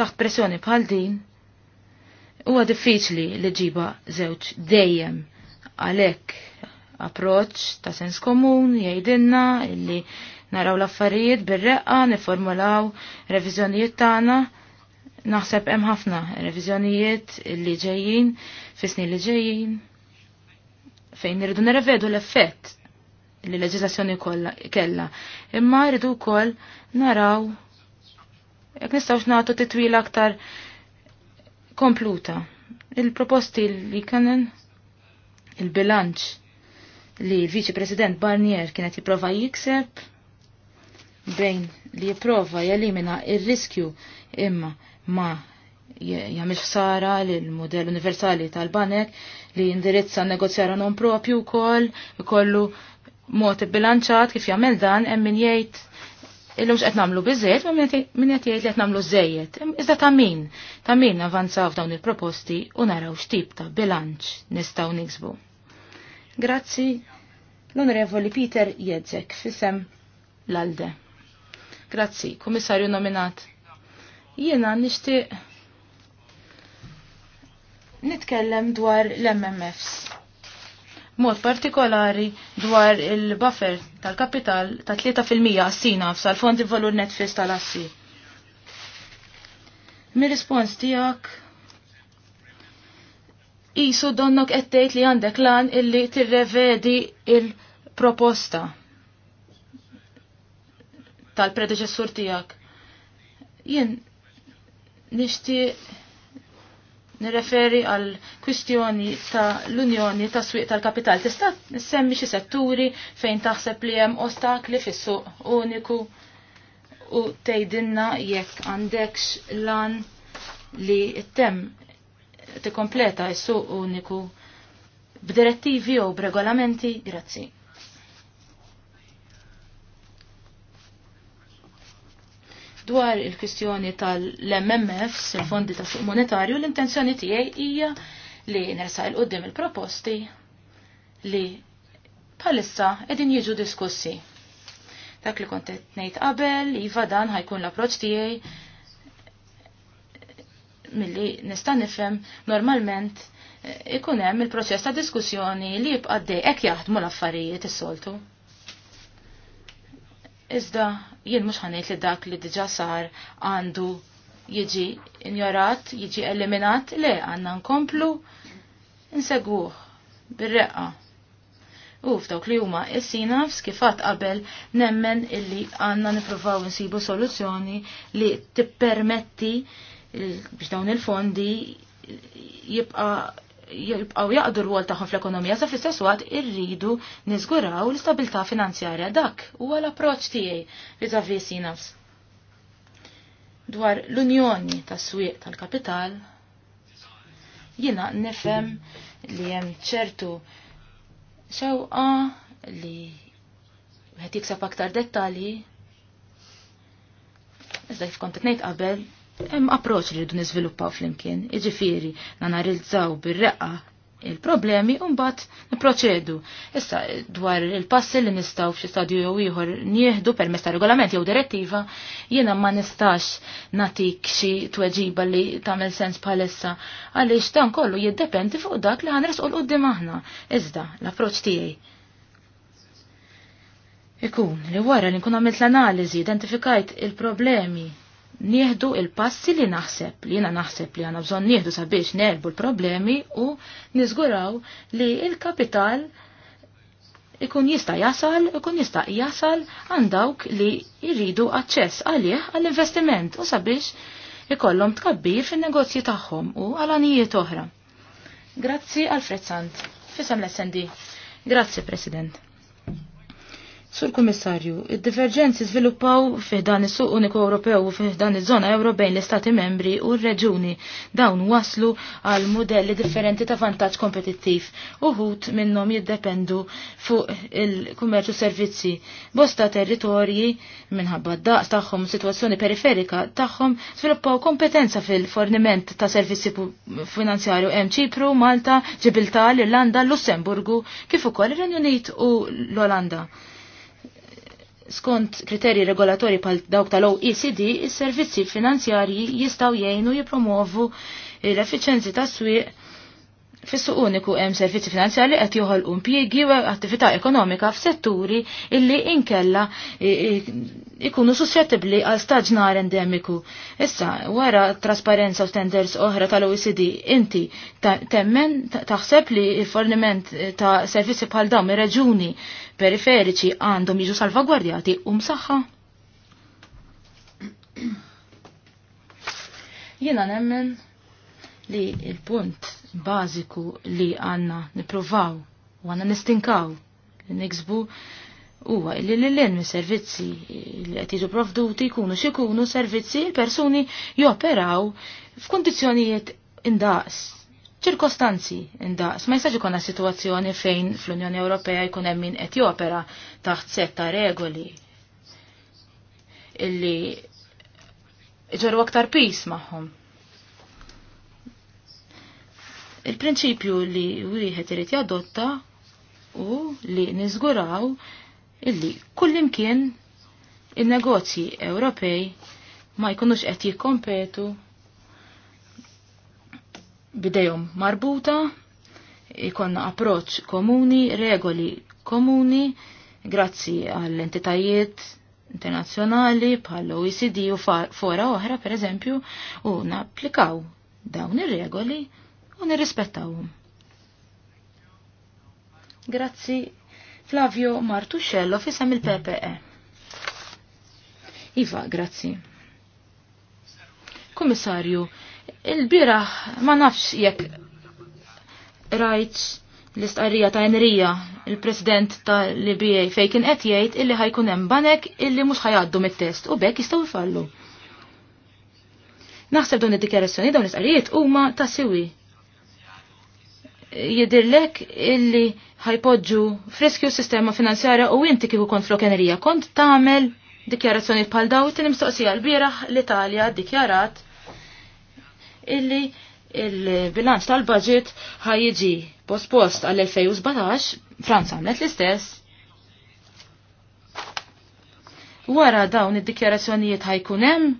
[SPEAKER 5] taħt pressjoni bħal din huwa diffiċli li ġiba żewġ dejjem għalhekk approċ ta' sens komun jgħidilna illi naraw l-affarijiet bir-reqqa, niformulaw reviżjonijiet tagħna. Naħseb hemm ħafna reviżjonijiet li ġejjin, fis-snin li ġejjin. Fejn irridu nirrevedu l-effett li leġiżlazzjoni kellha. Imma rridu wkoll naraw jekk nistgħux nagħtu titwila aktar kompluta. Il-proposti li kanen il-bilanċ li l-Viċi President Barnier kienet jipprova jikseb bejn li jiprofa jelimina il riskju imma ma jagħmel ħsara l modell universali tal-banek li jindirizza negozjara non propju wkoll ikollu mod bilanċat kif jagħmel dan hemm min jgħid lumx għet nagħmlu bizzet, ma min qed jgħid li qed nagħmlu żejjed. Iżda ta' min, ta' min avanzaw f'dawn il-proposti u naraw x'tip ta' bilanċ nistgħu niksbu. Grazzi l-Onorevoli Peter Jedzek fissem l-Alde. Grazzi, komissarju nominat. Jiena nixtieq nitkellem dwar l-MMFs. Mod partikolari dwar il-buffer tal-kapital ta' 3% għassina f'sal fondi valur net fis tal-assi. Mi rispons tijak Isu donnok ettejt li għandek lan illi tirrevedi il-proposta tal-predeċessur tiegħek. Jien nixtieq nirreferi għal kwistjoni ta' l-Unjoni ta' Swieq tal-Kapital. Tista' nissemmi xi setturi fejn taħseb li hemm ostakli fis-suq uniku u tgħidilna jekk għandekx lan li t-tem tikkompleta s-suq uniku b'direttivi u b'regolamenti. Grazzi. Dwar il-kwistjoni tal mmf il-fondi ta' suq monetarju, l-intenzjoni tiegħi hija li nersa il qudiem il-proposti li bħalissa edin jiġu diskussi. Dak li kont qed ngħid qabel, iva dan ħajkun l approċċ tiegħi milli nista' nifhem normalment ikun hemm il-proċess ta' diskussjoni li jibqa' dejjek jaħdmu l-affarijiet is-soltu. Iżda jien mhux ħanejt li dak li diġà sar għandu jiġi injorat, jiġi eliminat, le għandna nkomplu nsegwuh bir-reqqa. U f'dawk li huma is kif f'skifat qabel nemmen illi għandna nippruvaw insibu soluzzjoni li tippermetti biex dawn il-fondi jibqa' jibqaw jaqdu r-rwol tagħhom fl-ekonomija sa fl-istess waqt irridu niżguraw l-istabilità finanzjarja dak huwa l-approċċ tiegħi viżavi sinafs. Dwar l-unjoni tas-swieq tal-kapital jiena nifhem li hemm ċertu xewqa li qed jikseb aktar dettalji iżda jif kont qed ngħid qabel Hemm approċċ li rridu niżviluppaw flimkien, iġifieri nanarizzaw bir-reqqa il-problemi u mbagħad nipproċedu. Issa dwar il-passi li nistgħu f'xi stadju jew ieħor nieħdu permezz ta' regolament jew direttiva, jiena ma nistax natik xi tweġiba li tagħmel sens bħalissa għaliex dan kollu jiddependi fuq dak li ħanresqu l-qudiem aħna. Iżda l-approċċ tiegħi Ikun, li wara li nkun għamilt l analiżi identifikajt il-problemi nieħdu il-passi li naħseb, li jiena naħseb li għana bżon nieħdu sabiex nerbu l-problemi u nizguraw li il-kapital ikun jista' jasal, ikun jista' jasal għandawk li jridu aċċess għalih għall-investiment u sabiex ikollhom tkabbir fin-negozji tagħhom u għal oħra. Grazzi għal Frezzant, fisem l-SND. Grazzi, President. Sur Kummissarju, id-diverġenzi sviluppaw fih dan is-suq uniku Ewropew u fih dan iż-żona Ewro bejn l-Istati membri u r-reġuni. Dawn waslu għal modelli differenti ta' vantaġġ kompetittiv. U ħut minnhom jiddependu fuq il-kummerċu servizzi. Bosta territorji minħabba d-daqs tagħhom situazzjoni periferika tagħhom sviluppaw kompetenza fil-forniment ta' servizzi finanzjarju hemm Ċipru, Malta, Ġibiltar, l-Irlanda, Lussemburgu, kif ukoll ir-Renju Unit u l-Olanda skont kriterji regolatori pal dawk tal-OECD, is-servizzi finanzjarji jistaw jgħinu jipromovu l efficienzi tas-swieq Fis-suq uniku hemm servizzi finanzjali qed joħolqu impjiegi u attività ekonomika f'setturi illi inkella ikunu suscettibbli għal staġnar endemiku. Issa, wara trasparenza u standards oħra tal-OECD, inti temmen taħseb li il-forniment ta' servizzi bħal dawn ir-reġuni periferiċi għandhom jiġu salvagwardjati u msaħħa? Jiena nemmen li il-punt bażiku li għanna niprovaw u għanna nistinkaw li niksbu huwa li l-len servizzi li qed jiġu provduti jkunu x'ikunu servizzi l-persuni joperaw f'kundizzjonijiet indaqs ċirkostanzi indaqs. Ma jistax konna situazzjoni fejn fl-Unjoni Ewropea jkun hemm min qed jopera taħt setta regoli illi ġorru aktar pis magħhom Il-prinċipju li wieħed irid jadotta u li niżguraw illi kullimkien il-negozji Ewropej ma jkunux qed jikkompetu bidejhom marbuta, ikonna approċ komuni, regoli komuni, grazzi għall entitajiet internazzjonali bħall OECD u fora oħra per eżempju u napplikaw dawn ir-regoli u nirrispettawhom. Grazzi Flavio Martuscello fisem il-PPE. Iva, grazzi. Kommissarju, il-bira ma nafx jekk rajt l-istqarrija ta' Enrija, il-president ta' l-BA fejkin qed jgħid illi ħajkun hemm banek illi mhux ħajgħaddu mit-test u bekk jistgħu jfallu. Naħseb dawn id-dikjarazzjoni dawn l-istqarrijiet huma ta' siwi jidirlek illi ħajpoġġu friskju sistema finanzjarja u inti kieku kont flokenerija kont tagħmel dikjarazzjoni bħal daw it l-bieraħ l-Italja dikjarat illi il-bilanċ tal-budget ħajjiġi post għall 2017 Franza għamlet l-istess wara dawn id-dikjarazzjonijiet ħajkun hemm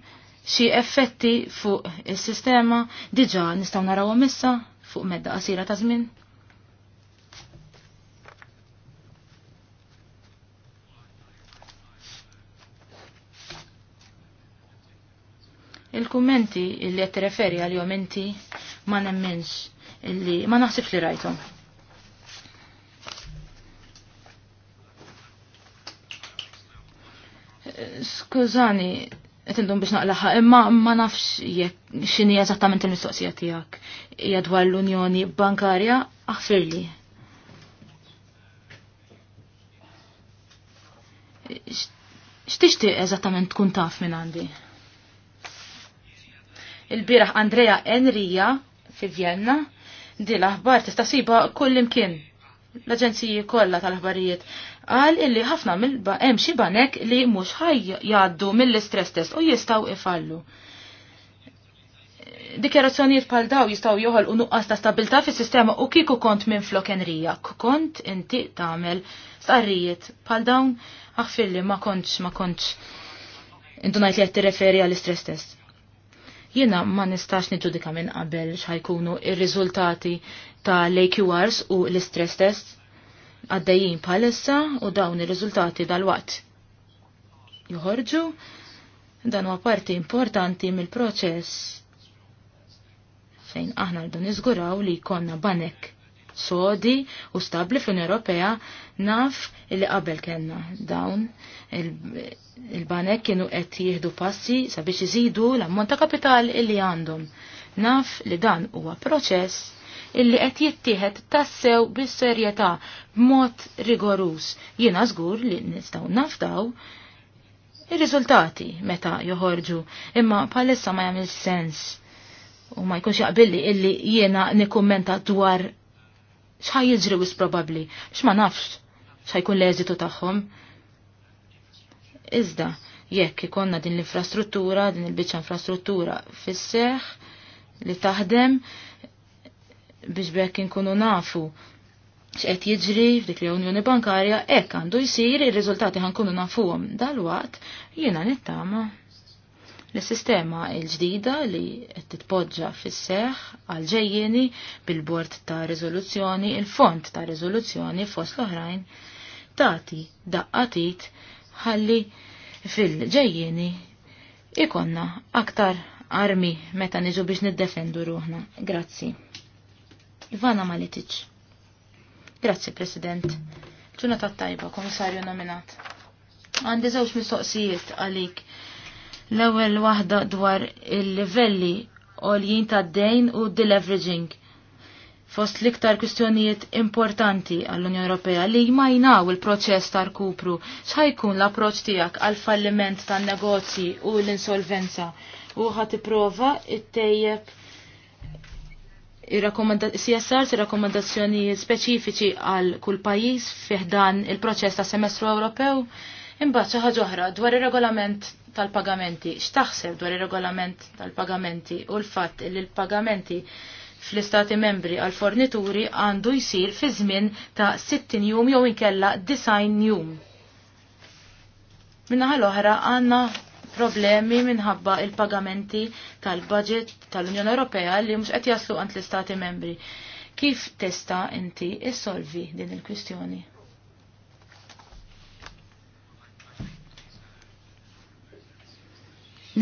[SPEAKER 5] xi effetti fuq is-sistema diġà nistgħu narawhom issa fuq medda qasira ta' żmien? Il-kummenti li qed tirreferi għal jom inti ma nemmenx illi ma naħsibx li rajtom. Skużani, Etindum biex naqlaħa, imma ma nafx jekk xini eżattament il-mistoqsija tijak. Jadwar dwar l-Unjoni Bankarja, aħfirli. Xtixti eżattament tkun taf minn għandi? Il-biraħ Andrea Enrija fi Vienna, di l-aħbar tista' siba kull imkien l-aġenziji kollha tal-aħbarijiet qal illi ħafna hemm xi banek li mhux ħaj jgħaddu mill-istress test u jistgħu ifallu. Dikjarazzjonijiet bħal daw jistgħu joħolqu nuqqas ta' stabilità fis-sistema u kieku kont minn flok enrija, kont inti tagħmel stqarrijiet bħal dawn ħaffilli ma kontx ma kontx indunajt li qed tirreferi għall-istress test jiena ma nistax niġudika minn qabel x'ħajkunu ir-riżultati Ta' l aqrs u l-stress test għaddejjien palissa u dawn ir-riżultati dal watt Joħorġu dan huwa parti importanti mill-proċess fejn aħna rdu niżguraw li jkollna banek sodi u stabli fl Ewropea naf li qabel kellna dawn il-banek kienu qed jieħdu passi sabiex iżidu l-ammont ta' kapital illi għandhom. Naf li dan huwa proċess illi qed jittieħed tassew bis-serjetà b'mod rigorus. Jiena żgur li nistgħu nafdaw ir-riżultati meta joħorġu, imma bħalissa ma jagħmel sens u ma jkunx jaqbilli illi jiena nikkummenta dwar x'ħaj jiġri wis probabbli, x'ma nafx x'ħajkun l-eżitu tagħhom. Iżda, jekk ikonna din l-infrastruttura, din il-biċċa infrastruttura fis-seħ li taħdem, biex bekk inkunu nafu x'qed jiġri f'dik li Unjoni Bankarja hekk għandu jsir ir-riżultati ħankunu nafuhom dalwaqt jiena nittama l-sistema l-ġdida li qed titpoġġa fis-seħħ għal ġejjeni bil-bord ta' riżoluzzjoni, il-font ta' riżoluzzjoni fost l-oħrajn tagħti daqqatit ħalli fil-ġejjieni ikonna aktar armi meta niġu biex niddefendu ruħna. Grazzi. Ivana Maletic. Grazzi, President. ta' tajba, komissarju nominat. Għandi żewġ mistoqsijiet għalik. L-ewwel waħda dwar il-livelli l-jien ta' dejn u d d-leveraging. fost liktar kwistjonijiet importanti għall-Unjoni Ewropea li jmajnaw il-proċess ta' rkupru x'ħajkun l-approċċ tiegħek għal-falliment tan-negozji u l-insolvenza u ħad tipprova ttejjeb CSR si rakkomandazzjonijiet speċifiċi għal kull pajjiż fih dan il-proċess ta' semestru Ewropew. Imbagħad xi ħaġa oħra dwar ir-regolament tal-pagamenti. X'taħseb dwar ir-regolament tal-pagamenti u l-fatt li l-pagamenti fl-istati membri għal fornituri għandu jsir fi żmien ta' 60 jum jew inkella 90 jum. Minna ħal oħra għandna problemi minħabba il-pagamenti tal-budget tal-Unjoni Ewropea li mhux qed jaslu għand l-Istati membri. Kif testa inti issolvi din il-kwistjoni?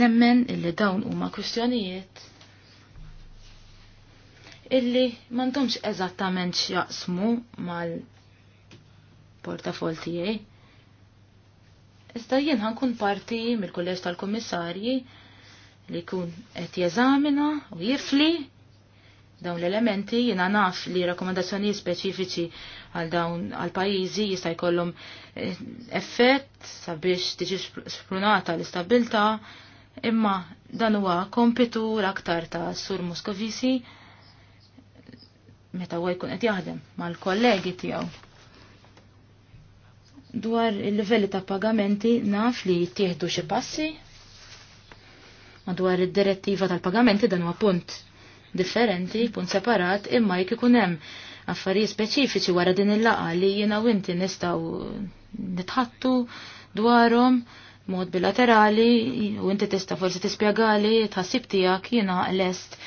[SPEAKER 5] Nemmen illi dawn huma kwistjonijiet illi m'għandhomx eżattament x'jaqsmu mal-portafol tiegħi Iżda jien ħankun parti mill-kulleġġ tal-kummissarji li jkun qed jeżamina u jifli dawn l-elementi jiena naf li rakkomandazzjonijiet speċifiċi għal dawn għal pajjiżi jista' jkollhom eh, effett sabiex tiġi sprunata l-istabilta imma dan huwa kompitu aktar ta' Sur Moscovici meta huwa jkun qed jaħdem mal-kollegi tiegħu dwar il-livelli ta' pagamenti naf li jittieħdu xi passi madwar id-direttiva tal-pagamenti dan huwa punt differenti, punt separat, imma jekk ikun hemm affarijiet speċifiċi wara din il-laqa li jiena u inti nistgħu nitħattu dwarhom mod bilaterali u inti tista' forsi tispjegali tħassib tiegħek jiena lest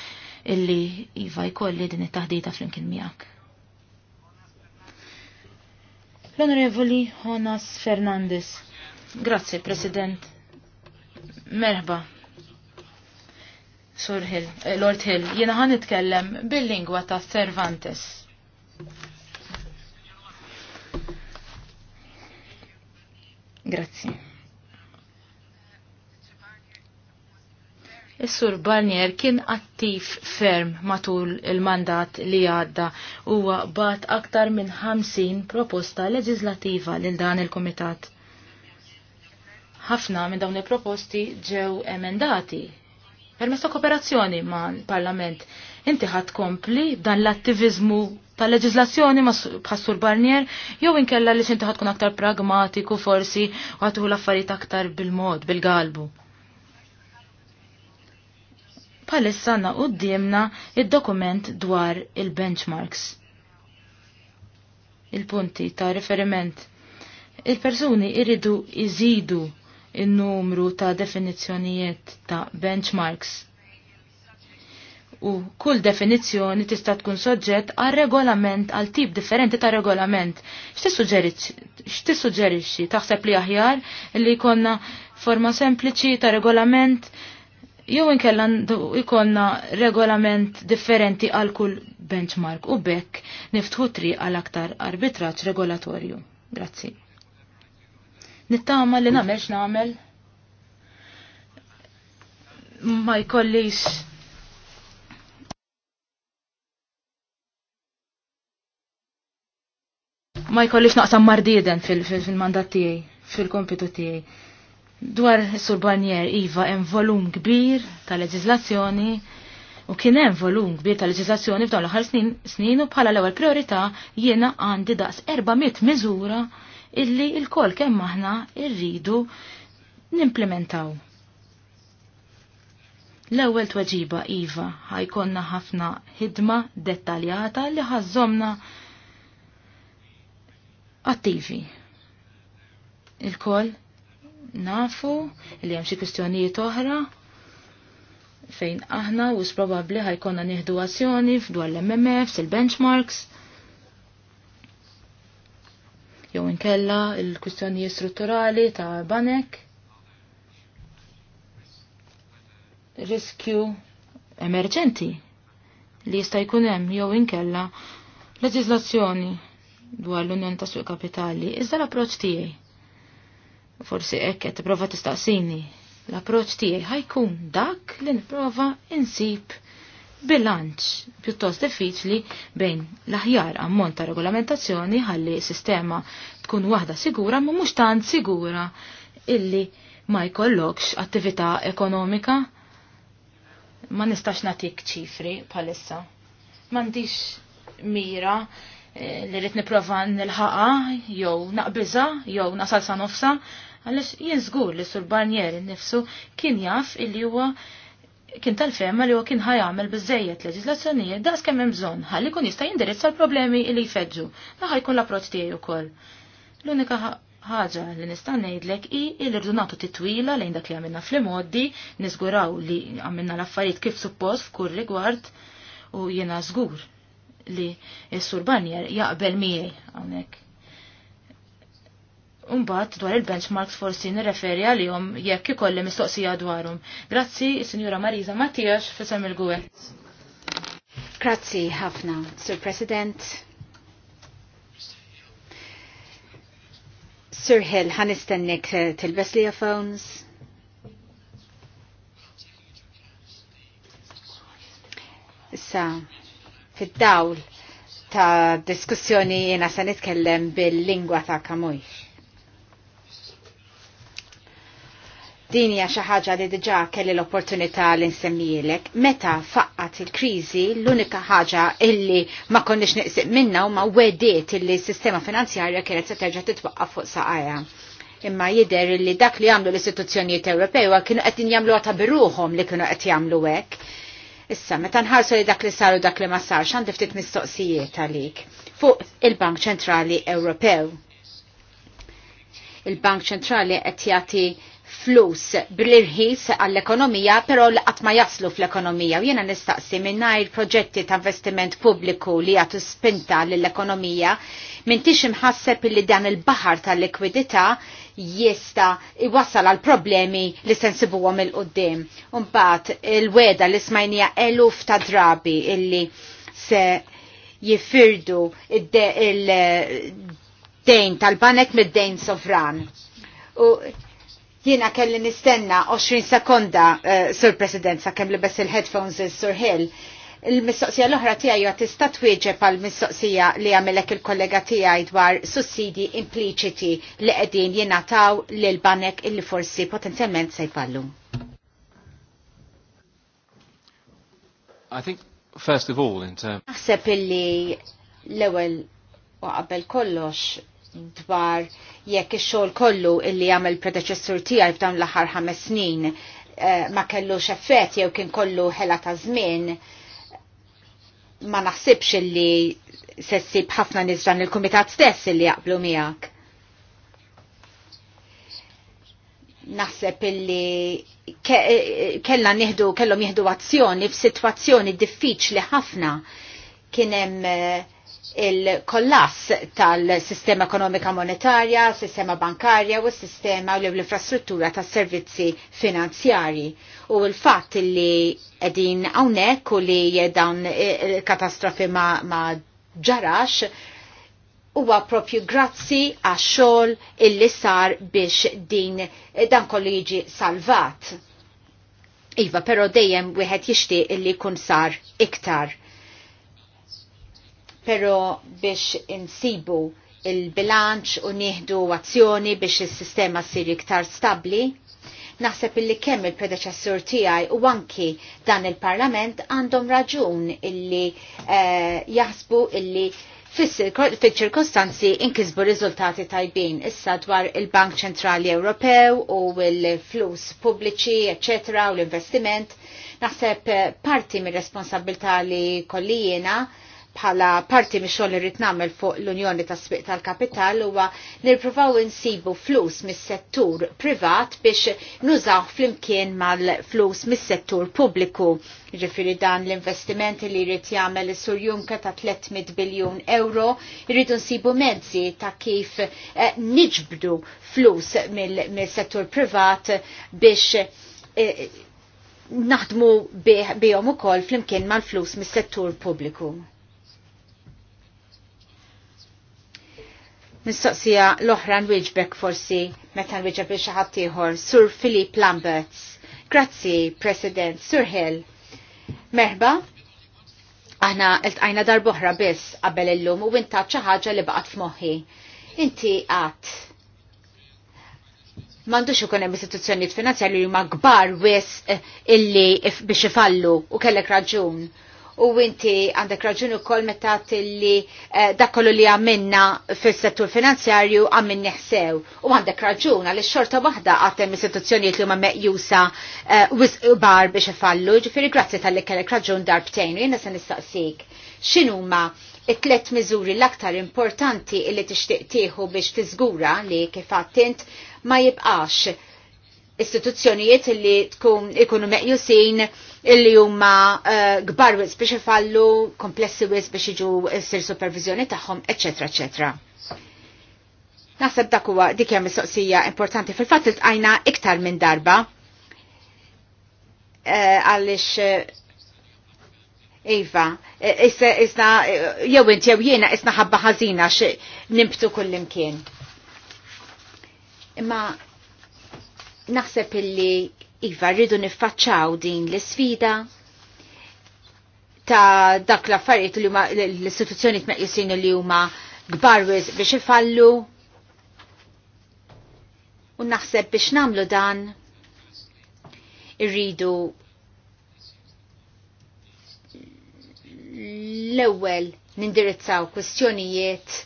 [SPEAKER 5] illi iva jkolli din it-taħdita flimkien miegħek. L-Onorevoli Jonas Fernandez. Grazie, President. Merba. Sur Hill, eh, Lord Hill, jena ħan nitkellem bil-lingwa ta' Cervantes. Grazie. Is-Sur Barnier kien attiv ferm matul il-mandat li għadda huwa bat aktar minn 50 proposta leġislativa lil dan il-Kumitat. Ħafna minn dawn il-proposti ġew emendati permess ta' kooperazzjoni ma' l-Parlament. Inti ħadd kompli dan l-attivizmu ta' leġislazzjoni ma' bħassur Barnier jew inkella li inti ħadd tkun aktar pragmatiku forsi u ħatuħu l-affarijiet aktar bil-mod, bil-galbu. bil mod bil galbu palissa na qoddimna il dokument dwar il-benchmarks. Il-punti ta' riferiment. Il-persuni iridu iżidu il-numru ta' definizzjonijiet ta' benchmarks u kull definizzjoni tista' tkun soġġett għal regolament għal tip differenti ta' regolament. X'tissuġġerixxi taħseb li aħjar li jkollna forma sempliċi ta' regolament jew inkella ikonna regolament differenti għal kull benchmark u bekk niftħu tri għal aktar arbitraġġ regolatorju. Grazzi. Nittama li namel x'namel ma jkollix ma jkollix naqsam mardiden fil-mandat fil, fil tiegħi, fil-kompitu tiegħi. Dwar Sur Barnier Iva hemm volum kbir ta' leġiżlazzjoni u kien hemm volum kbir ta' leġiżlazzjoni f'dawn l-aħħar snin, snin u bħala l-ewwel priorità jiena għandi daqs 400 miżura illi l-kol kemm aħna rridu nimplementaw. L-ewwel tweġiba iva ħajkonna ħafna ħidma dettaljata li ħażomna attivi. Il-koll nafu li hemm xi kwistjonijiet oħra fejn aħna u probabbli ħajkonna nieħdu azzjoni f'dwar l-MMFs, il-benchmarks. Jew inkella il-kwistjonijiet strutturali ta' banek. Riskju emerġenti li jista' jkun hemm jew inkella leġiżlazzjoni dwar l-Unjoni ta' Suq Kapitali. Iżda l-approċċ tiegħi Forsi hekk qed tipprova tistaqsini. L-approċċ tiegħi ħajkun dak li nipprova insib bilanċ pjuttost diffiċli bejn l-aħjar ammont ta' regolamentazzjoni ħalli sistema tkun waħda sigura ma mhux tant sigura illi ma jkollokx attività ekonomika. Ma nistax natik ċifri palissa. M'għandix mira Eh, li rrit niprofa nil-ħaqa, jew naqbiza, jew nasal sa nofsa, għalix jien żgur li sur Barnier nifsu kien jaf illi huwa kien tal-femma li huwa kien ħajamel bizzejiet leġislazzjonijiet daqs kemm hemm bżonn ħalli jkun jista' jindirizza l-problemi li jfeġġu. Da ħajkun l-approċċ tiegħi wkoll. L-unika ħaġa li nista' ngħidlek hi li rdu nagħtu titwila lejn dak li għamilna fl-imoddi, niżguraw li għamilna l-affarijiet kif suppost f'kull rigward u jiena żgur li s-sur jaqbel miegħi hawnhekk. Umbat dwar il-benchmarks forsi nirreferi għalihom jekk ikolli mistoqsija dwarhom. Grazzi, Signora Marisa Mattias
[SPEAKER 4] fisem il-Gwe. Grazzi ħafna, Sur President. Sir Hill, ħanistennek tilbes li phones. Issa, fid-dawl ta' diskussjoni jena se nitkellem bil-lingwa ta' kamuj. Din hija xi ħaġa li diġà kelli l-opportunità li insemmijilek Meta faqqat il-kriżi, l-unika ħaġa illi ma konniex neqsib minna u ma wedet illi s-sistema finanzjarja kienet se terġa' titwaqqaf fuq saqajja. Imma jidher li dak li għamlu l-istituzzjonijiet Ewropewa kienu qed jagħmlu għata biruhom li kienu qed jagħmlu hekk Issa, meta nħarsu li dak li saru dak li ma sarx, għandi ftit mistoqsijiet għalik fuq il-Bank Ċentrali Ewropew. Il-Bank Ċentrali qed jagħti flus bl irħis għall-ekonomija, però li ma jaslu fl-ekonomija. U jena nistaqsi minnajr proġetti ta' investiment pubbliku li għatu spinta l-ekonomija, minn tix imħasseb li dan il-bahar tal-likwidita jista iwassal għal problemi li sensibu għom il-qoddim. Unbat, il-weda li smajnija eluf ta' drabi illi se jifirdu il-dejn tal-banek mid-dejn sovran. U jiena kelli nistenna 20 sekonda, uh, Sur President, sa' kemm li bess il-headphones il-Sur Hill, Il-mistoqsija l-oħra tiegħi tista' twieġeb għal mistoqsija li għamilek il-kollega tiegħi dwar sussidi impliċiti li qegħdin jingħataw lil banek illi forsi potenzjalment se jfallu.
[SPEAKER 3] I think first of all in terms
[SPEAKER 4] Naħseb illi l-ewwel u qabel kollox dwar jekk ix-xogħol kollu illi jagħmel predeċessur tiegħi f'dawn l-aħħar ħames snin eh, ma kellux effett jew kien kollu ħela ta' żmien ma naħsibx li sessib ħafna nizran il-komitat stess li jaqblu miegħek. Naħseb illi kellna nieħdu kellhom jieħdu azzjoni f'sitwazzjoni diffiċli ħafna kien hemm eh, il-kollass tal-sistema ekonomika monetarja, sistema bankarja u s-sistema u l-infrastruttura tas servizzi finanzjari. U l-fat li edin għawnek u li dawn eh, katastrofi ma, ma ġarax, huwa propju grazzi għax xogħol illi sar biex din eh, dan kolliġi salvat. Iva, pero dejjem wieħed jixtieq illi jkun sar iktar pero biex insibu il-bilanċ u nieħdu azzjoni biex il-sistema sir iktar stabli, naħseb illi kemm il-predeċessur tiegħi u anki dan il-Parlament għandhom raġun illi eh, jaħsbu illi fil-ċirkostanzi inkisbu riżultati tajbin issa dwar il-Bank Ċentrali Ewropew u l-flus pubbliċi, eccetera, u l-investiment. Naħseb eh, parti mir responsabilità li kollijena bħala parti mixol li rrit nagħmel fuq l-Unjoni tas Sbiq tal-Kapital huwa nirprovaw insibu flus mis-settur privat biex nużaw flimkien mal-flus mis-settur pubbliku. Ġifiri dan l-investiment li jrid jagħmel sur Junka ta' 300 biljun euro, jridu nsibu mezzi ta' kif eh, niġbdu flus mis settur privat biex eh, naħdmu bihom ukoll flimkien mal-flus mis-settur pubbliku. Mistoqsija l-oħra nwieġbek forsi meta nwieġbek biex ħadd ieħor, Sur Philip Lamberts. Grazzi, President, Sur Hill. Merba, aħna iltqajna darboħra biss qabel illum u inta xi ħaġa li baqgħet f'moħħi. Inti qatt M'għandux ikun hemm istituzzjonijiet finanzjarji li huma kbar wis eh, illi biex ifallu u kellek raġun u inti għandek raġun kol meta li eh, dakollu li għamilna fis-settur finanzjarju għammin neħsew. U għandek raġun għaliex xorta waħda għatem istituzzjoni li huma meqjusa eh, bar biex ifallu, Ġifiri grazzi tal-li kellek raġun darbtejn u jiena se nistaqsik. X'inhuma it-tlet miżuri l-aktar importanti illi tixtieq tieħu biex tiżgura li kif għattint ma jibqax istituzzjonijiet li tkun ikunu meqjusin illi huma eh, gbar wis biex ifallu, komplessi wis biex iġu eh, sir supervizjoni tagħhom, eċetera, eċetera. Naħseb dak huwa dik hemm mistoqsija importanti fil-fatt iltqajna iktar minn darba eh, għaliex Iva, isna jew inti jew jiena isna ħabba ħażina nimbtu kullimkien. Imma naħseb illi Iva rridu niffaċċaw din l-sfida ta' dak l-affarijiet li huma l-istituzzjoni tmeqqisin li huma gbarwiz biex ifallu u naħseb biex namlu dan irridu l-ewwel nindirizzaw kwestjonijiet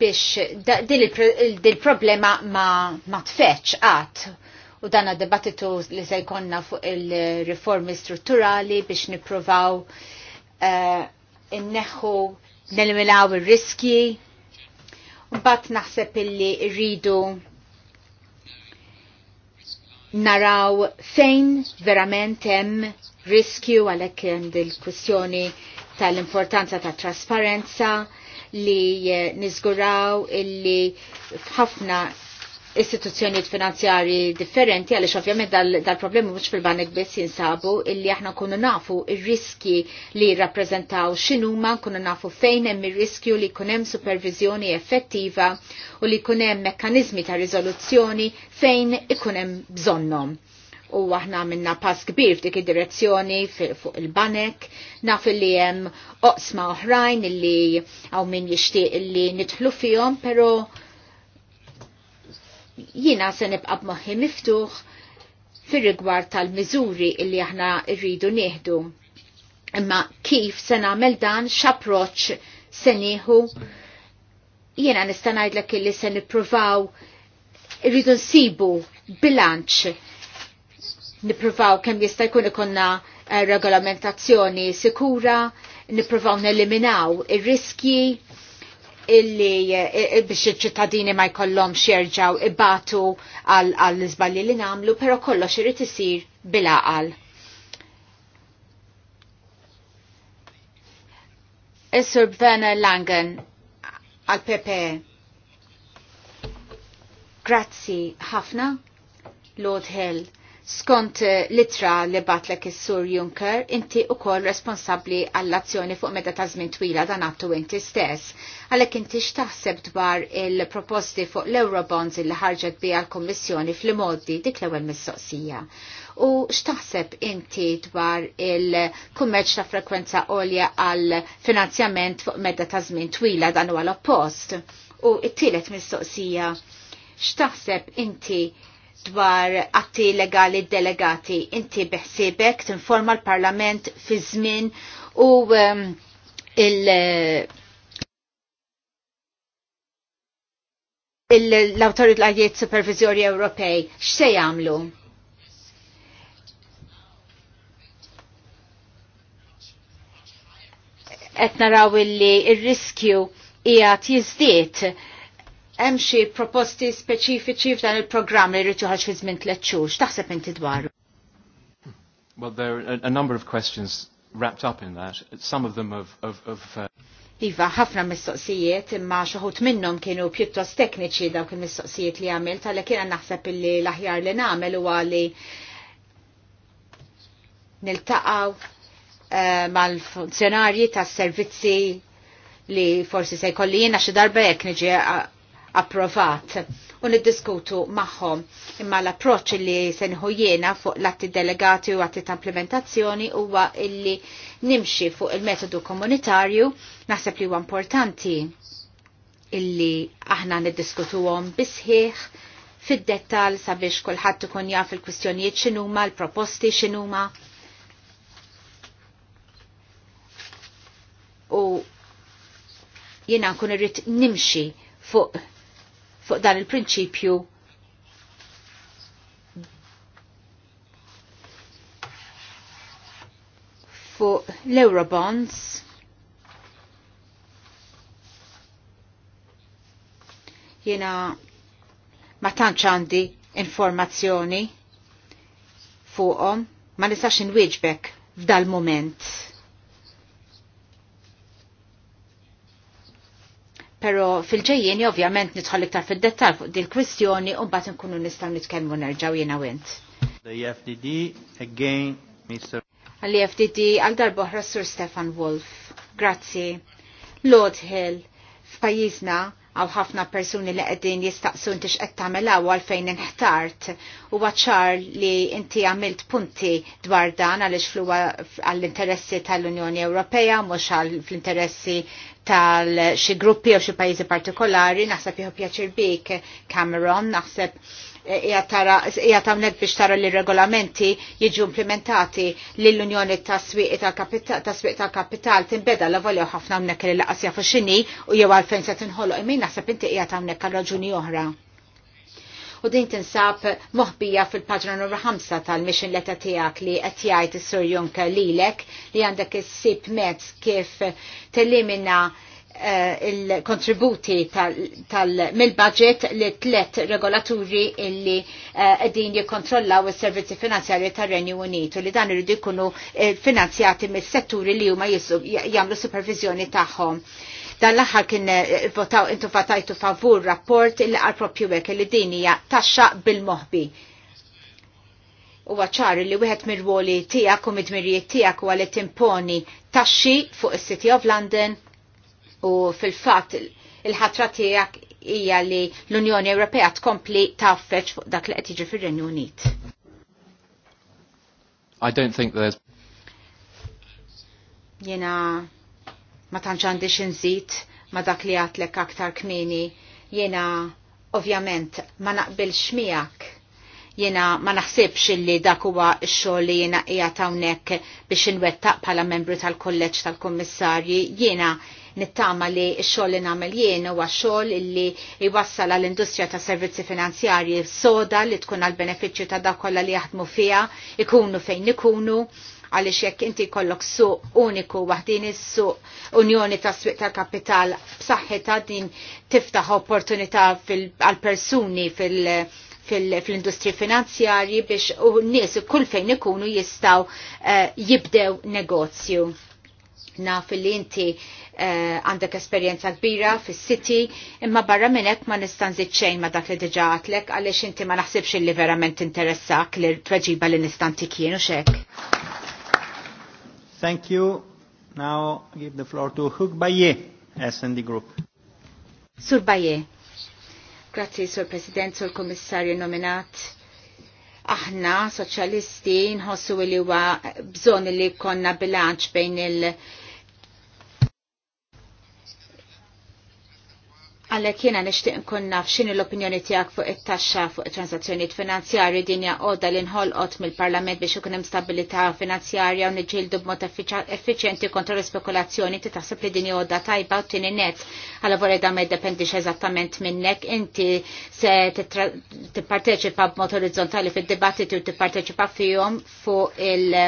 [SPEAKER 4] biex din il-problema ma, ma tfetx għat u dan dibattitu li se jkonna fuq il-riformi strutturali biex niprovaw uh, inneħu neliminaw il-riski. bat naħseb illi rridu naraw fejn verament hemm riskju għalhekk hemm il-kwistjoni tal-importanza ta' trasparenza li eh, nizguraw illi f'ħafna istituzzjonijiet finanzjari differenti għaliex ovvjament dal-problemi dal mhux fil-banek biss jinsabu illi aħna kunu nafu ir-riski li jirrappreżentaw x'inhuma, nkunu nafu fejn hemm ir-riskju li jkun hemm supervizjoni effettiva u li jkun hemm mekkaniżmi ta' riżoluzzjoni fejn ikun hemm bżonnhom u aħna minna pass kbir f'dik id-direzzjoni fuq il-banek, naf li hemm oqsma oħrajn illi għaw min jixtieq illi nidħlu fihom, pero jina se nibqa' b'moħħi miftuħ fir-rigward tal-miżuri illi aħna rridu nieħdu. Imma kif se nagħmel dan x'approċċ se nieħu jiena nista' ngħidlek illi se nippruvaw irridu nsibu bilanċ nippruvaw kemm jista' jkun ikunna eh, regolamentazzjoni sikura, nippruvaw neliminaw ir-riskji illi eh, eh, biex iċ-ċittadini ma jkollhom xerġaw ibatu għall iżbalji li nagħmlu, però kollox irid isir bil-aqal. Is-Sur Werner Langen għal PPE. Grazzi ħafna, Lord Hill Skont eh, litra li batlek is-Sur Juncker, inti ukoll responsabbli għall-azzjoni fuq meta ta' żmien twila dan għattu inti stess. Għalhekk inti x'taħseb dwar il-proposti fuq l-Eurobonds li ħarġet bi għal kummissjoni fl-modi dik l-ewwel mistoqsija. U x'taħseb inti dwar il-kummerċ ta' frekwenza għolja għal finanzjament fuq meta ta' żmien twila dan huwa l-oppost. U t-tielet mistoqsija x'taħseb inti dwar atti legali delegati. Inti beħsibek tinforma l-Parlament fi żmien u um, il- l-autoritajiet supervizjori Ewropej x'se jagħmlu? Qed naraw illi r-riskju qiegħed jiżdied hemm xi proposti speċifiċi f'dan il-programm li jrid joħarġ fi żmien tliet xhur. X'taħseb inti dwaru?
[SPEAKER 3] Well, there are a number of questions wrapped up in that. Some of them of... of, of uh...
[SPEAKER 4] Iva, ħafna mistoqsijiet, imma xoħut minnom kienu pjuttost tekniċi dawk il-mistoqsijiet li għamil, tal kiena naħseb illi l-aħjar li namel u għali niltaqaw eh, mal-funzjonarji tas servizzi li forsi se jkolli jena xi darba jekk niġi approvat u niddiskutu magħhom imma l-approċ li se nħu jiena fuq l-atti delegati u atti ta' implementazzjoni huwa illi nimxi fuq il-metodu komunitarju naħseb li huwa importanti illi aħna niddiskutuhom bisħiħ fid-dettal sabiex kulħadd ikun jaf il-kwistjonijiet x'inhuma, l-proposti x'inhuma. U jiena kun irrid nimxi fuq fuq dan il-prinċipju fuq l-Eurobonds jena ma tantx għandi informazzjoni fuqhom ma nistax inwieġbek f'dal moment. pero fil ġejjeni ovvjament nidħol iktar fid-dettal fuq din kwistjoni u mbagħad inkunu nistgħu nitkellmu nerġgħu jiena wint.
[SPEAKER 1] The e FDD again Mr.
[SPEAKER 4] Għalli e FDD għal Sur Stefan Wolf. Grazzi. Lord Hill f'pajjiżna għaw ħafna persuni li għedin jistaqsun tix xqed tagħmel għal fejn inħtart u ċar li inti għamilt punti dwar dan għaliex fluwa għall-interessi tal-Unjoni Ewropea mhux għall-interessi tal xi gruppi u xi pajjiżi partikolari naħseb jieħu pjaċir bik Cameron naħseb hija tamnek biex tara li regolamenti jiġu implementati li l-Unjoni tas-swieq tal-kapital tinbeda la volja ħafna hawnhekk li laqas jafu x'inhi u jew għalfejn se tinħoloq imin naħseb inti hija tamnek għal raġuni oħra u din tinsab moħbija fil-paġna numru 5 tal-mission letter tiegħek li qed jgħid is-Sur Juncker lilek li għandek is-sib mezz kif tellimina Eh, il-kontributi mill-budget li tlet regolaturi illi għedin eh, jikontrollaw il-servizzi finanzjari tar renju Unitu li dan irridu jkunu eh, finanzjati mis-setturi li huma jagħmlu supervizjoni tagħhom dan l-aħħar kien votaw intu fatajtu favur rapport il għal propju hekk li din hija taxxa bil-moħbi. Huwa ċar li wieħed mir-ruoli tiegħek u mid-mirijiet tiegħek huwa li timponi taxxi fuq is-City of London u fil-fat il-ħatra tijak hija li l-Unjoni Ewropea tkompli taffeċ fuq dak li qed fil fir-Renju Unit.
[SPEAKER 3] I don't think there's
[SPEAKER 4] Jena ma tantx għandix ma dak li għatlek aktar kmini. Jena ovvjament ma naqbilx miegħek. Jena ma naħsibx illi dak huwa x-xogħol li jena ta' hawnhekk biex inwettaq bħala membru tal-kolleġġ tal-kummissarji. Jena nittama li x-xogħol li nagħmel jien huwa xogħol li jwassal għal industrija ta' servizzi finanzjarji soda li tkun għal benefiċċju ta' dak li jaħdmu fiha ikunu fejn ikunu għaliex jekk inti kollok suq uniku waħdin is-suq unjoni ta' swieq ta' kapital b'saħħitha din tiftaħ opportunità għal persuni fil fil-industri finanzjarji biex u nies kull fejn ikunu jistaw uh, jibdew negozju. Naf li inti Eh, għandek esperjenza kbira fis city imma barra minn hekk ma nistanżit xejn ma dak li diġà għatlek għaliex inti ma naħsibx li verament interessak li tweġiba li nistanti kienu xek.
[SPEAKER 1] Thank you. Now give the floor to Hug Baye, S&D Group.
[SPEAKER 4] Sur Baye. Grazzi, Sur President, Sur Komissarju nominat aħna soċjalisti nħossu li huwa bżonn li konna bilanċ bejn il- Għalek jena nishtiq nkun naf xini l-opinjoni tijak fuq it-taxxa fuq transazzjoniet finanzjarji dinja għoda li nħolqot mill-Parlament biex ikun hemm stabilità finanzjarja u niġġieldu b'mod effiċjenti kontra l-spekulazzjoni ti taħseb li dinja għoda tajba u tieni net għal voreda ma jiddependix eżattament minnek inti se tipparteċipa b'mod orizzontali fid-dibattiti u tipparteċipa fihom fuq il-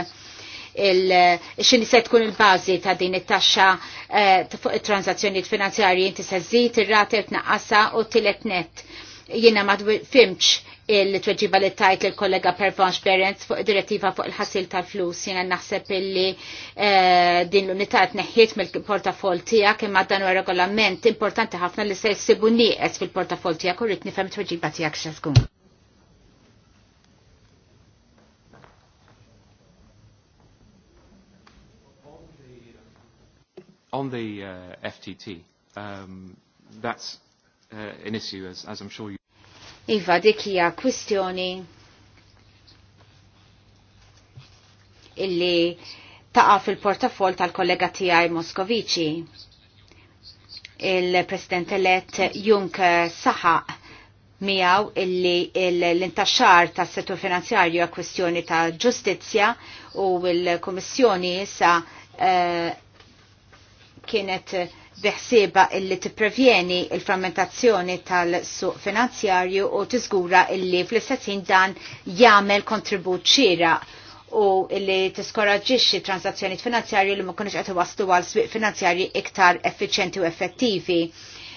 [SPEAKER 4] xini se tkun il-bazi ta' din it-taxxa eh, transazzjoni finanzjarji inti se żżid ir-rata tnaqqasha u tilet net. Jiena ma fimx il-tweġiba li tajt il-kollega Pervanx Berent fuq direttiva fuq il ħasil tal-flus Jiena naħseb illi eh, din l-unità tneħħiet mill-portafol tijak imma dan u regolament importanti ħafna li se jsibu nieqes fil-portafol tija u rrit nifhem tweġiba tijak xaskun.
[SPEAKER 3] on the uh, FTT, um, that's uh, an issue, as, as I'm sure you...
[SPEAKER 4] Iva, dikija hija kwistjoni illi taqa fil-portafol tal-kollega tijaj Moskovici. Il-President elett Junk Saha miaw illi l-intaxxar ta' settur finanzjarju għal kwistjoni ta' ġustizja u l komissjoni sa' uh, eh, kienet beħsieba illi tipprevjeni il-frammentazzjoni tal-suq finanzjarju u tiżgura illi fl-istessin dan jagħmel kontribut xira u illi t-skoraġiċi transazzjoni finanzjarji li ma kunux qed iwasslu għal swieq finanzjarji iktar effiċenti u effettivi.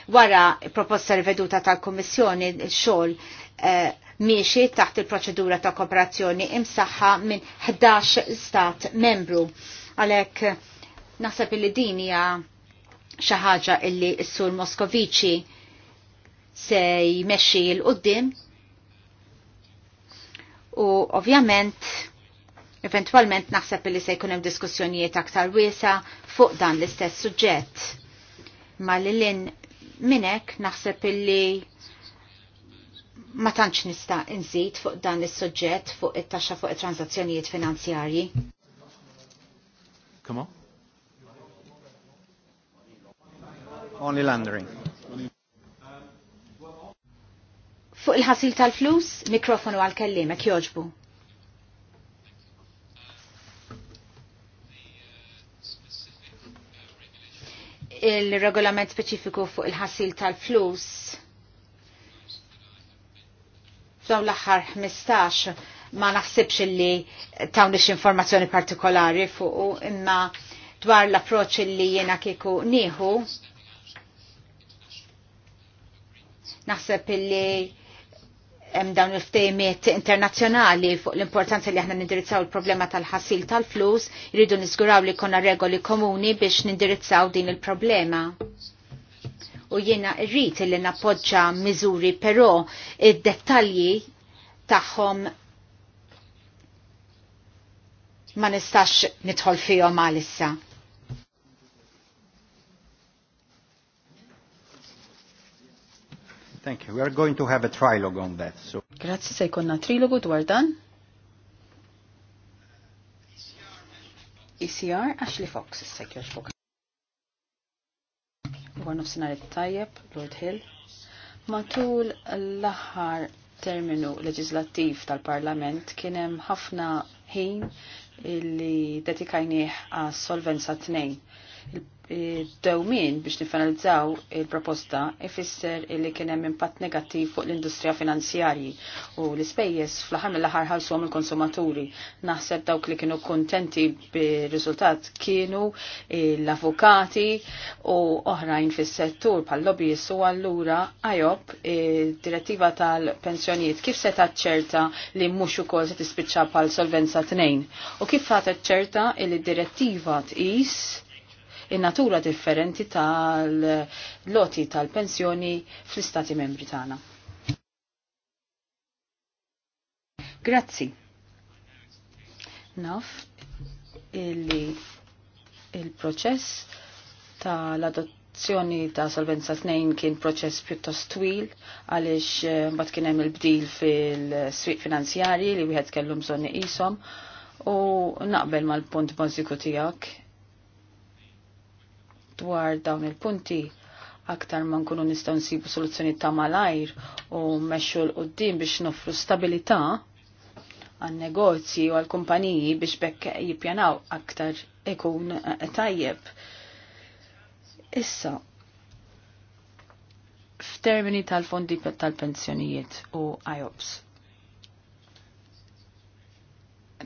[SPEAKER 4] Wara proposta riveduta tal-Kummissjoni xogħol xol eh, miexi taħt il-proċedura ta' kooperazzjoni imsaħħa minn 11 stat membru. Għalhekk Naħseb illi din hija xi ħaġa illi s-sur Moskoviċi se jmexxi l qudiem u ovvjament eventwalment naħseb illi se jkun hemm diskussjonijiet aktar wiesa fuq dan l-istess suġġett. Ma lin minnek naħseb illi ma tantx nista' inżid fuq dan is-suġġett fuq it-taxxa fuq it-transazzjonijiet finanzjarji.
[SPEAKER 1] Come on. Only laundering.
[SPEAKER 4] Fuq il-ħasil tal-flus, mikrofonu għal-kellimek joġbu. il-regolament speċifiku fuq il-ħasil tal-flus f'dawn l-aħħar 15 ma naħsibx li tawnix informazzjoni partikolari fuq imma dwar l-approċ li jena kieku nieħu Naħseb illi hemm dawn il-ftejmiet internazzjonali fuq l-importanza li aħna nindirizzaw il-problema tal-ħassil tal-flus, jridu niżguraw li konna regoli komuni biex nindirizzaw din il-problema. U jiena rrit li nappoġġa miżuri però id-dettalji tagħhom ma nistax nidħol fihom għalissa.
[SPEAKER 1] Thank you. We are going to have a trilogue on that. So.
[SPEAKER 2] Grazzi se jkonna trilogu dwar dan. ECR, Ashley Fox, is sekjoġ Fox. Għan ufsinar tajjeb Lord Hill. Matul l-aħħar terminu leġislattiv tal-Parlament kienem ħafna ħin illi dedikajnieh għas solvenza 2 dewmien biex nifinalizzaw il-proposta ifisser li kien hemm impatt negattiv fuq l-industrija finanzjarji u l-ispejjeż fl-aħħar mill-aħħar ħalsuhom il-konsumaturi. Naħseb dawk li kienu kuntenti bir-riżultat kienu l-avukati u oħrajn fis-settur bħal lobbyist u allura ajob direttiva tal-pensjonijiet kif se taċċerta li mhux ukoll se tispiċċa bħal solvenza tnejn u kif ħatet ċerta li direttiva tqis in-natura differenti tal-loti tal-pensjoni fl-istati membri tagħna. Grazzi. Naf illi il-proċess tal-adozzjoni ta' Solvenza 2 kien proċess pjuttost twil għaliex eh, mbagħad kien hemm il-bdil fil-swieq finanzjarji li wieħed kellu bżonn iqishom u naqbel mal-punt bażiku tiegħek dwar dawn il-punti aktar ma nkunu nistgħu nsibu soluzzjoni ta' malajr u mmexxu l qudiem biex nofru stabilità għan negozji u għal kumpaniji biex bekk jippjanaw aktar ikun eh, tajjeb. Issa, f'termini tal-fondi tal-pensjonijiet u IOPS.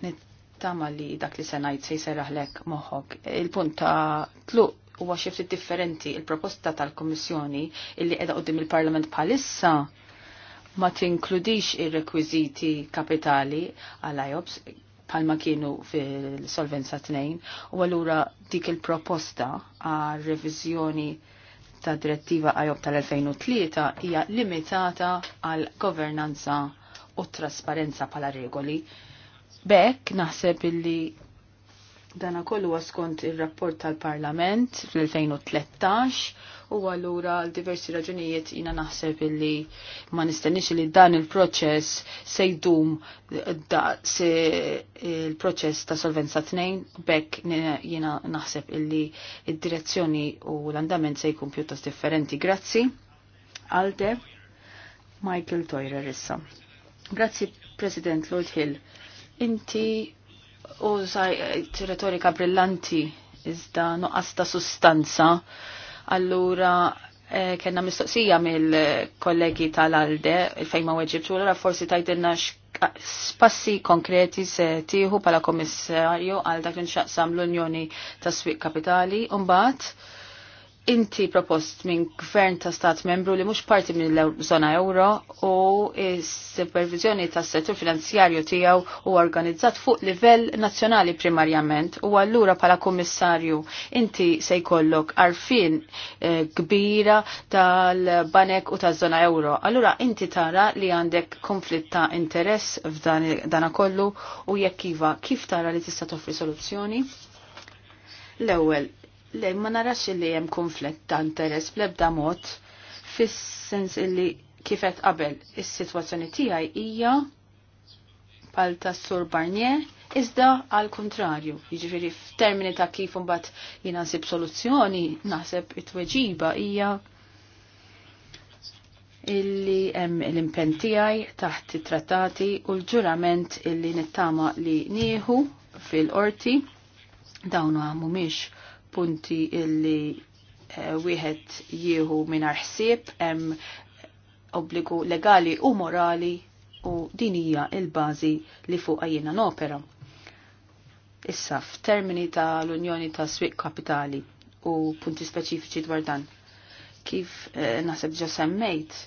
[SPEAKER 2] Nittama li dak li senajt se jserraħlek moħok. Il-punt ta' tluq huwa xi ftit differenti il-proposta tal-Kummissjoni illi qiegħda qudiem il-Parlament bħalissa ma tinkludix ir-rekwiżiti kapitali għal IOPS bħalma kienu fil-Solvenza 2 u allura dik il-proposta għal reviżjoni ta' direttiva IOP tal-2003 hija limitata għal governanza u trasparenza pala regoli. Bekk naħseb illi Dana kollu skont il-rapport tal-Parlament fl-2013 u għallura l-diversi raġunijiet jina naħseb illi ma nistennix li dan il-proċess se jdum se il-proċess ta' solvenza 2 bekk jina naħseb illi il direzzjoni u l-andament se jkun pjuttost differenti. Grazzi. Alde, Michael Toyra issa. Grazzi President Lord Hill. Inti U sajt retorika brillanti iżda nuqqas ta' sustanza. Allura eh, kena mistoqsija mill-kollegi tal-Alde il-fejma weġibtu, allura forsi tajtilna spassi konkreti se tieħu pala komissarju għal dak li l-Unjoni ta' Swik Kapitali, un inti propost minn gvern ta' stat membru li mhux parti minn l-zona euro u s-supervizjoni ta' settur finanzjarju tiegħu u organizzat fuq livell nazzjonali primarjament u allura pala kummissarju inti se jkollok arfin eh, kbira tal-banek u taż-żona euro. Allura inti tara li għandek konflitt ta' interess f'dana kollu u jekk iva kif tara li tista' toffri soluzzjoni? L-ewwel Lej, ma narax li hemm konflett ta' interess bl-ebda mod fis-sens illi kifet qabel is-sitwazzjoni tiegħi hija pal ta' Sur Barnier iżda għal kontrarju. Jiġifieri f'termini ta' kif imbagħad jien nsib soluzzjoni naħseb it-tweġiba hija illi hemm l-impenn tiegħi taħt it-trattati u l-ġurament illi nittama li nieħu fil-qorti dawn miex punti illi eh, wieħed jieħu mingħajr ħsieb hemm obbligu legali u morali u din hija l-bażi li fuqha jiena nopera. Issa f'termini ta' l-Unjoni ta' Swieq Kapitali u punti speċifiċi dwar dan. Kif eh, naħseb ġo semmejt,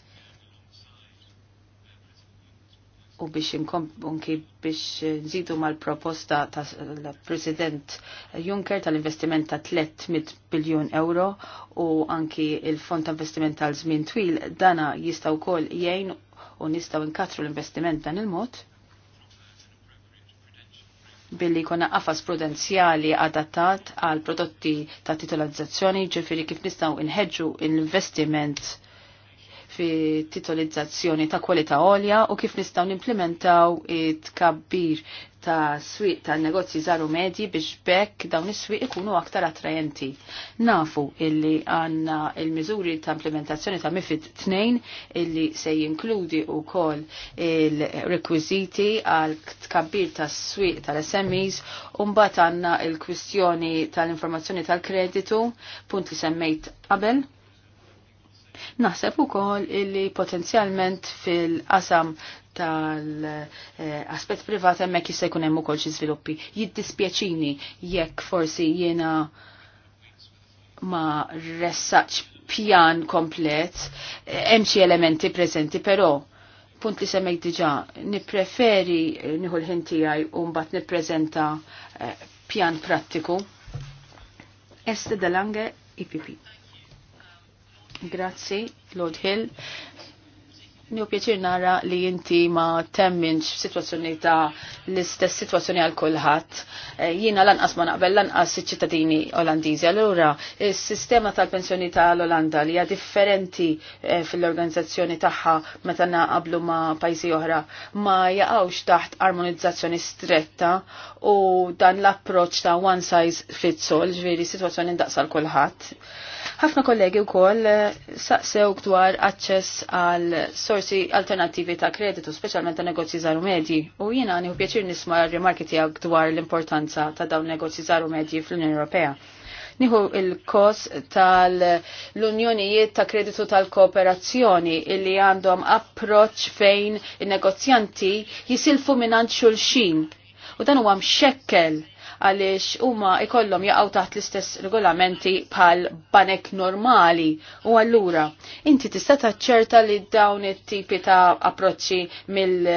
[SPEAKER 2] u biex inkompli biex nżidu mal-proposta tal-President Juncker tal-investiment ta' 300 biljun euro u anki il-Fond ta' investiment tal-żmien twil dana jista' wkoll jgħin u nistgħu nkatru l-investiment dan il-mod billi jkunna qafas prudenzjali adattat għal prodotti ta' titolizzazzjoni ġifiri kif nistgħu inħedġu l-investiment fi titolizzazzjoni ta' kwalità olja u kif nistgħu nimplementaw it-kabbir ta' swiq ta' negozji żaru medji biex bekk dawn is-swieq ikunu aktar attrajenti. Nafu illi għandna il-miżuri ta' implementazzjoni ta' MIFID 2 illi se jinkludi wkoll il-rekwiżiti għal tkabbir ta' swieq tal-SMEs u mbagħad għandna il-kwistjoni tal-informazzjoni tal-kreditu, punt li semmejt qabel Naħseb ukoll illi potenzjalment fil-qasam tal-aspet privat hemmhekk jista' jkun hemm ukoll xi żviluppi. Jiddispjaċini jekk forsi jiena ma ressaċ pjan komplet, hemm xi elementi preżenti però punt li semmejt diġà, nippreferi nieħu l-ħin tiegħi u mbagħad nippreżenta eh, pjan prattiku. Este lange IPP. Grazzi, Lord Hill. Nju pjaċir nara li jinti ma temminx situazzjoni ta' l-istess situazzjoni għal kulħadd. Eh, jiena lanqas ma naqbel lanqas iċ-ċittadini Olandiżi. Allura, il sistema tal-pensjoni tal-Olanda li hija differenti eh, fil-organizzazzjoni tagħha meta naqablu ma' pajjiżi oħra ma jaqgħux taħt armonizzazzjoni stretta u dan l-approċċ ta' one size fits all, ġifieri situazzjoni għal kulħadd. Ħafna kollegi wkoll eh, saqsew dwar aċċess għal sorsi alternativi ta' kreditu, speċjalment ta' negozji zaru medji. U jiena nieħu pjeċir nisma' remarki tiegħek dwar l-importanza ta' dawn negozji zaru medji fl-Unjoni Ewropea nieħu il-kos tal-Unjonijiet ta' Kreditu tal-Kooperazzjoni illi għandhom approċ fejn il-negozjanti jisilfu minant xulxin. U dan huwa xekkel għaliex huma ikollhom jaqgħu taħt l-istess regolamenti bħal banek normali u allura inti tista' taċċerta li dawn it-tipi ta' approċċi mill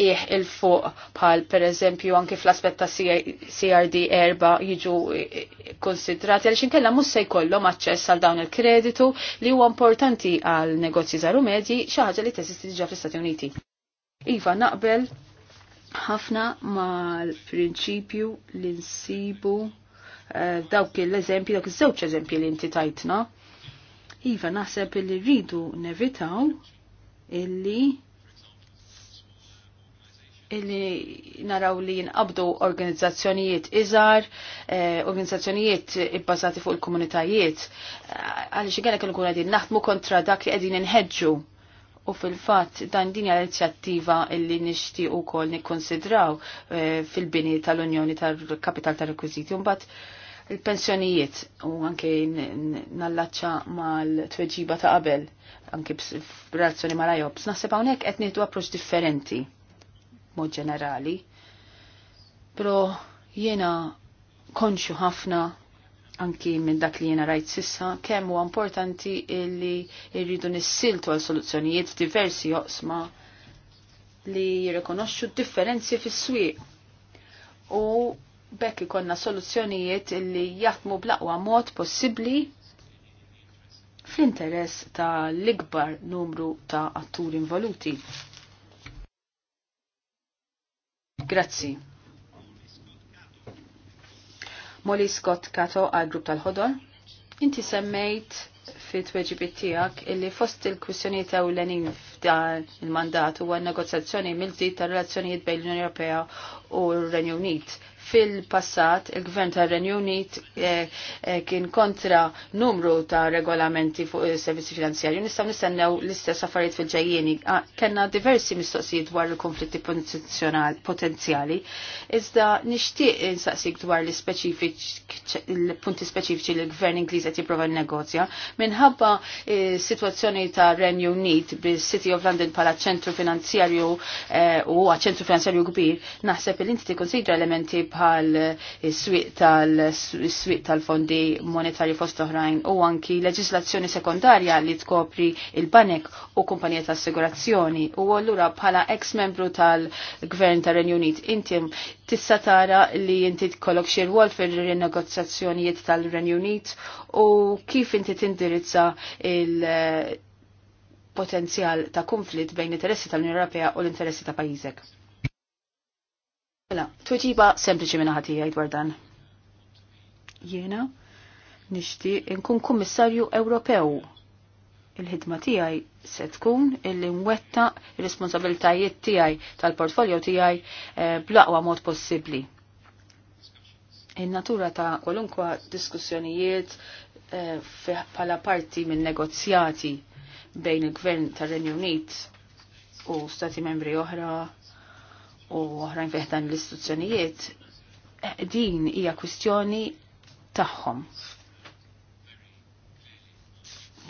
[SPEAKER 2] ih il fuq bħal pereżempju anke fl-aspett ta' CRD erba jiġu konsidrati għaliex inkella mhux se jkollhom aċċess għal dawn il-kreditu li huwa importanti għal negozji żaru medji xi ħaġa li teżisti diġà fl-Istati Uniti. Iva, naqbel ħafna mal-prinċipju li nsibu eh, dawk l-eżempji, dawk iż-żewġ eżempji li inti tajtna. Iva naħseb li rridu nevitaw illi illi naraw li jinqabdu organizzazzjonijiet iżar, eh, organizzazzjonijiet ibbażati fuq il-komunitajiet, eh, għaliex eh, għalek l-għuna qegħdin naħdmu kontra dak li qegħdin inħeġġu u fil-fatt dan din l-inizjattiva illi nixtieq ukoll nikkonsidraw nikonsidraw eh, fil-bini tal-Unjoni tal-Kapital tal-Rekwiżiti. Mbagħad il-pensjonijiet u anke nallaċċa mal-tweġiba ta' qabel anke b'relazzjoni ma' rajob. Naħseb hawnhekk qed nieħdu approċċ differenti mod ġenerali. Pro jiena konxu ħafna anki minn dak li jena rajt sissa, kemm huwa importanti illi irridu nissiltu għal soluzzjonijiet diversi joqsma li jirrikonoxxu differenzi fis-swieq. U bekk ikonna soluzzjonijiet illi jaħdmu blaqwa mod possibbli fl-interess ta' l-ikbar numru ta' atturi involuti. Grazzi. Molly Scott Kato għal grupp tal-ħodol. Inti semmejt fit tweġibit tiegħek illi fost il-kwistjonijiet ewlenin f'dan il-mandat huwa n-negozjazzjoni mill-ġdid tar-relazzjonijiet bejn l-Unjoni Ewropea u r-Renju Unit. Fil-passat, il-Gvern tar-Renju Unit eh, eh, kien kontra numru ta' regolamenti fuq is-servizzi finanzjarju. Nistgħu nistennew l-istess affarijiet fil ġajjeni ah, Kenna diversi mistoqsijiet dwar il-konflitti potenzjali. Iżda nixtieq insaqsik dwar l-punti speċifiċi li l-Gvern Ingliż qed jipprova negozja minħabba eh, situazzjoni ta' Renju Unit bil-City of London pala ċentru finanzjarju eh, u ċentru finanzjarju kbir, naħseb il inti konsidra elementi bħal is-swieq eh, tal-fondi monetarju fost oħrajn u anki leġislazzjoni sekundarja li tkopri il-banek u kumpanija ta' assigurazzjoni u allura bħala ex-membru tal-Gvern ta' Renju Unit intim tista tara li inti tkollok xi rwol fir rinegozjazzjonijiet tal-Renju Unit u kif inti tindirizza il- potenzjal ta' konflitt bejn interessi tal-Unjoni Ewropea u l-interessi ta' pajjiżek. Mela, tweġiba sempliċi minn ħatija dwar dan. Jiena nixtieq inkun Kummissarju Ewropew il-ħidma tiegħi se tkun il nwetta ir-responsabiltajiet tiegħi tal-portfolio tiegħi blaqwa eh, bl-aqwa mod possibbli. In-natura ta' kwalunkwa diskussjonijiet pala eh, bħala parti minn negozjati bejn il-Gvern tar-Renju Unit u stati membri oħra u oħrajn fih l-istituzzjonijiet eh, din hija kwistjoni tagħhom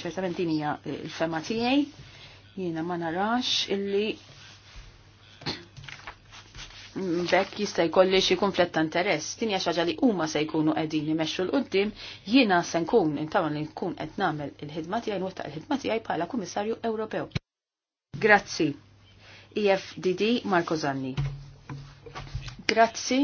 [SPEAKER 2] ċertament din hija eh, l-fema tiegħi, jiena ma narax illi bekk jista' jkolli xi konflett ta' interess. Din hija xi ħaġa li huma se jkunu qegħdin imexxu l qudiem jiena se nkun intawan li nkun qed nagħmel il-ħidma tiegħi nwettaq il-ħidma tiegħi bħala Kummissarju Ewropew. Grazzi. EFDD Marco Zanni. Grazzi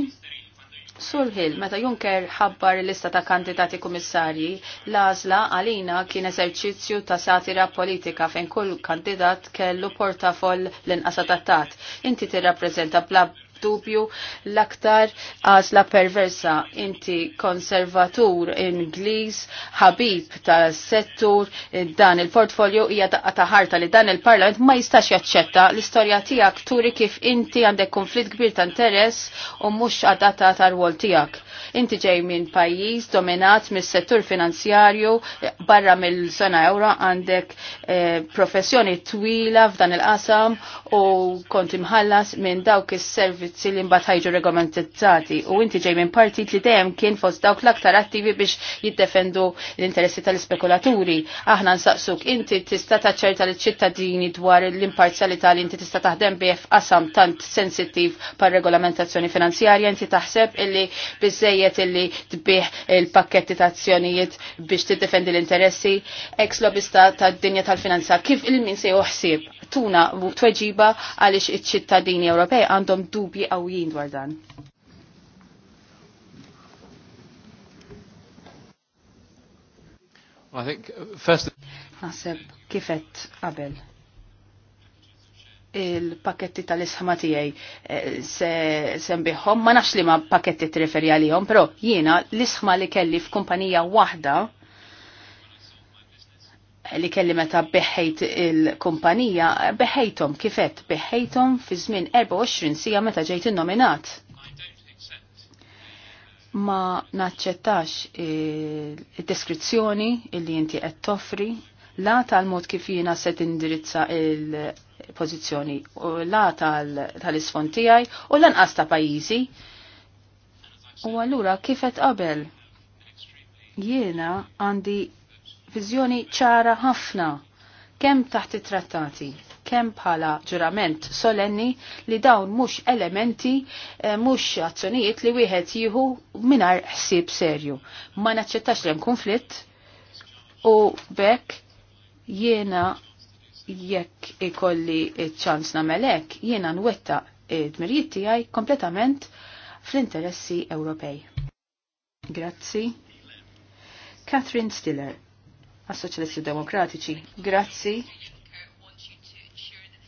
[SPEAKER 2] Sur Hill, meta Juncker ħabbar lista ta' kandidati kummissarji, l għalina kien eżerċizzju ta' satira politika fejn kull kandidat kellu portafoll l-inqas tat. Inti tirrappreżenta bla dubju l-aktar għazla perversa. Inti konservatur Ingliż, ħabib tas-settur, dan il-portfolio hija daqqa ta' ħarta li dan il-Parlament ma jistax jaċċetta l-istorja tiegħek turi kif inti għandek konflitt kbir ta' interess u mhux għadata ta' rwol tiegħek. Inti ġej minn pajjiż dominat mis-settur finanzjarju barra mill-sena ewra għandek eh, professjoni twila f'dan il-qasam u kont imħallas minn dawk is-servizz servizzi li mbagħad ħajġu regomentizzati u inti ġej minn partit li dejjem kien fost dawk l-aktar attivi biex jiddefendu l-interessi tal-ispekulaturi. Aħna nsaqsuk inti tista' taċċerta liċ-ċittadini dwar l-imparzjalità li inti tista' taħdem bih f'qasam tant sensittiv par regolamentazzjoni finanzjarja inti taħseb illi biżejjed illi tbih il-pakketti ta' azzjonijiet biex tiddefendi l-interessi ex lobista tad-dinja tal-finanza kif il-min se juħsib tuna tweġiba għaliex iċ-ċittadini Ewropej għandhom dubji għawjien dwar dan.
[SPEAKER 3] I think uh,
[SPEAKER 2] first Naseb kifet qabel il-paketti tal isħamatijaj tiegħi eh, se sembiħom ma nafx li ma paketti tirreferi għalihom, però jiena l-isħma li kelli f'kumpanija waħda li kelli meta beħħejt il-kumpanija, beħħejtom kifet, beħħejtom fi żmien 24 sija meta ġejt innominat. Ma naċċettax id-deskrizzjoni illi inti qed toffri la tal-mod kif jiena se tindirizza il-pożizzjoni u la tal-isfond tiegħi u lanqas ta' pajjiżi. U allura kifet qabel jiena għandi viżjoni ċara ħafna kemm taħt it-trattati, kemm bħala ġurament solenni li dawn mhux elementi, eh, mhux azzjonijiet li wieħed jieħu mingħajr ħsieb serju. Ma naċċettax li konflitt u bekk jiena jekk ikolli ċans namelek, jiena nwetta id-dmirijiet tiegħi kompletament fl-interessi Ewropej. Grazzi. Catherine Stiller għas-Soċjalisti Demokratiċi. Grazzi.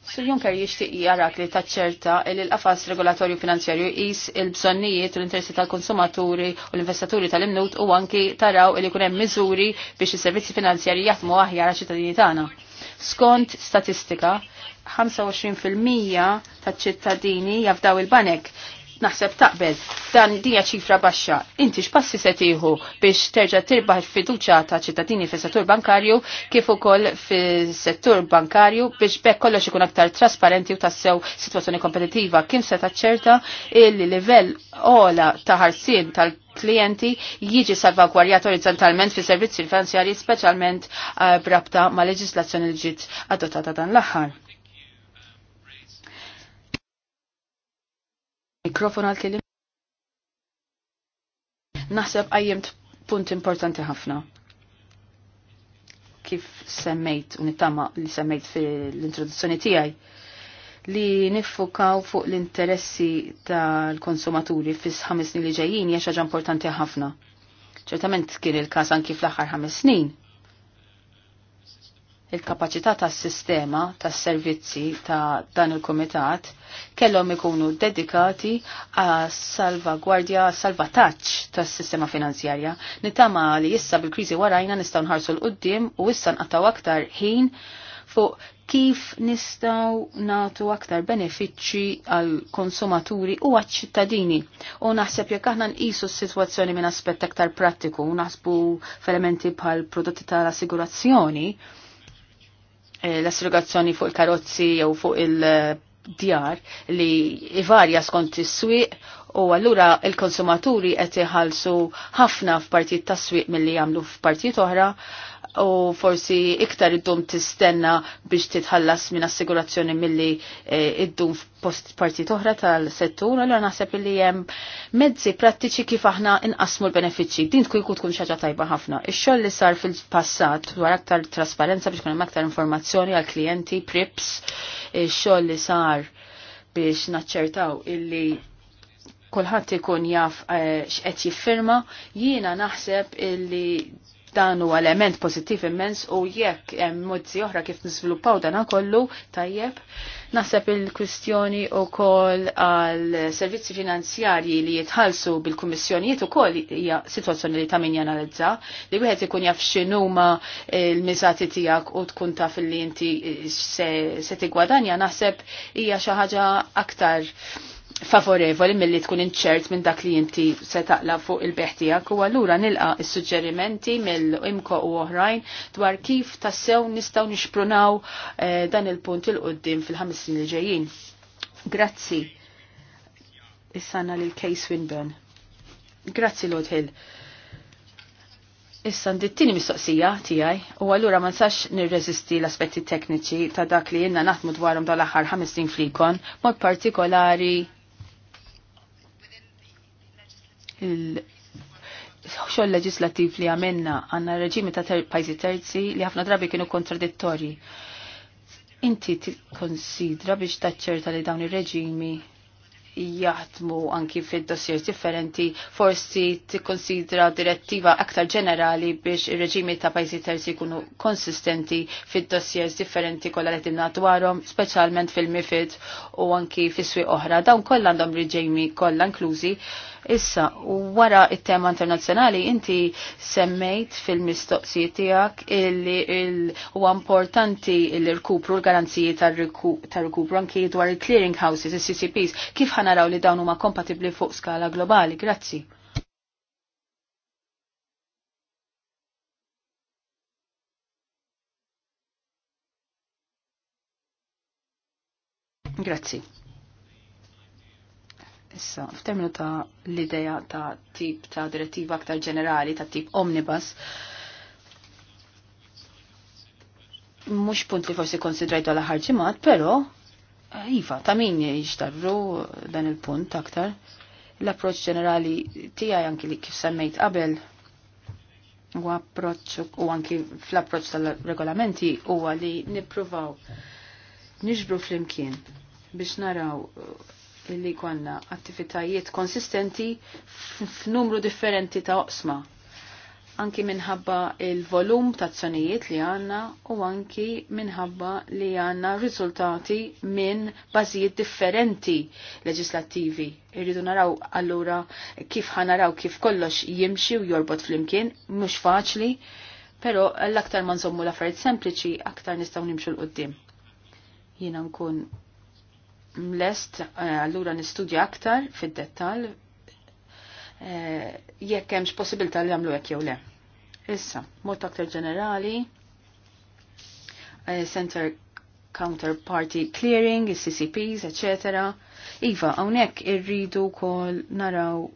[SPEAKER 2] Sur Juncker jixtieq jarak li taċċerta li l-qafas regolatorju finanzjarju jqis il-bżonnijiet u l-interessi tal-konsumaturi u l-investaturi tal-imnut u anki taraw li kunem hemm miżuri biex is-servizzi finanzjarji jaħdmu aħjar għax ċittadini tagħna. Skont statistika, 25% taċ-ċittadini jafdaw il-banek naħseb taqbel dan dinja ċifra baxxa. Inti x'passi se tieħu biex terġa' tirbaħ il-fiduċja ta' ċittadini fis-settur bankarju kif ukoll fis-settur bankarju biex bekk kollox ikun aktar trasparenti u tassew sitwazzjoni kompetittiva. kien se taċċerta il-livell ola ta' ħarsien tal- klienti jiġi salvagwarjat orizzontalment fi servizzi finanzjarji speċjalment eh, brabta ma' leġislazzjoni li ġiet adottata dan l-aħħar. Mikrofon għal kelim. Naħseb għajjemt punt importanti ħafna. Kif semmejt, unittama li semmejt fil-introduzzjoni tijaj, li nifukaw fuq l-interessi tal-konsumaturi fis ħames snin li ġejjin hija xaġa importanti ħafna. Ċertament kien il-każ anki fl-aħħar ħames snin il-kapacità tas-sistema tas-servizzi ta' dan il-kumitat kellhom ikunu dedikati għas salvagwardja salvataġġ tas-sistema finanzjarja. Nitama li issa bil-kriżi warajna nistgħu nħarsu l qudiem u issa nqattaw aktar ħin fuq kif nistgħu nagħtu aktar benefiċċji għal konsumaturi u għaċ ċittadini. U naħseb jekk aħna nqisu s-sitwazzjoni minn aspett aktar prattiku, u naħsbu f'elementi bħal prodotti tal-assigurazzjoni, Eh, l-assurgazzjoni fuq il-karozzi jew fuq il-djar li ivarja skont is-swieq u allura il-konsumaturi qed iħallsu ħafna f'partijiet tas-swieq milli jagħmlu f'partijiet oħra u forsi iktar id-dum tistenna biex titħallas minn assigurazzjoni milli eh, id-dum post parti oħra tal-settur, għallu naħseb li jem mezzi prattiċi kif aħna inqasmu l-benefiċi. Din tkun tkun xaġa tajba ħafna. Ix-xogħol li sar fil-passat dwar aktar trasparenza biex kunem aktar informazzjoni għal klijenti, prips, ix-xogħol li sar biex naċċertaw illi kulħadd ikun jaf eh, x'qed jiffirma, jiena naħseb illi Dan huwa element pozittiv immens u jekk hemm mozzi oħra kif niżviluppaw dan kollu tajjeb. Naħseb il-kwistjoni wkoll għal servizzi finanzjarji li jitħallsu bil-kummissjonijiet ukoll hija sitwazzjoni li ta' min janalizza li wieħed ikun jaf x'inhuma l-miżati tiegħek u tkun taf li inti se tigwadanja naħseb hija xi ħaġa aktar favorevoli mill-li tkun inċert minn dak li inti se taqla fuq il-beħtijak u għallura nilqa il-sugġerimenti mill-imko u oħrajn dwar kif tassew nistaw nixprunaw eh, dan il-punt il-qoddim fil-ħamis li ġejjin. Grazzi. Issana lil Kay Swinburne. Grazzi Lord Hill. Issa ndittini mistoqsija tiegħi u allura ma nsax nirreżisti l-aspetti tekniċi ta' dak li jenna naħdmu dwarhom dal-aħħar ħames snin flikon, mod partikolari il xoll leġislativ li għamenna għanna reġimi ta' pajzi terzi li ħafna drabi kienu kontradittori. Inti konsidra biex taċċerta li dawn ir-reġimi jaħdmu anki fid dossier differenti, forsi tikkonsidra direttiva aktar ġenerali biex ir-reġimi ta' pajzi terzi jkunu konsistenti fid dossier differenti kollha li timna dwarhom, speċjalment fil-MIFID u anki fis-swieq oħra. Dawn kollha għandhom reġimi kollha inklużi Issa, wara il tema internazzjonali, inti semmejt fil-mistoqsijiet tiegħek illi huwa importanti l rkupru l-garanziji tar rkupru anki dwar il-clearing houses, il-CCPs, kif ħanaraw li dawn huma kompatibbli fuq skala globali? Grazzi. Grazzi. Issa, f'terminu ta' l-ideja ta' tip ta' direttiva aktar ġenerali, ta' tip omnibus, mux punt li forsi konsidrajtu għal ħarġimat, pero, iva, ta' min jixtarru dan il-punt aktar. L-approċ ġenerali tijaj anki li kif semmejt qabel, u approċ u anki fl-approċ tal-regolamenti u li nipruvaw nġbru fl-imkien biex naraw illi konna attivitajiet konsistenti f'numru differenti ta' oqsma. Anki minħabba il-volum ta' zonijiet li għanna u anki minħabba li għanna riżultati minn bażijiet differenti leġislattivi. Irridu naraw allura kif ħanaraw kif kollox jimxi u jorbot fl-imkien, mhux faċli, pero l-aktar ma l-affarijiet sempliċi aktar nistgħu nimxu l-qoddim. Jiena nkun lest eh, allura nistudja aktar fid-dettal eh, jekk hemmx possibilità li jagħmlu hekk jew le. Issa, mod aktar ġenerali, eh, Center Counterparty Clearing, CCPs, etc. Iva, hawnhekk irridu wkoll naraw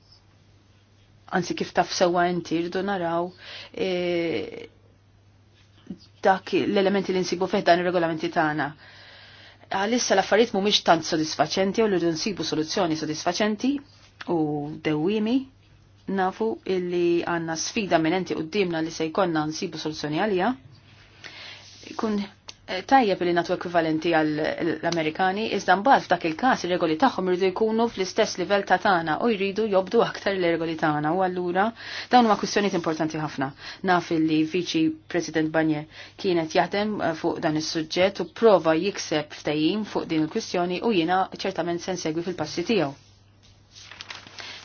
[SPEAKER 2] anzi kif taf sewa inti, rridu naraw dak l-elementi li nsibu fih dan ir-regolamenti tagħna għalissa l-affarijiet mhumiex tant sodisfaċenti u li nsibu soluzzjoni sodisfaċenti u dewwimi nafu illi għanna sfida minenti qoddimna li se jkollna nsibu soluzzjoni għalija. Kun tajjeb li natu ekvivalenti għall-Amerikani, iżda mbagħad f'dak il-każ ir-regoli tagħhom irridu jkunu fl-istess livell ta' tagħna u jridu jobdu aktar l-regoli tagħna u allura dawn huma kwistjonijiet importanti ħafna. Naf li viċi President Banje kienet jaħdem eh, fuq dan is-suġġett u prova jikseb ftehim fuq din il-kwistjoni u jiena ċertament se nsegwi fil-passi tiegħu.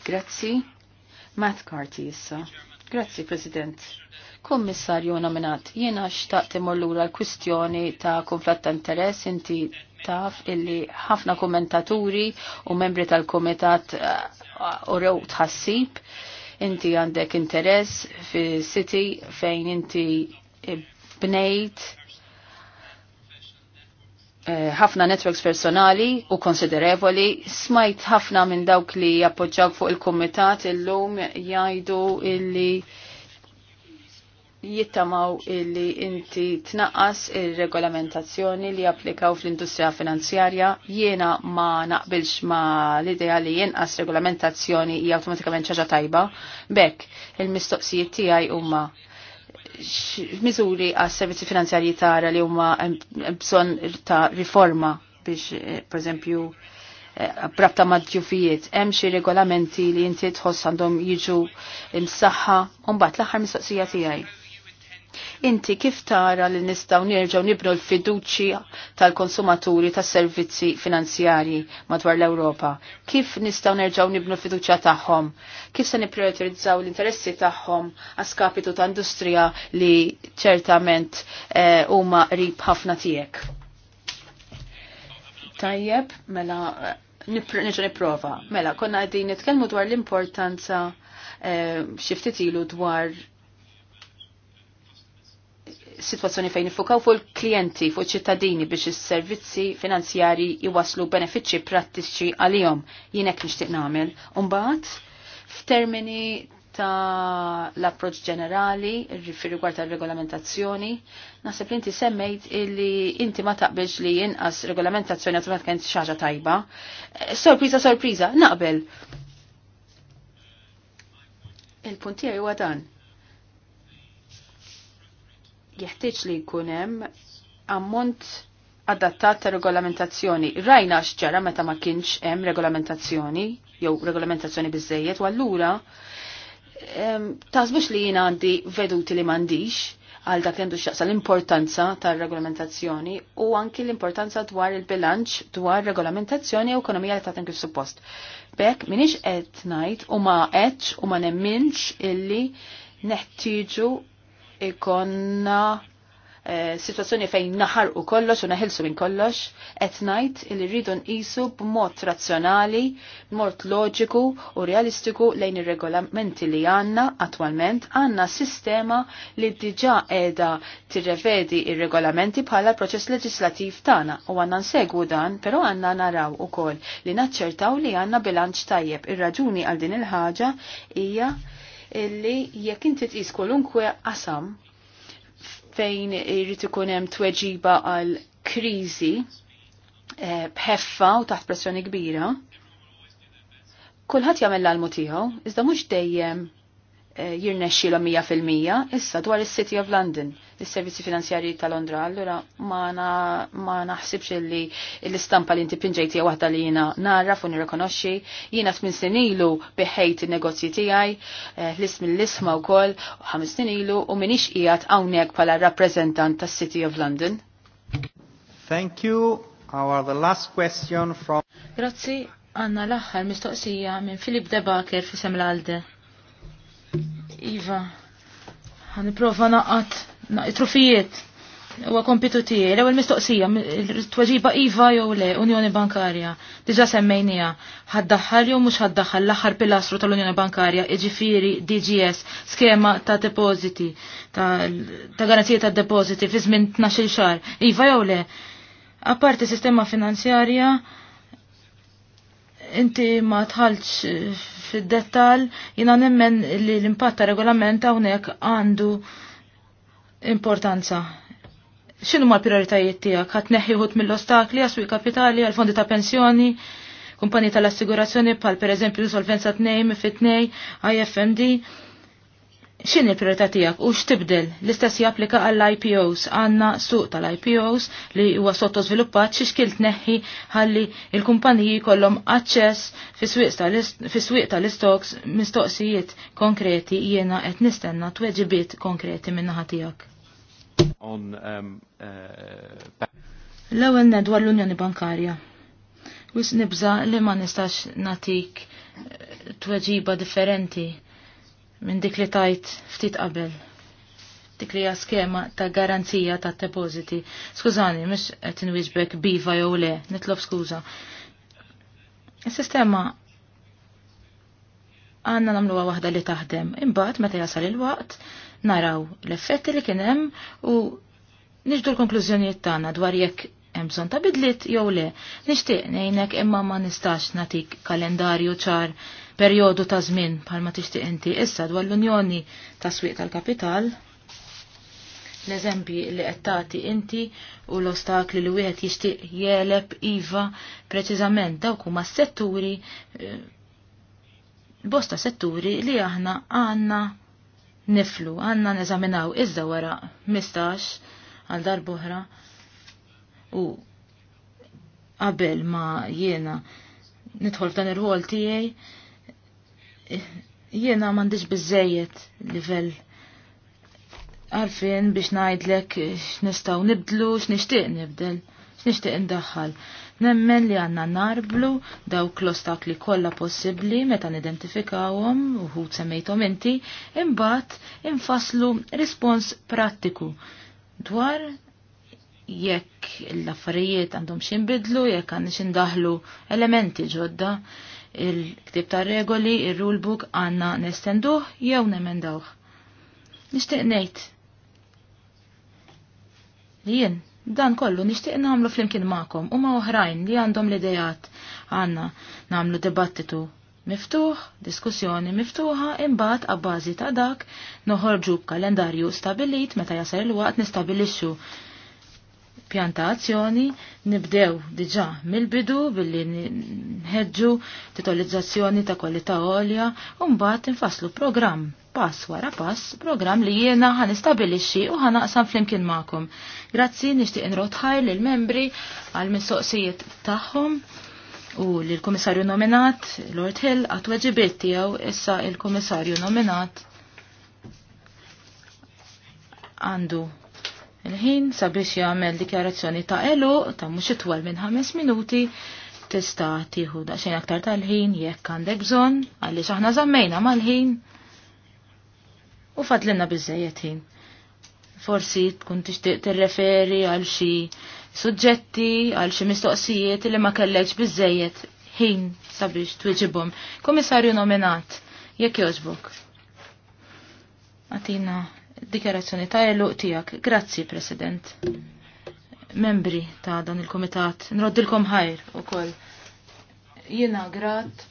[SPEAKER 2] Grazzi. Matt Carty issa. Grazzi, President. Kommissarju nominat, jiena xtaqt imollura lura l-kwistjoni ta' konflatt ta' interess inti taf illi ħafna kommentaturi u membri tal-komitat uh, rew tħassib inti għandek interess fi city fejn inti bnejt Eh, ħafna networks personali u konsiderevoli, smajt ħafna minn dawk li jappoġġaw fuq il-komitat illum jgħidu illi jittamaw illi inti tnaqqas il-regolamentazzjoni li applikaw fl-industrija finanzjarja jiena ma naqbilx ma l-idea li jenqas regolamentazzjoni hija automatikament ċaġa tajba. Bekk, il-mistoqsijiet tiegħi huma mizuri għas servizzi finanzjarji tara li huma bżonn ta' riforma biex eh, pereżempju brabta eh, mad hemm xi regolamenti li inti tħoss għandhom jiġu msaħħa u mbagħad l-aħħar mistoqsija tiegħi Inti kif tara li nistaw nirġaw nibnu l-fiduċi tal-konsumaturi tas servizzi finanzjarji madwar l-Ewropa? Kif nistaw nerġaw nibnu l-fiduċa tagħhom? Kif se nipprioritizzaw l-interessi tagħhom għaskapitu ta' industrija li ċertament eh, huma eh, qrib ħafna tiegħek? Tajjeb, mela eh, nirġa nipprova. Mela, konna għedin nitkellmu dwar l-importanza eh, xiftit ilu dwar situazzjoni fejn ifukaw fuq il-klijenti, fuq ċittadini biex is-servizzi finanzjari jwaslu benefiċċji prattiċi għalihom. Jien hekk nixtieq nagħmel. Imbagħad f'termini ta' l-approċ ġenerali fi rigward tal-regolamentazzjoni, naħseb li inti semmejt illi inti ma taqbilx li jinqas regolamentazzjoni automatikament xi ħaġa tajba. Sorpriza sorpriża, naqbel. il punti huwa dan jeħtieġ li jkun hemm ammont adattat ta' regolamentazzjoni. Rajna x'ġara meta ma kienx hemm regolamentazzjoni jew regolamentazzjoni biżejjed u allura tażbux li jiena għandi veduti li m'għandix għal dak għandu xaqsa l-importanza tar regolamentazzjoni u anki l-importanza dwar il-bilanċ dwar regolamentazzjoni u ekonomija li tagħtin kif suppost. Bekk minix qed ngħid u ma qedx u ma nemminx illi neħtieġu ikonna eh, situazzjoni fejn naħar u kollox u naħilsu minn kollox, qed ngħid li rridu nqisu b'mod razzjonali, b'mod loġiku u realistiku lejn ir-regolamenti li għandna attwalment għandna sistema li diġà qiegħda tirrevedi ir-regolamenti bħala proċess leġislattiv tagħna u għandna nsegwu dan, però għandna naraw ukoll li naċċertaw li għandna bilanċ tajjeb. Ir-raġuni għal din il-ħaġa hija illi jekk inti tqis kolunkwe qasam fejn irid ikun hemm tweġiba għal kriżi eh, bħeffa u taħt pressjoni kbira, kulħadd jagħmel l-almu tiegħu, iżda mhux dejjem Eh, jirnexxilhom l fil-mija, issa dwar is-City of London, is-servizzi finanzjarji ta' Londra, allura ma naħsibx li l-istampa li inti pinġejt hija waħda li jiena narra u nirrikonoxxi, jiena tmin snin ilu biħejt in-negozji tiegħi, eh, l-ism l-isma wkoll ħames snin ilu u minix qiegħed hawnhekk bħala rappreżentant tas-City of London.
[SPEAKER 1] Thank you. Our the last question from Grazzi,
[SPEAKER 5] għanna l-aħħar mistoqsija minn Filip Debaker fi Semlalde. Iva, għan prova naqat, naqat trufijiet. Huwa kompitu tiegħi, l-ewwel mistoqsija, tweġiba iva jew le Unjoni Bankarja. diġa' semmejnija, ħaddaħħal jew mhux ħaddaħħal l-aħħar pilastru tal-Unjoni Bankarja, jiġifieri DGS, skema ta' depositi, ta' garanzija ta' depositi, fi żmien 12 xahar. Iva jew le? Apparti sistema finanzjarja, inti ma tħalċ eh, fid-dettal, jina nemmen li l-impatt ta' regolament hawnhekk għandu importanza. X'inhu ma l-prioritajiet tiegħek? Għat neħiħut mill-ostakli għaswi kapitali għal fondi ta' pensjoni, kumpanji tal-assigurazzjoni bħal l solvenza t-nej, mifit tnej, IFMD, x'inhi il priorità tiegħek u x'tibdel l-istess japplika għall-IPOs. Għandna suq tal-IPOs li huwa sottosviluppat xi xkil tneħħi ħalli l-kumpaniji kollom aċċess fis-swieq tal-istoks mistoqsijiet konkreti jiena qed nistenna tweġibiet konkreti minnaħa naħa tiegħek.
[SPEAKER 3] Um, uh,
[SPEAKER 5] L-ewwel nedwa l-Unjoni Bankarja. Wis nibza li ma nistax natik uh, tweġiba differenti minn dik li tajt ftit qabel. Dik li skema ta' garanzija ta' depositi. Skużani, mux qed inwiġbek biva jew le, nitlob skuża. Is-sistema għanna namluwa waħda li taħdem. Imbagħad meta jasal il-waqt, naraw l-effetti li kien hemm u niġdu l-konklużjonijiet tagħna dwar jekk hemm bżonn ta' bidliet jew le. Nixtieq ngħinek imma ma nistax nagħtik kalendarju ċar perjodu ta' żmien bħalma tixtieq inti. Issa dwar l-Unjoni ta' Swieq tal-Kapital, l-eżempji li qed tagħti inti u l-ostakli li wieħed jixtieq jeleb iva preċiżament dawk huma setturi eh, bosta setturi li aħna għanna niflu, għanna neżaminaw iżda wara mistax għal darbohra u qabel ma jiena nidħol f'dan ir-ħol tiegħi jiena m'għandix bizzejiet livell għarfien biex ngħidlek x'nistgħu nibdlu, x'nixtieq nibdel, x'nixtieq ndaħħal, Nemmen li għanna narblu dawk l-ostakli kollha possibbli meta nidentifikawhom uħud semmejthom inti, imbagħad infaslu rispons prattiku dwar jekk l-affarijiet għandhom xinbidlu, jekk għandix indaħlu elementi ġodda, il-ktib ta' regoli, il-rulebook għanna nestenduh jew nemendawħ. Nishtiq nejt. Li jien, dan kollu nishtiq namlu flimkien ma'kom u ma' oħrajn li għandhom l-idejat għanna namlu dibattitu miftuħ, diskussjoni miftuħa imbagħad għabbażi ta' dak noħorġu kalendarju stabilit meta jasal il-waqt nistabilixxu pjanta azzjoni nibdew diġa mill-bidu billi nħedġu titolizzazzjoni ta' kwalità għolja u mbagħad infaslu programm pass wara pass, programm li jiena ħan istabilixi u ħan aqsam flimkien magħkom. Grazzi nixtieq inrotħaj l membri għal mistoqsijiet tagħhom u l komissarju nominat Lord Hill għat weġibiet tiegħu issa l komissarju nominat għandu il-ħin sabiex jagħmel dikjarazzjoni ta' elu ta' mhux itwal minn ħames minuti tista' tieħu daqsxejn aktar tal-ħin jekk għandek bżonn għaliex aħna żammejna mal-ħin u fadlinna biżejjed ħin. Forsi tkun tixtieq tirreferi għal xi suġġetti għal xi mistoqsijiet li ma kellekx biżejjed ħin sabiex twiġibhom. Komissarju nominat, jekk jogħġbok. Għatina dikjarazzjoni ta' eluq tiegħek. Grazzi, President. Membri ta' dan il-Komitat, nroddilkom ħajr koll. Jiena grat,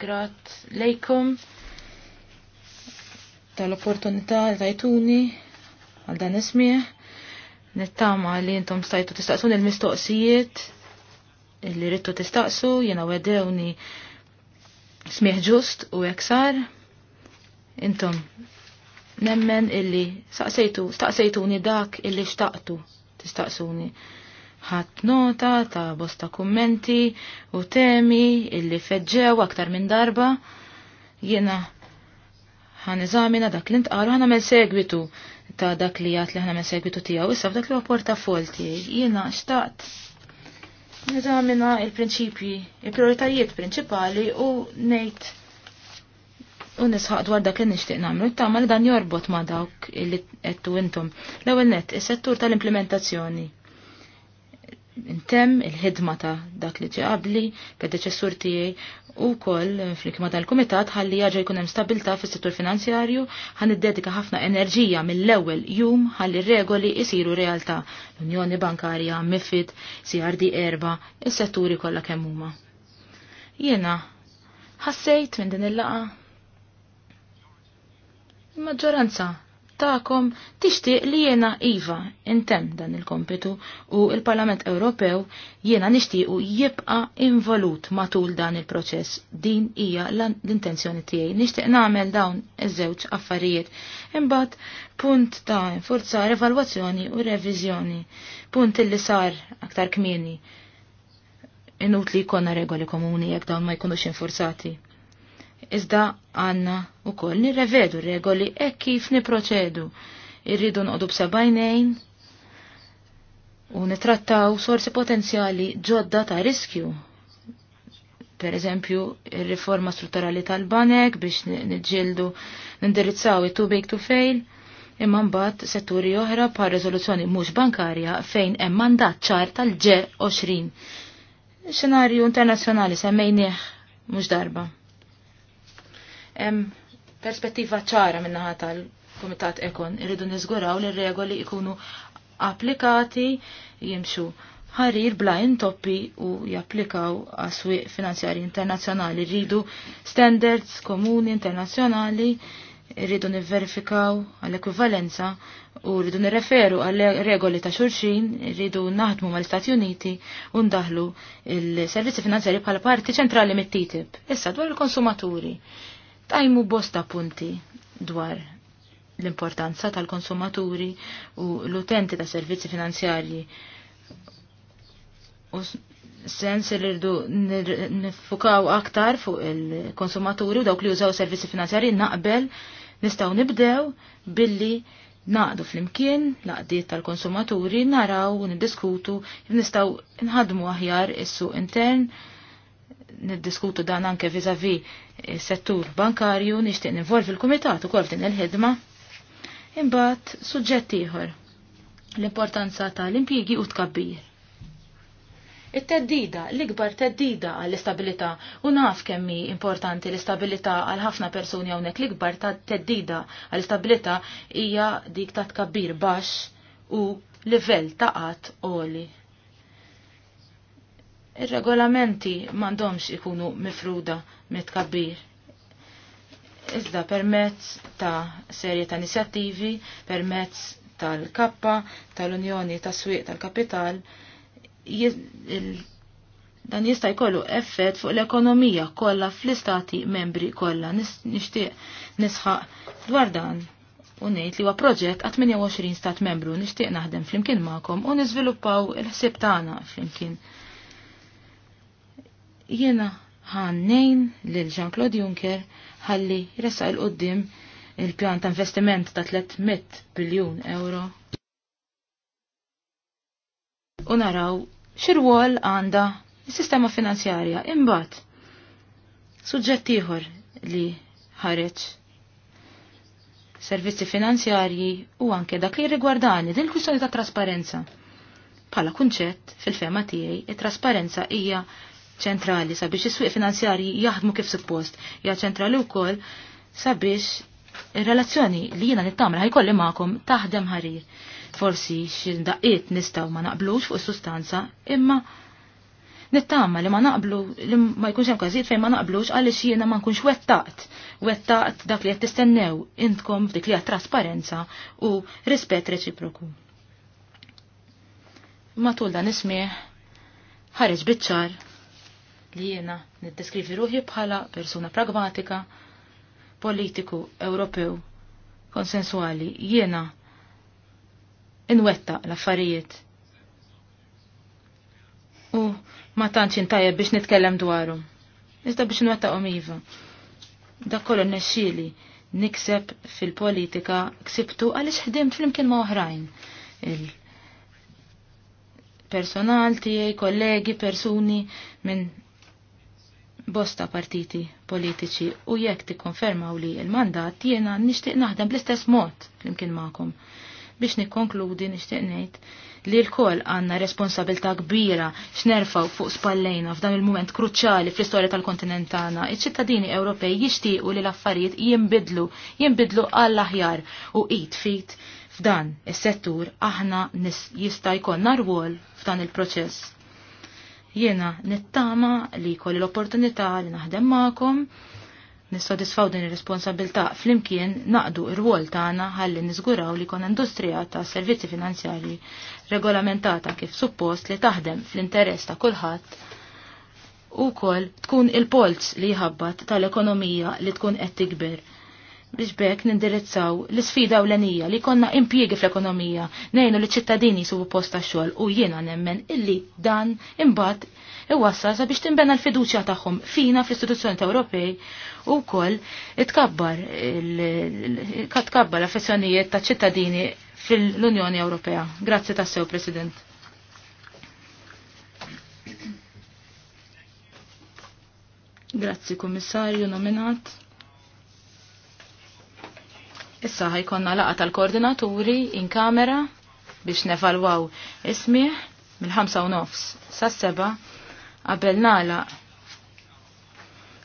[SPEAKER 5] grat lejkom tal-opportunità tajtuni għal dan ismieħ. Nittama li intom stajtu tistaqsun il-mistoqsijiet li rittu tistaqsu, jena wedewni smieħ ġust u eksar. Intom nemmen illi staqsejtu, staqsejtuni dak illi xtaqtu, tistaqsuni. Ħadd nota ta' bosta kummenti u temi illi feġġew aktar minn darba. Jiena ħan eżamina dak li ntqalu ħana mel segwitu ta' dak li jgħat li ħan mel segwitu tiegħu issa f'dak li huwa portafol tiegħi. Jiena xtaqt neżamina il-prinċipji, il-prioritajiet prinċipali u ngħid u nisħaq dwar dak li nixtieq nagħmlu tama li dan jorbot ma' dawk li qedtu intom. L-ewwel nett, is-settur tal-implementazzjoni. Intemm il-ħidma ta' dak li ġie qabli, predeċessur tiegħi u wkoll fl-ikma tal-kumitat ħalli jaġa jkun hemm stabilità fis-settur finanzjarju ħan iddedika ħafna enerġija mill-ewwel jum ħalli regoli jsiru realtà. L-Unjoni Bankarja, MIFID, CRD erba, is-setturi kollha kemm huma. Jiena ħassejt minn din il-laqa Il-maġġoranza ta'kom tixtieq li jiena iva intemm dan il-kompitu u il-Parlament Ewropew jiena nixtiequ jibqa involut matul dan il-proċess. Din hija l-intenzjoni tiegħi. Nixtieq nagħmel dawn iż-żewġ affarijiet. Imbagħad punt ta' forza evalwazzjoni u reviżjoni. Punt illi sar aktar kmieni inutli jkollna regoli komuni jekk dawn ma jkunux infurzati. Iżda għanna u koll nirrevedu regoli e kif niproċedu. Irridu nqodu b'sebajnejn u nitrattaw sorsi potenzjali ġodda ta' riskju. Per eżempju, il riforma strutturali tal-banek biex nġildu nindirizzaw it-too big to fail imma mbagħad setturi oħra pa' rezoluzzjoni mhux bankarja fejn hemm mandat ċar tal ġe 20 Xenarju internazzjonali semmejnieh mhux darba. Em, perspettiva ċara minnaħa tal-Komitat Ekon, irridu nizguraw li regoli ikunu applikati, jimxu ħarir bla intoppi u japplikaw għaswi finanzjari internazjonali. Rridu standards komuni internazjonali, rridu nivverifikaw għall-ekvivalenza u rridu nirreferu għall-regoli ta' xurxin, rridu naħdmu mal-Istati Uniti u ndaħlu il-servizzi finanzjari bħala parti ċentrali mit-TTIP. Issa dwar il-konsumaturi tajmu bosta punti dwar l-importanza tal-konsumaturi u l-utenti ta' servizzi finanzjarji. U sens li rridu nifukaw aktar fuq il-konsumaturi u dawk li jużaw servizzi finanzjarji naqbel nistaw nibdew billi naqdu fl-imkien laqdiet tal-konsumaturi naraw u niddiskutu nistaw nħadmu aħjar is-suq intern niddiskutu dan anke vizavi settur bankarju nixtieq nivolvi l-kumitat ukoll din il-ħidma. Imbagħad suġġett ieħor l-importanza tal-impjiegi u tkabbir. It-teddida, l-ikbar teddida l ikbar teddida għall istabilita u naf kemm hi importanti l-istabilità għal ħafna persuni hawnhekk l-ikbar ta' teddida għall istabilita hija dik ta' tkabbir baxx u livell ta' qatt għoli. Ir-regolamenti m'għandhomx ikunu mifruda mitkabbir. Iżda permezz ta' serje ta' inizjattivi, permezz tal-kappa, tal-Unjoni ta' Swieq tal-Kapital, dan jista' jkollu effett fuq l-ekonomija kollha fl-istati membri kollha nixtieq nisħaq dwar dan u ngħid li huwa proġett għat 28 stat membru nixtieq naħdem flimkien magħkom u niżviluppaw il-ħsieb tagħna flimkien. Jiena ħannejn lil Jean-Claude Juncker ħalli jressa il qoddim il-pjan ta' investiment ta' 300 biljun euro. U naraw xirwol għanda il-sistema finanzjarja imbat. Suġġett ieħor li ħareġ servizzi finanzjarji u anke dak li rigwardani din kwistjoni ta' trasparenza. Pala kunċett fil-fema tiegħi, it-trasparenza hija ċentrali sabiex is-swieq finanzjarji jaħdmu kif suppost. Ja ċentrali wkoll sabiex ir-relazzjoni li jiena nittamra ħajkolli magħkom taħdem ħarir. Forsi xi daqiet nistgħu ma naqblux fuq is-sustanza, imma nittama li ma naqblu li ma jkunx hemm każijiet fejn ma naqblux għaliex jiena ma nkunx wettaqt. Wettaqt dak li qed tistennew intkom fdik li trasparenza u rispett reċiproku. Matul dan ismieħ ħareġ biċċar li jiena niddeskrivi ruħi bħala persuna pragmatika, politiku Ewropew, konsensuali, jiena inwetta l-affarijiet. U ma tantx intajjeb biex nitkellem dwarhom. Iżda biex nwetta iva. Dak kollu nexxieli nikseb fil-politika ksibtu għaliex ħdimt flimkien ma' oħrajn. Il personal tiegħi, kollegi, persuni minn bosta partiti politiċi u jekk tikkonfermaw li il-mandat jiena nixtieq naħdem bl-istess mod flimkien magħkom. Biex nikkonkludi nixtieq ngħid li l-koll għandna responsabilità kbira x'nerfaw fuq spallejna f'dan il-mument kruċjali fl-istorja tal-kontinent tagħna. Iċ-ċittadini Ewropej jixtiequ li l-affarijiet jinbidlu, jinbidlu għall-aħjar u qid fit f'dan is-settur aħna jista' jkollna rwol f'dan il-proċess Jiena nittama li kolli l-opportunità li naħdem magħkom nissodisfaw din ir-responsabilità flimkien naqdu ir wol tagħna ħalli niżguraw li kon industrija ta' servizzi finanzjarji regolamentata kif suppost li taħdem fl-interess ta' kulħadd u kol tkun il-polz li jħabbat tal-ekonomija li tkun qed tikber biex bekk nindirizzaw l-sfida u l-enija li konna impjiegi fl-ekonomija, nejnu li ċittadini su posta xol u jiena nemmen illi dan imbat iwassa sabiex timbena l-fiduċja tagħhom fina fl-istituzzjoni ta' Ewropej u wkoll itkabbar tkabbar l-affezzjonijiet ta' ċittadini fil-Unjoni Ewropea. Grazzi sew President. Grazzi, Komissarju, nominat. Issa ħajkonna laqa tal-koordinaturi in kamera biex nevalwaw ismiħ mill-5 u nofs sa' seba qabel nala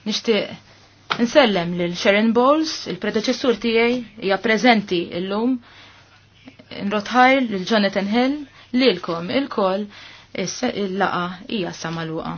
[SPEAKER 5] nixtieq nsellem lil Sharon Bowles, il-predeċessur tiegħi hija preżenti llum nrotħajl lil Jonathan Hill lilkom il-koll il-laqa hija samaluqa.